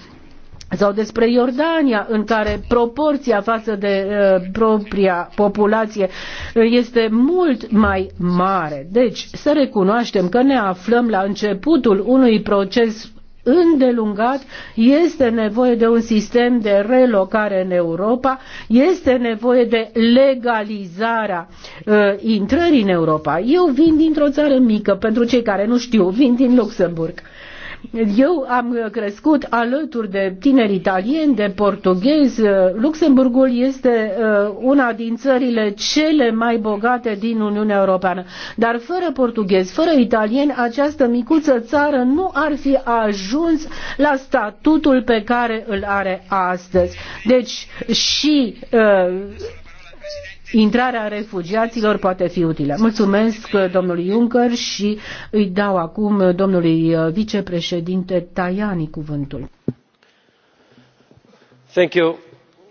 sau despre Iordania, în care proporția față de uh, propria populație este mult mai mare. Deci, să recunoaștem că ne aflăm la începutul unui proces îndelungat, este nevoie de un sistem de relocare în Europa, este nevoie de legalizarea uh, intrării în Europa. Eu vin dintr-o țară mică, pentru cei care nu știu, vin din Luxemburg. Eu am crescut alături de tineri italieni, de portughezi. Luxemburgul este uh, una din țările cele mai bogate din Uniunea Europeană. Dar fără portughezi, fără italieni, această micuță țară nu ar fi ajuns la statutul pe care îl are astăzi. Deci și uh, intrarea refugiaților poate fi utilă. Mulțumesc uh, domnului Juncker și îi dau acum uh, domnului uh, vicepreședinte Tajani cuvântul.
Thank you.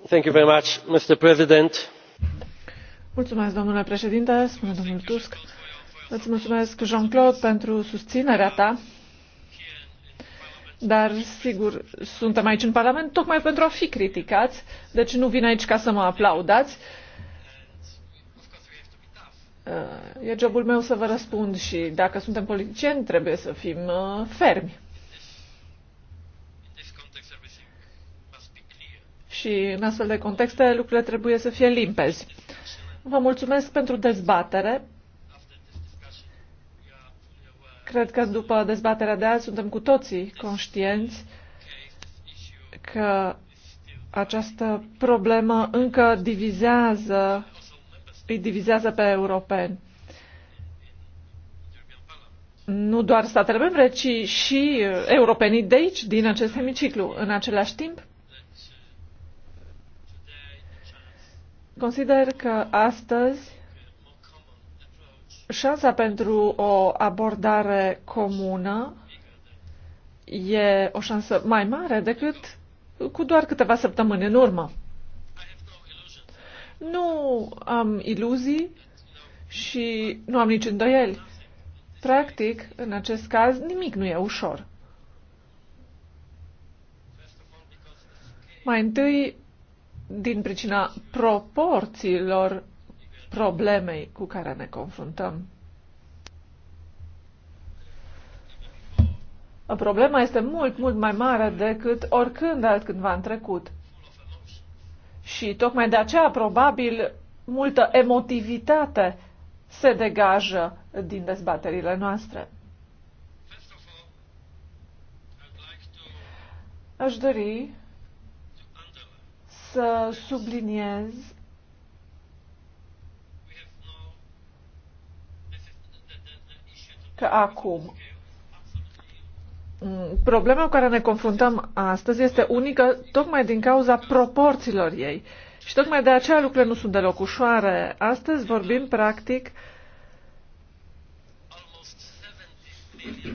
Thank you very much, Mr. President.
Mulțumesc, domnule președinte, spune domnul Tusk. Îți mulțumesc, Jean-Claude, pentru susținerea ta. Dar, sigur, suntem aici în Parlament tocmai pentru a fi criticați, deci nu vin aici ca să mă aplaudați, E jobul meu să vă răspund și dacă suntem politicieni trebuie să fim uh, fermi. Și în astfel de contexte lucrurile trebuie să fie limpezi. Vă mulțumesc pentru dezbatere. Cred că după dezbaterea de azi suntem cu toții conștienți că această problemă încă divizează îi divizează pe europeni. Nu doar statele membre, ci și europenii de aici, din acest hemiciclu. În același timp, consider că astăzi șansa pentru o abordare comună e o șansă mai mare decât cu doar câteva săptămâni în urmă. Nu am iluzii și nu am nici îndoieli. Practic, în acest caz, nimic nu e ușor. Mai întâi, din pricina proporțiilor problemei cu care ne confruntăm. Problema este mult, mult mai mare decât oricând altcândva în trecut. Și tocmai de aceea, probabil, multă emotivitate se degajă din dezbaterile noastre. Aș dori să subliniez că acum problema cu care ne confruntăm astăzi este unică tocmai din cauza proporțiilor ei. Și tocmai de aceea lucrurile nu sunt deloc ușoare. Astăzi vorbim practic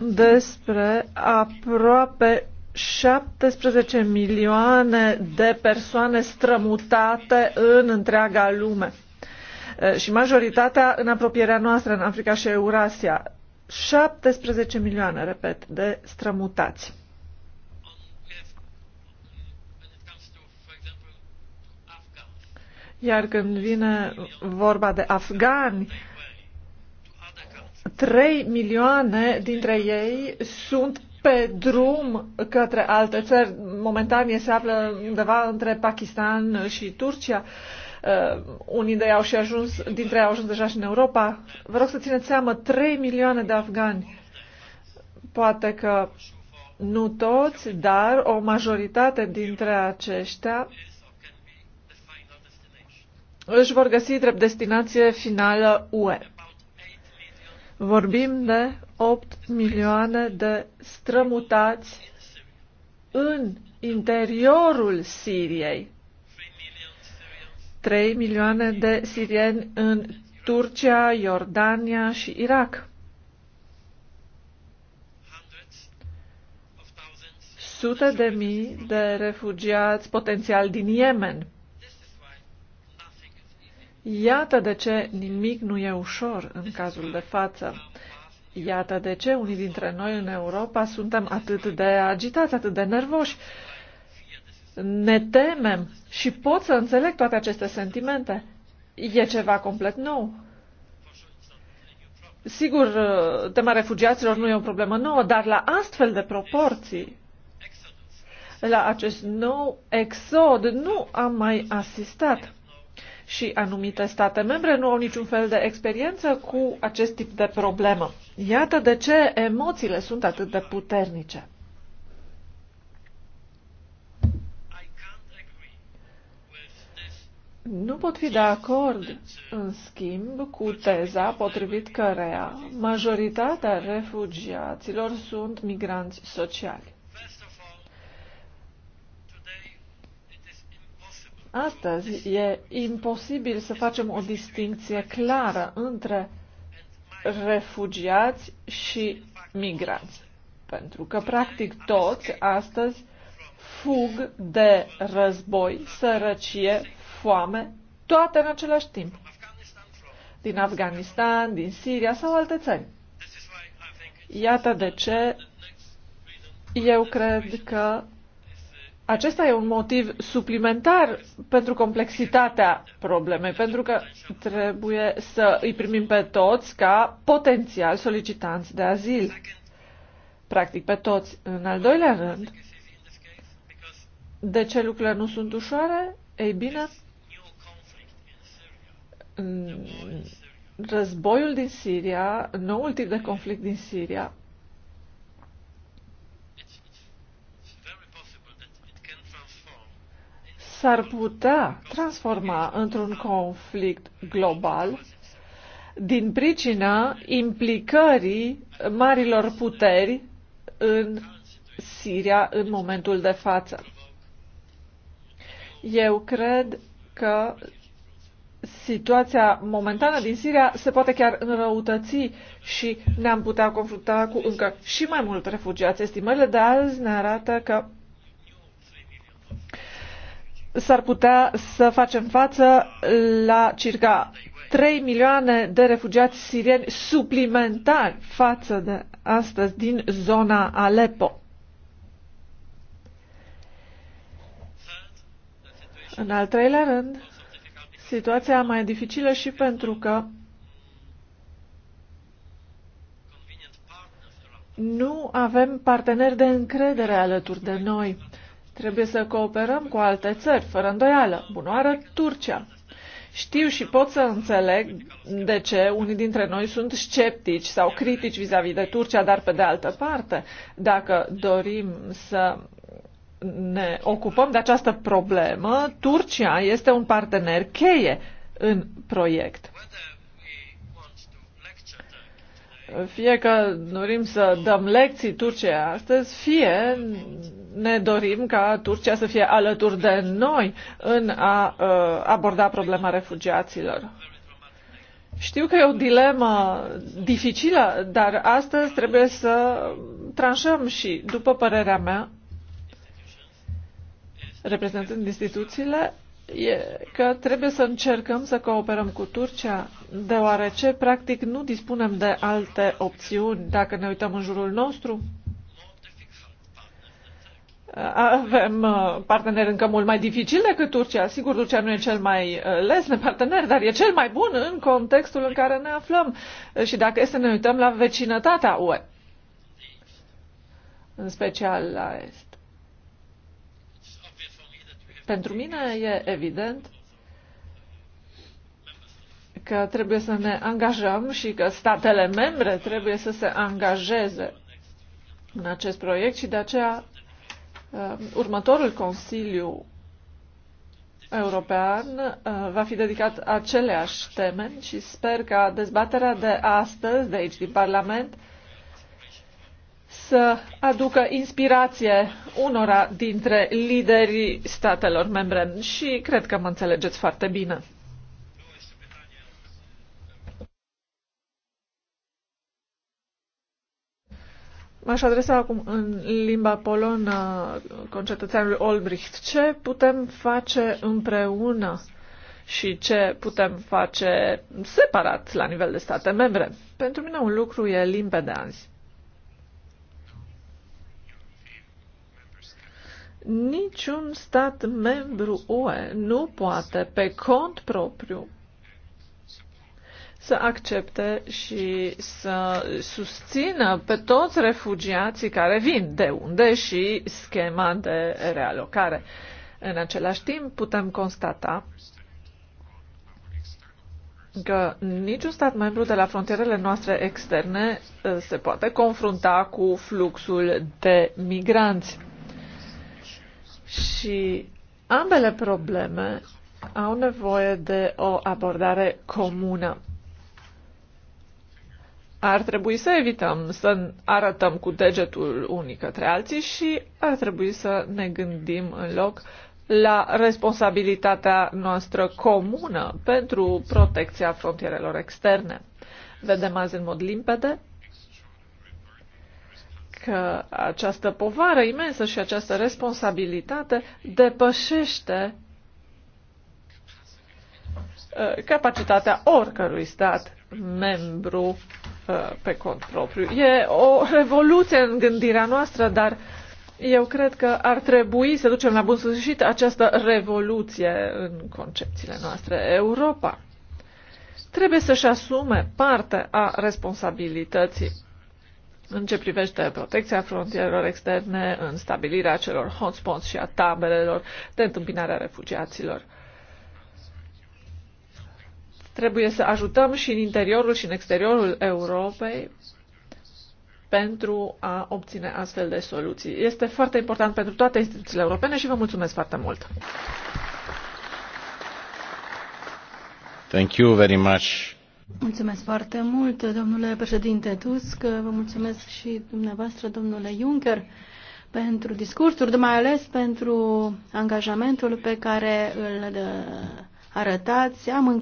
despre aproape 17 milioane de persoane strămutate în întreaga lume și majoritatea în apropierea noastră, în Africa și Eurasia. 17 milioane, repet, de strămutați. Iar când vine vorba de afgani, 3 milioane dintre ei sunt pe drum către alte țări. Momentan se află undeva între Pakistan și Turcia. Uh, Uh, unii de ei au și ajuns, dintre ei au ajuns deja și în Europa. Vă rog să țineți seama, 3 milioane de afgani. Poate că nu toți, dar o majoritate dintre aceștia își vor găsi drept destinație finală UE. Vorbim de 8 milioane de strămutați în interiorul Siriei, 3 milioane de sirieni în Turcia, Iordania și Irak. Sute de mii de refugiați potențial din Yemen. Iată de ce nimic nu e ușor în cazul de față. Iată de ce unii dintre noi în Europa suntem atât de agitați, atât de nervoși ne temem și pot să înțeleg toate aceste sentimente. E ceva complet nou. Sigur, tema refugiaților nu e o problemă nouă, dar la astfel de proporții, la acest nou exod, nu am mai asistat. Și anumite state membre nu au niciun fel de experiență cu acest tip de problemă. Iată de ce emoțiile sunt atât de puternice. Nu pot fi de acord, în schimb, cu teza potrivit cărea majoritatea refugiaților sunt migranți sociali. Astăzi e imposibil să facem o distinție clară între refugiați și migranți, pentru că practic toți astăzi fug de război, sărăcie, foame, toate în același timp. Din Afganistan, din Siria sau alte țări. Iată de ce eu cred că acesta e un motiv suplimentar pentru complexitatea problemei, pentru că trebuie să îi primim pe toți ca potențial solicitanți de azil. Practic pe toți. În al doilea rând, de ce lucrurile nu sunt ușoare? Ei bine, Mm, războiul din Siria, noul tip de conflict din Siria, s-ar putea transforma într-un conflict global din pricina implicării marilor puteri în Siria în momentul de față. Eu cred că situația momentană din Siria se poate chiar înrăutăți și ne-am putea confrunta cu încă și mai mult refugiați. Estimările de azi ne arată că s-ar putea să facem față la circa 3 milioane de refugiați sirieni suplimentari față de astăzi din zona Aleppo. În al treilea rând, Situația mai dificilă și pentru că nu avem parteneri de încredere alături de noi. Trebuie să cooperăm cu alte țări, fără îndoială. Bunoară Turcia. Știu și pot să înțeleg de ce unii dintre noi sunt sceptici sau critici vis-a-vis -vis de Turcia, dar pe de altă parte, dacă dorim să ne ocupăm de această problemă, Turcia este un partener cheie în proiect. Fie că dorim să dăm lecții Turciei astăzi, fie ne dorim ca Turcia să fie alături de noi în a ă, aborda problema refugiaților. Știu că e o dilemă dificilă, dar astăzi trebuie să tranșăm și, după părerea mea, reprezentând instituțiile, e că trebuie să încercăm să cooperăm cu Turcia, deoarece practic nu dispunem de alte opțiuni dacă ne uităm în jurul nostru. Avem uh, parteneri încă mult mai dificil decât Turcia. Sigur, Turcia nu e cel mai uh, lesne partener, dar e cel mai bun în contextul în care ne aflăm. Și dacă este să ne uităm la vecinătatea UE, în special la Est. Pentru mine e evident că trebuie să ne angajăm și că statele membre trebuie să se angajeze în acest proiect și de aceea um, următorul Consiliu european uh, va fi dedicat aceleași teme și sper ca dezbaterea de astăzi, de aici, din Parlament, să aducă inspirație unora dintre liderii statelor membre și cred că mă înțelegeți foarte bine. M-aș adresa acum în limba polonă concetățeanului Olbricht. Ce putem face împreună și ce putem face separat la nivel de state membre? Pentru mine un lucru e limpede azi. Niciun stat membru UE nu poate, pe cont propriu, să accepte și să susțină pe toți refugiații care vin de unde și schema de realocare. În același timp, putem constata că niciun stat membru de la frontierele noastre externe uh, se poate confrunta cu fluxul de migranți. Și ambele probleme au nevoie de o abordare comună. Ar trebui să evităm să arătăm cu degetul unii către alții și ar trebui să ne gândim în loc la responsabilitatea noastră comună pentru protecția frontierelor externe. Vedem azi în mod limpede că această povară imensă și această responsabilitate depășește uh, capacitatea oricărui stat membru uh, pe cont propriu. E o revoluție în gândirea noastră, dar eu cred că ar trebui să ducem la bun sfârșit această revoluție în concepțiile noastre. Europa trebuie să-și asume parte a responsabilității în ce privește protecția frontierelor externe, în stabilirea celor hotspots și a taberelor de întâmpinare a refugiaților. Trebuie să ajutăm și în interiorul și în exteriorul Europei pentru a obține astfel de soluții. Este foarte important pentru toate instituțiile europene și vă mulțumesc foarte mult.
Thank you very much. Mulțumesc foarte mult, domnule președinte Tusk, vă mulțumesc și dumneavoastră, domnule Juncker, pentru discursuri, mai ales pentru angajamentul pe care îl arătați. Am